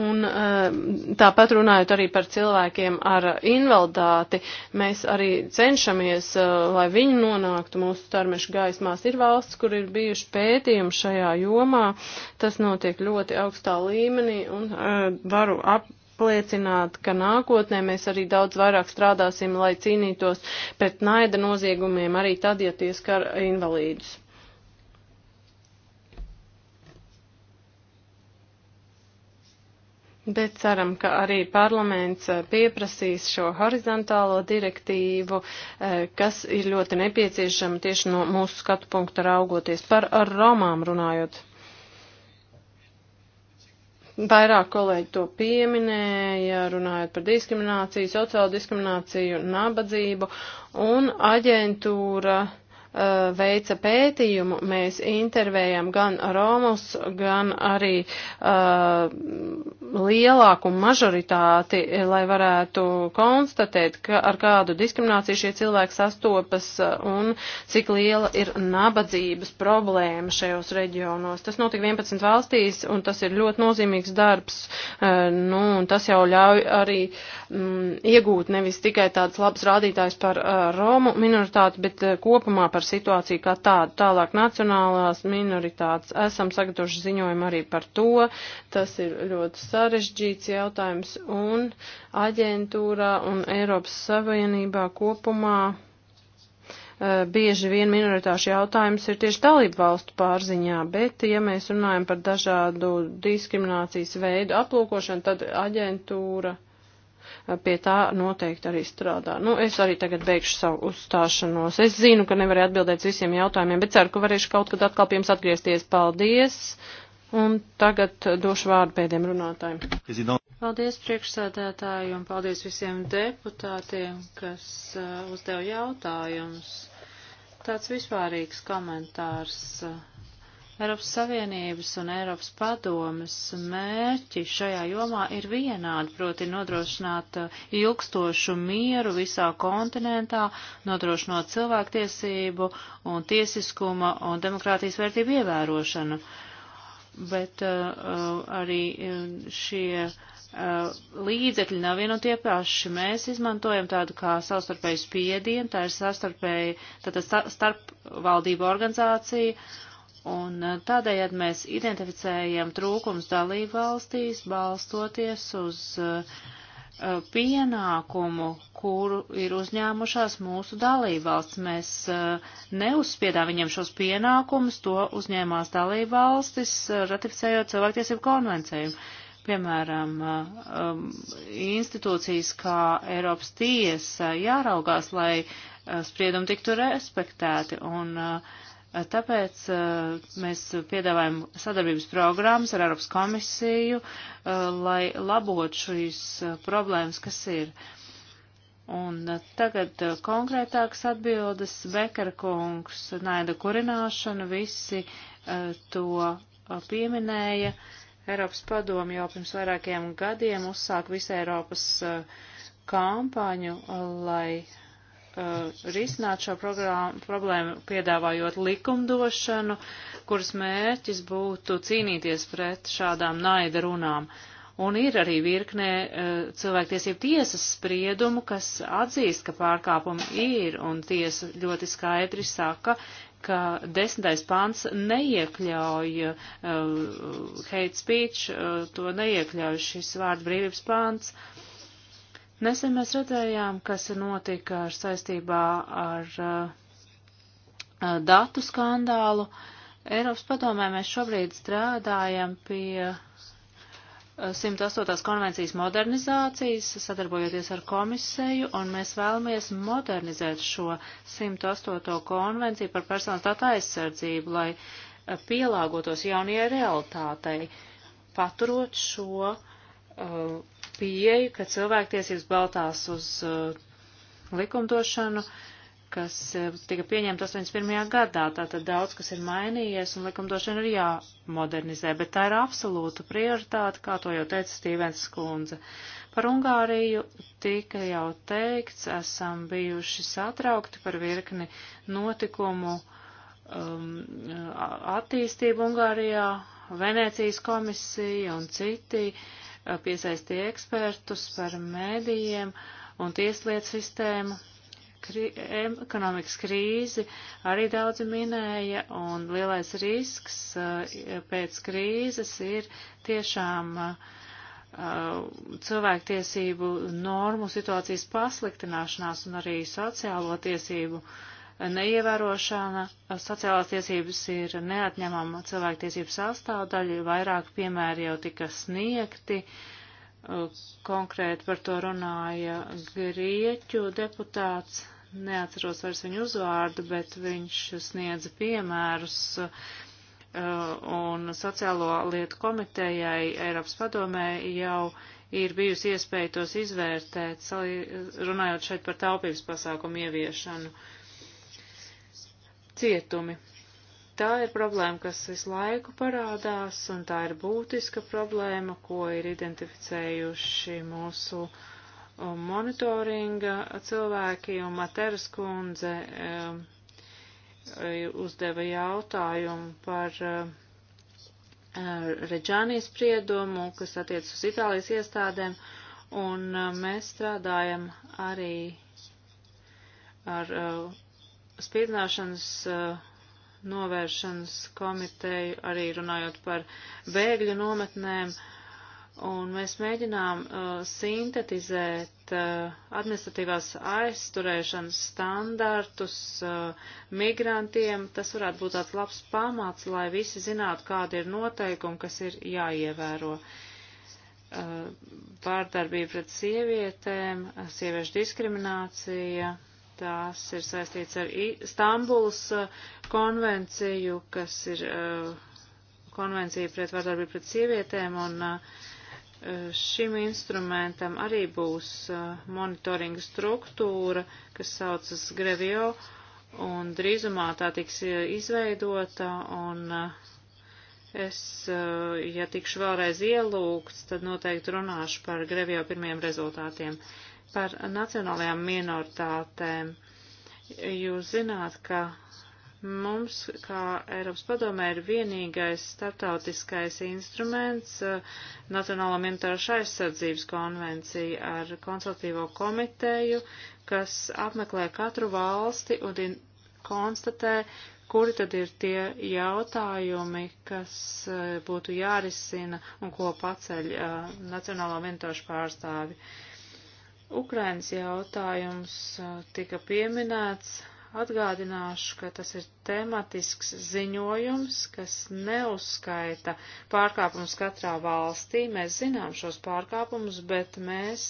Un eh, tāpat runājot arī par cilvēkiem ar invaliditāti, mēs arī cenšamies, eh, lai viņi nonāktu mūsu starmešu gaismās. Ir valsts, kur ir bijuši pētījumi šajā jomā, tas notiek ļoti augstā līmenī un eh, varu ap, apliecināt, ka nākotnē mēs arī daudz vairāk strādāsim, lai cīnītos pret naida noziegumiem, arī tad, ja tie skar invalīdus. Bet ceram, ka arī parlaments eh, pieprasīs šo horizontālo direktīvu, eh, kas ir ļoti nepieciešama tieši no mūsu skatu punkta raugoties par Romām runājot. Vairāk kolēģi to pieminēja, runājot par diskrimināciju, sociālo diskrimināciju, nabadzību un aģentūra Eh, veica pētījumu, mēs intervējam gan Romus, gan arī uh, lielāku mažoritāti, lai varētu konstatēt, ka ar kādu diskrimināciju šie cilvēki sastopas eh, un cik liela ir nabadzības problēma šajos reģionos. Tas notika 11 valstīs un tas ir ļoti nozīmīgs darbs. Uh, nu, un tas jau ļauj arī mm, iegūt nevis tikai tādas labas rādītājas par uh, Romu minoritāti, bet uh, kopumā par par situāciju kā tādu. Tālāk nacionālās minoritātes esam sagatavojuši ziņojumu arī par to. Tas ir ļoti sarežģīts jautājums un aģentūrā un Eiropas Savienībā kopumā eh, bieži vien minoritāšu jautājums ir tieši dalību valstu pārziņā, bet, ja mēs runājam par dažādu diskriminācijas veidu aplūkošanu, tad aģentūra pie tā noteikti arī strādā. Nu, es arī tagad beigšu savu uzstāšanos. Es zinu, ka nevarēju atbildēt visiem jautājumiem, bet ceru, ka varēšu kaut kad atkal pie jums atgriezties. Paldies! Un tagad došu vārdu pēdējiem runātājiem. Paldies priekšsēdētāji un paldies visiem deputātiem, kas uh, uzdeva jautājumus. Tāds vispārīgs komentārs. Uh, Eiropas Savienības un Eiropas padomas mērķi šajā jomā ir vienādi, proti nodrošināt uh, ilgstošu mieru visā kontinentā, nodrošinot cilvēktiesību un tiesiskuma un demokrātijas vērtību ievērošanu. Bet uh, uh arī uh, šie uh, līdzekļi nav vien un tie paši. Mēs izmantojam tādu kā savstarpēju spiedienu, tā ir savstarpēji, tātad starpvaldība organizācija. Uh, Un uh, tādējādi mēs identificējam trūkums dalību valstīs, balstoties uz uh, uh pienākumu, kuru ir uzņēmušās mūsu dalībvalsts. Mēs uh, neuzspiedām viņiem šos pienākumus, to uzņēmās dalībvalstis, uh, ratificējot cilvēktiesību konvenciju. Piemēram, uh, um, institūcijas kā Eiropas tiesa jāraugās, lai uh, spriedumi tiktu respektēti. Un, uh, Tāpēc uh, mēs piedāvājam sadarbības programmas ar Eiropas komisiju, uh, lai labotu šīs uh, problēmas, kas ir. Un tagad konkrētāks atbildes Bekara kungs, naida kurināšana, visi to pieminēja. Eiropas padomi jau pirms vairākiem gadiem uzsāk visu Eiropas kampaņu, lai Uh, risināt šo problēmu, piedāvājot likumdošanu, kuras mērķis būtu cīnīties pret šādām naida runām. Un ir arī virknē uh, cilvēktiesību tiesas spriedumu, kas atzīst, ka pārkāpumi ir, un tiesa ļoti skaidri saka, ka desmitais pants neiekļauj uh, hate speech, uh, to neiekļauj šis vārdu brīvības pants. Uh, Nesen mēs redzējām, kas notika ar saistībā ar uh, uh, datu skandālu. Eiropas padomē mēs šobrīd strādājam pie 108. Uh, konvencijas modernizācijas, sadarbojoties ar komisiju, un mēs vēlamies modernizēt šo 108. konvenciju par personas datu aizsardzību, lai pielāgotos jaunajai realitātei, paturot šo uh, pieeju, ka cilvēktiesības baltās uz uh, likumdošanu, kas uh, tika pieņemta 81. gadā. Tātad daudz, kas ir mainījies, un likumdošana ir jāmodernizē, bet tā ir absolūta prioritāte, kā to jau teica Stīvens Skundze. Par Ungāriju tika jau teikts, esam bijuši satraukti par virkni notikumu um, attīstību Ungārijā, Venēcijas komisija un citi. Uh, Uh, piesaistīja ekspertus par mēdījiem un tieslietu sistēmu. Krī, ekonomikas krīzi arī daudzi minēja, un lielais risks uh, pēc krīzes ir tiešām uh, cilvēktiesību normu situācijas pasliktināšanās un arī sociālo tiesību uh, neievērošana. Sociālās tiesības ir neatņemama cilvēktiesību sastāvdaļa, vairāk piemēri jau tika sniegti. Konkrēti par to runāja grieķu deputāts, neatceros vairs viņu uzvārdu, bet viņš sniedza piemērus uh, un sociālo lietu komitejai Eiropas padomē jau ir bijusi iespēja tos izvērtēt, runājot šeit par taupības pasākumu ieviešanu. Uh, cietumi. Tā ir problēma, kas visu laiku parādās, un tā ir būtiska problēma, ko ir identificējuši mūsu um, monitoringa cilvēki, un Materas kundze um, uzdeva jautājumu par um, uh, Reģānijas spriedumu, kas attiec uz Itālijas iestādēm, un um, mēs strādājam arī ar uh, spīdzināšanas uh, eh, novēršanas komiteju, arī runājot par bēgļu nometnēm, un mēs mēģinām uh, sintetizēt uh, administratīvās aizturēšanas standartus uh, migrantiem. Tas varētu būt tāds labs pamats, lai visi zinātu, kādi ir noteikumi, kas ir jāievēro. Pārdarbība pret sievietēm, sieviešu diskriminācija, Tās ir saistīts ar Stambulas uh, konvenciju, kas ir uh, konvencija pret vardarbību pret sievietēm, un uh, šim instrumentam arī būs monitoringa struktūra, kas saucas Grevio, un drīzumā tā tiks izveidota, un es, ja tikšu vēlreiz ielūgts, tad noteikti runāšu par Grevio pirmiem rezultātiem. Par nacionālajām minoritātēm jūs zināt, ka mums, kā Eiropas padomē, ir vienīgais startautiskais instruments eh, Nacionālā minoritāšu aizsardzības konvencija ar konsultīvo komiteju, kas apmeklē katru valsti un konstatē, kuri tad ir tie jautājumi, kas eh, būtu jārisina un ko paceļ eh, Nacionālā minoritāšu pārstāvi. Uh, Ukrainas jautājums tika pieminēts. Atgādināšu, ka tas ir tematisks ziņojums, kas neuzskaita pārkāpumus katrā valstī. Mēs zinām šos pārkāpumus, bet mēs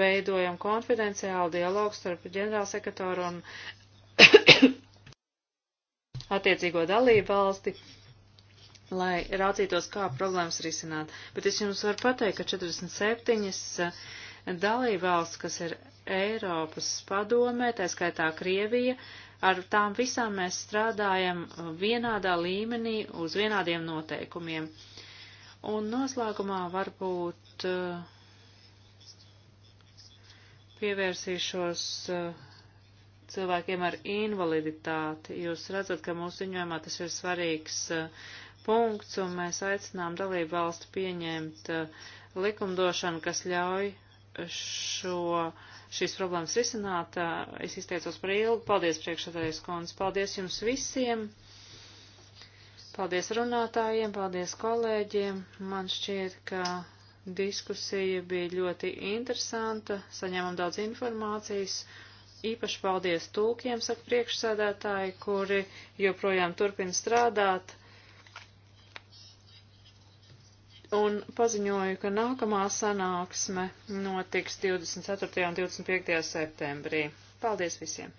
veidojam konfidenciālu dialogu starp ģenerālsekretoru un attiecīgo dalību valsti lai raucītos, kā problēmas risināt. Bet es jums varu pateikt, ka 47 dalībvalsts, kas ir Eiropas padomē, tā skaitā Krievija, ar tām visām mēs strādājam vienādā līmenī uz vienādiem noteikumiem. Un noslēgumā varbūt eh, pievērsīšos eh, cilvēkiem ar invaliditāti. Jūs redzat, ka mūsu ziņojumā tas ir svarīgs eh, punkts, un mēs aicinām dalību valstu pieņemt likumdošanu, kas ļauj šo, šīs problēmas risināt. Es izteicos par ilgu. Paldies priekšsēdājas kundze. Paldies jums visiem. Paldies runātājiem, paldies kolēģiem. Man šķiet, ka diskusija bija ļoti interesanta. Saņēmām daudz informācijas. Īpaši paldies tūkiem, saka priekšsēdētāji, kuri joprojām turpina strādāt un paziņoju, ka nākamā sanāksme notiks 24. un 25. septembrī. Paldies visiem!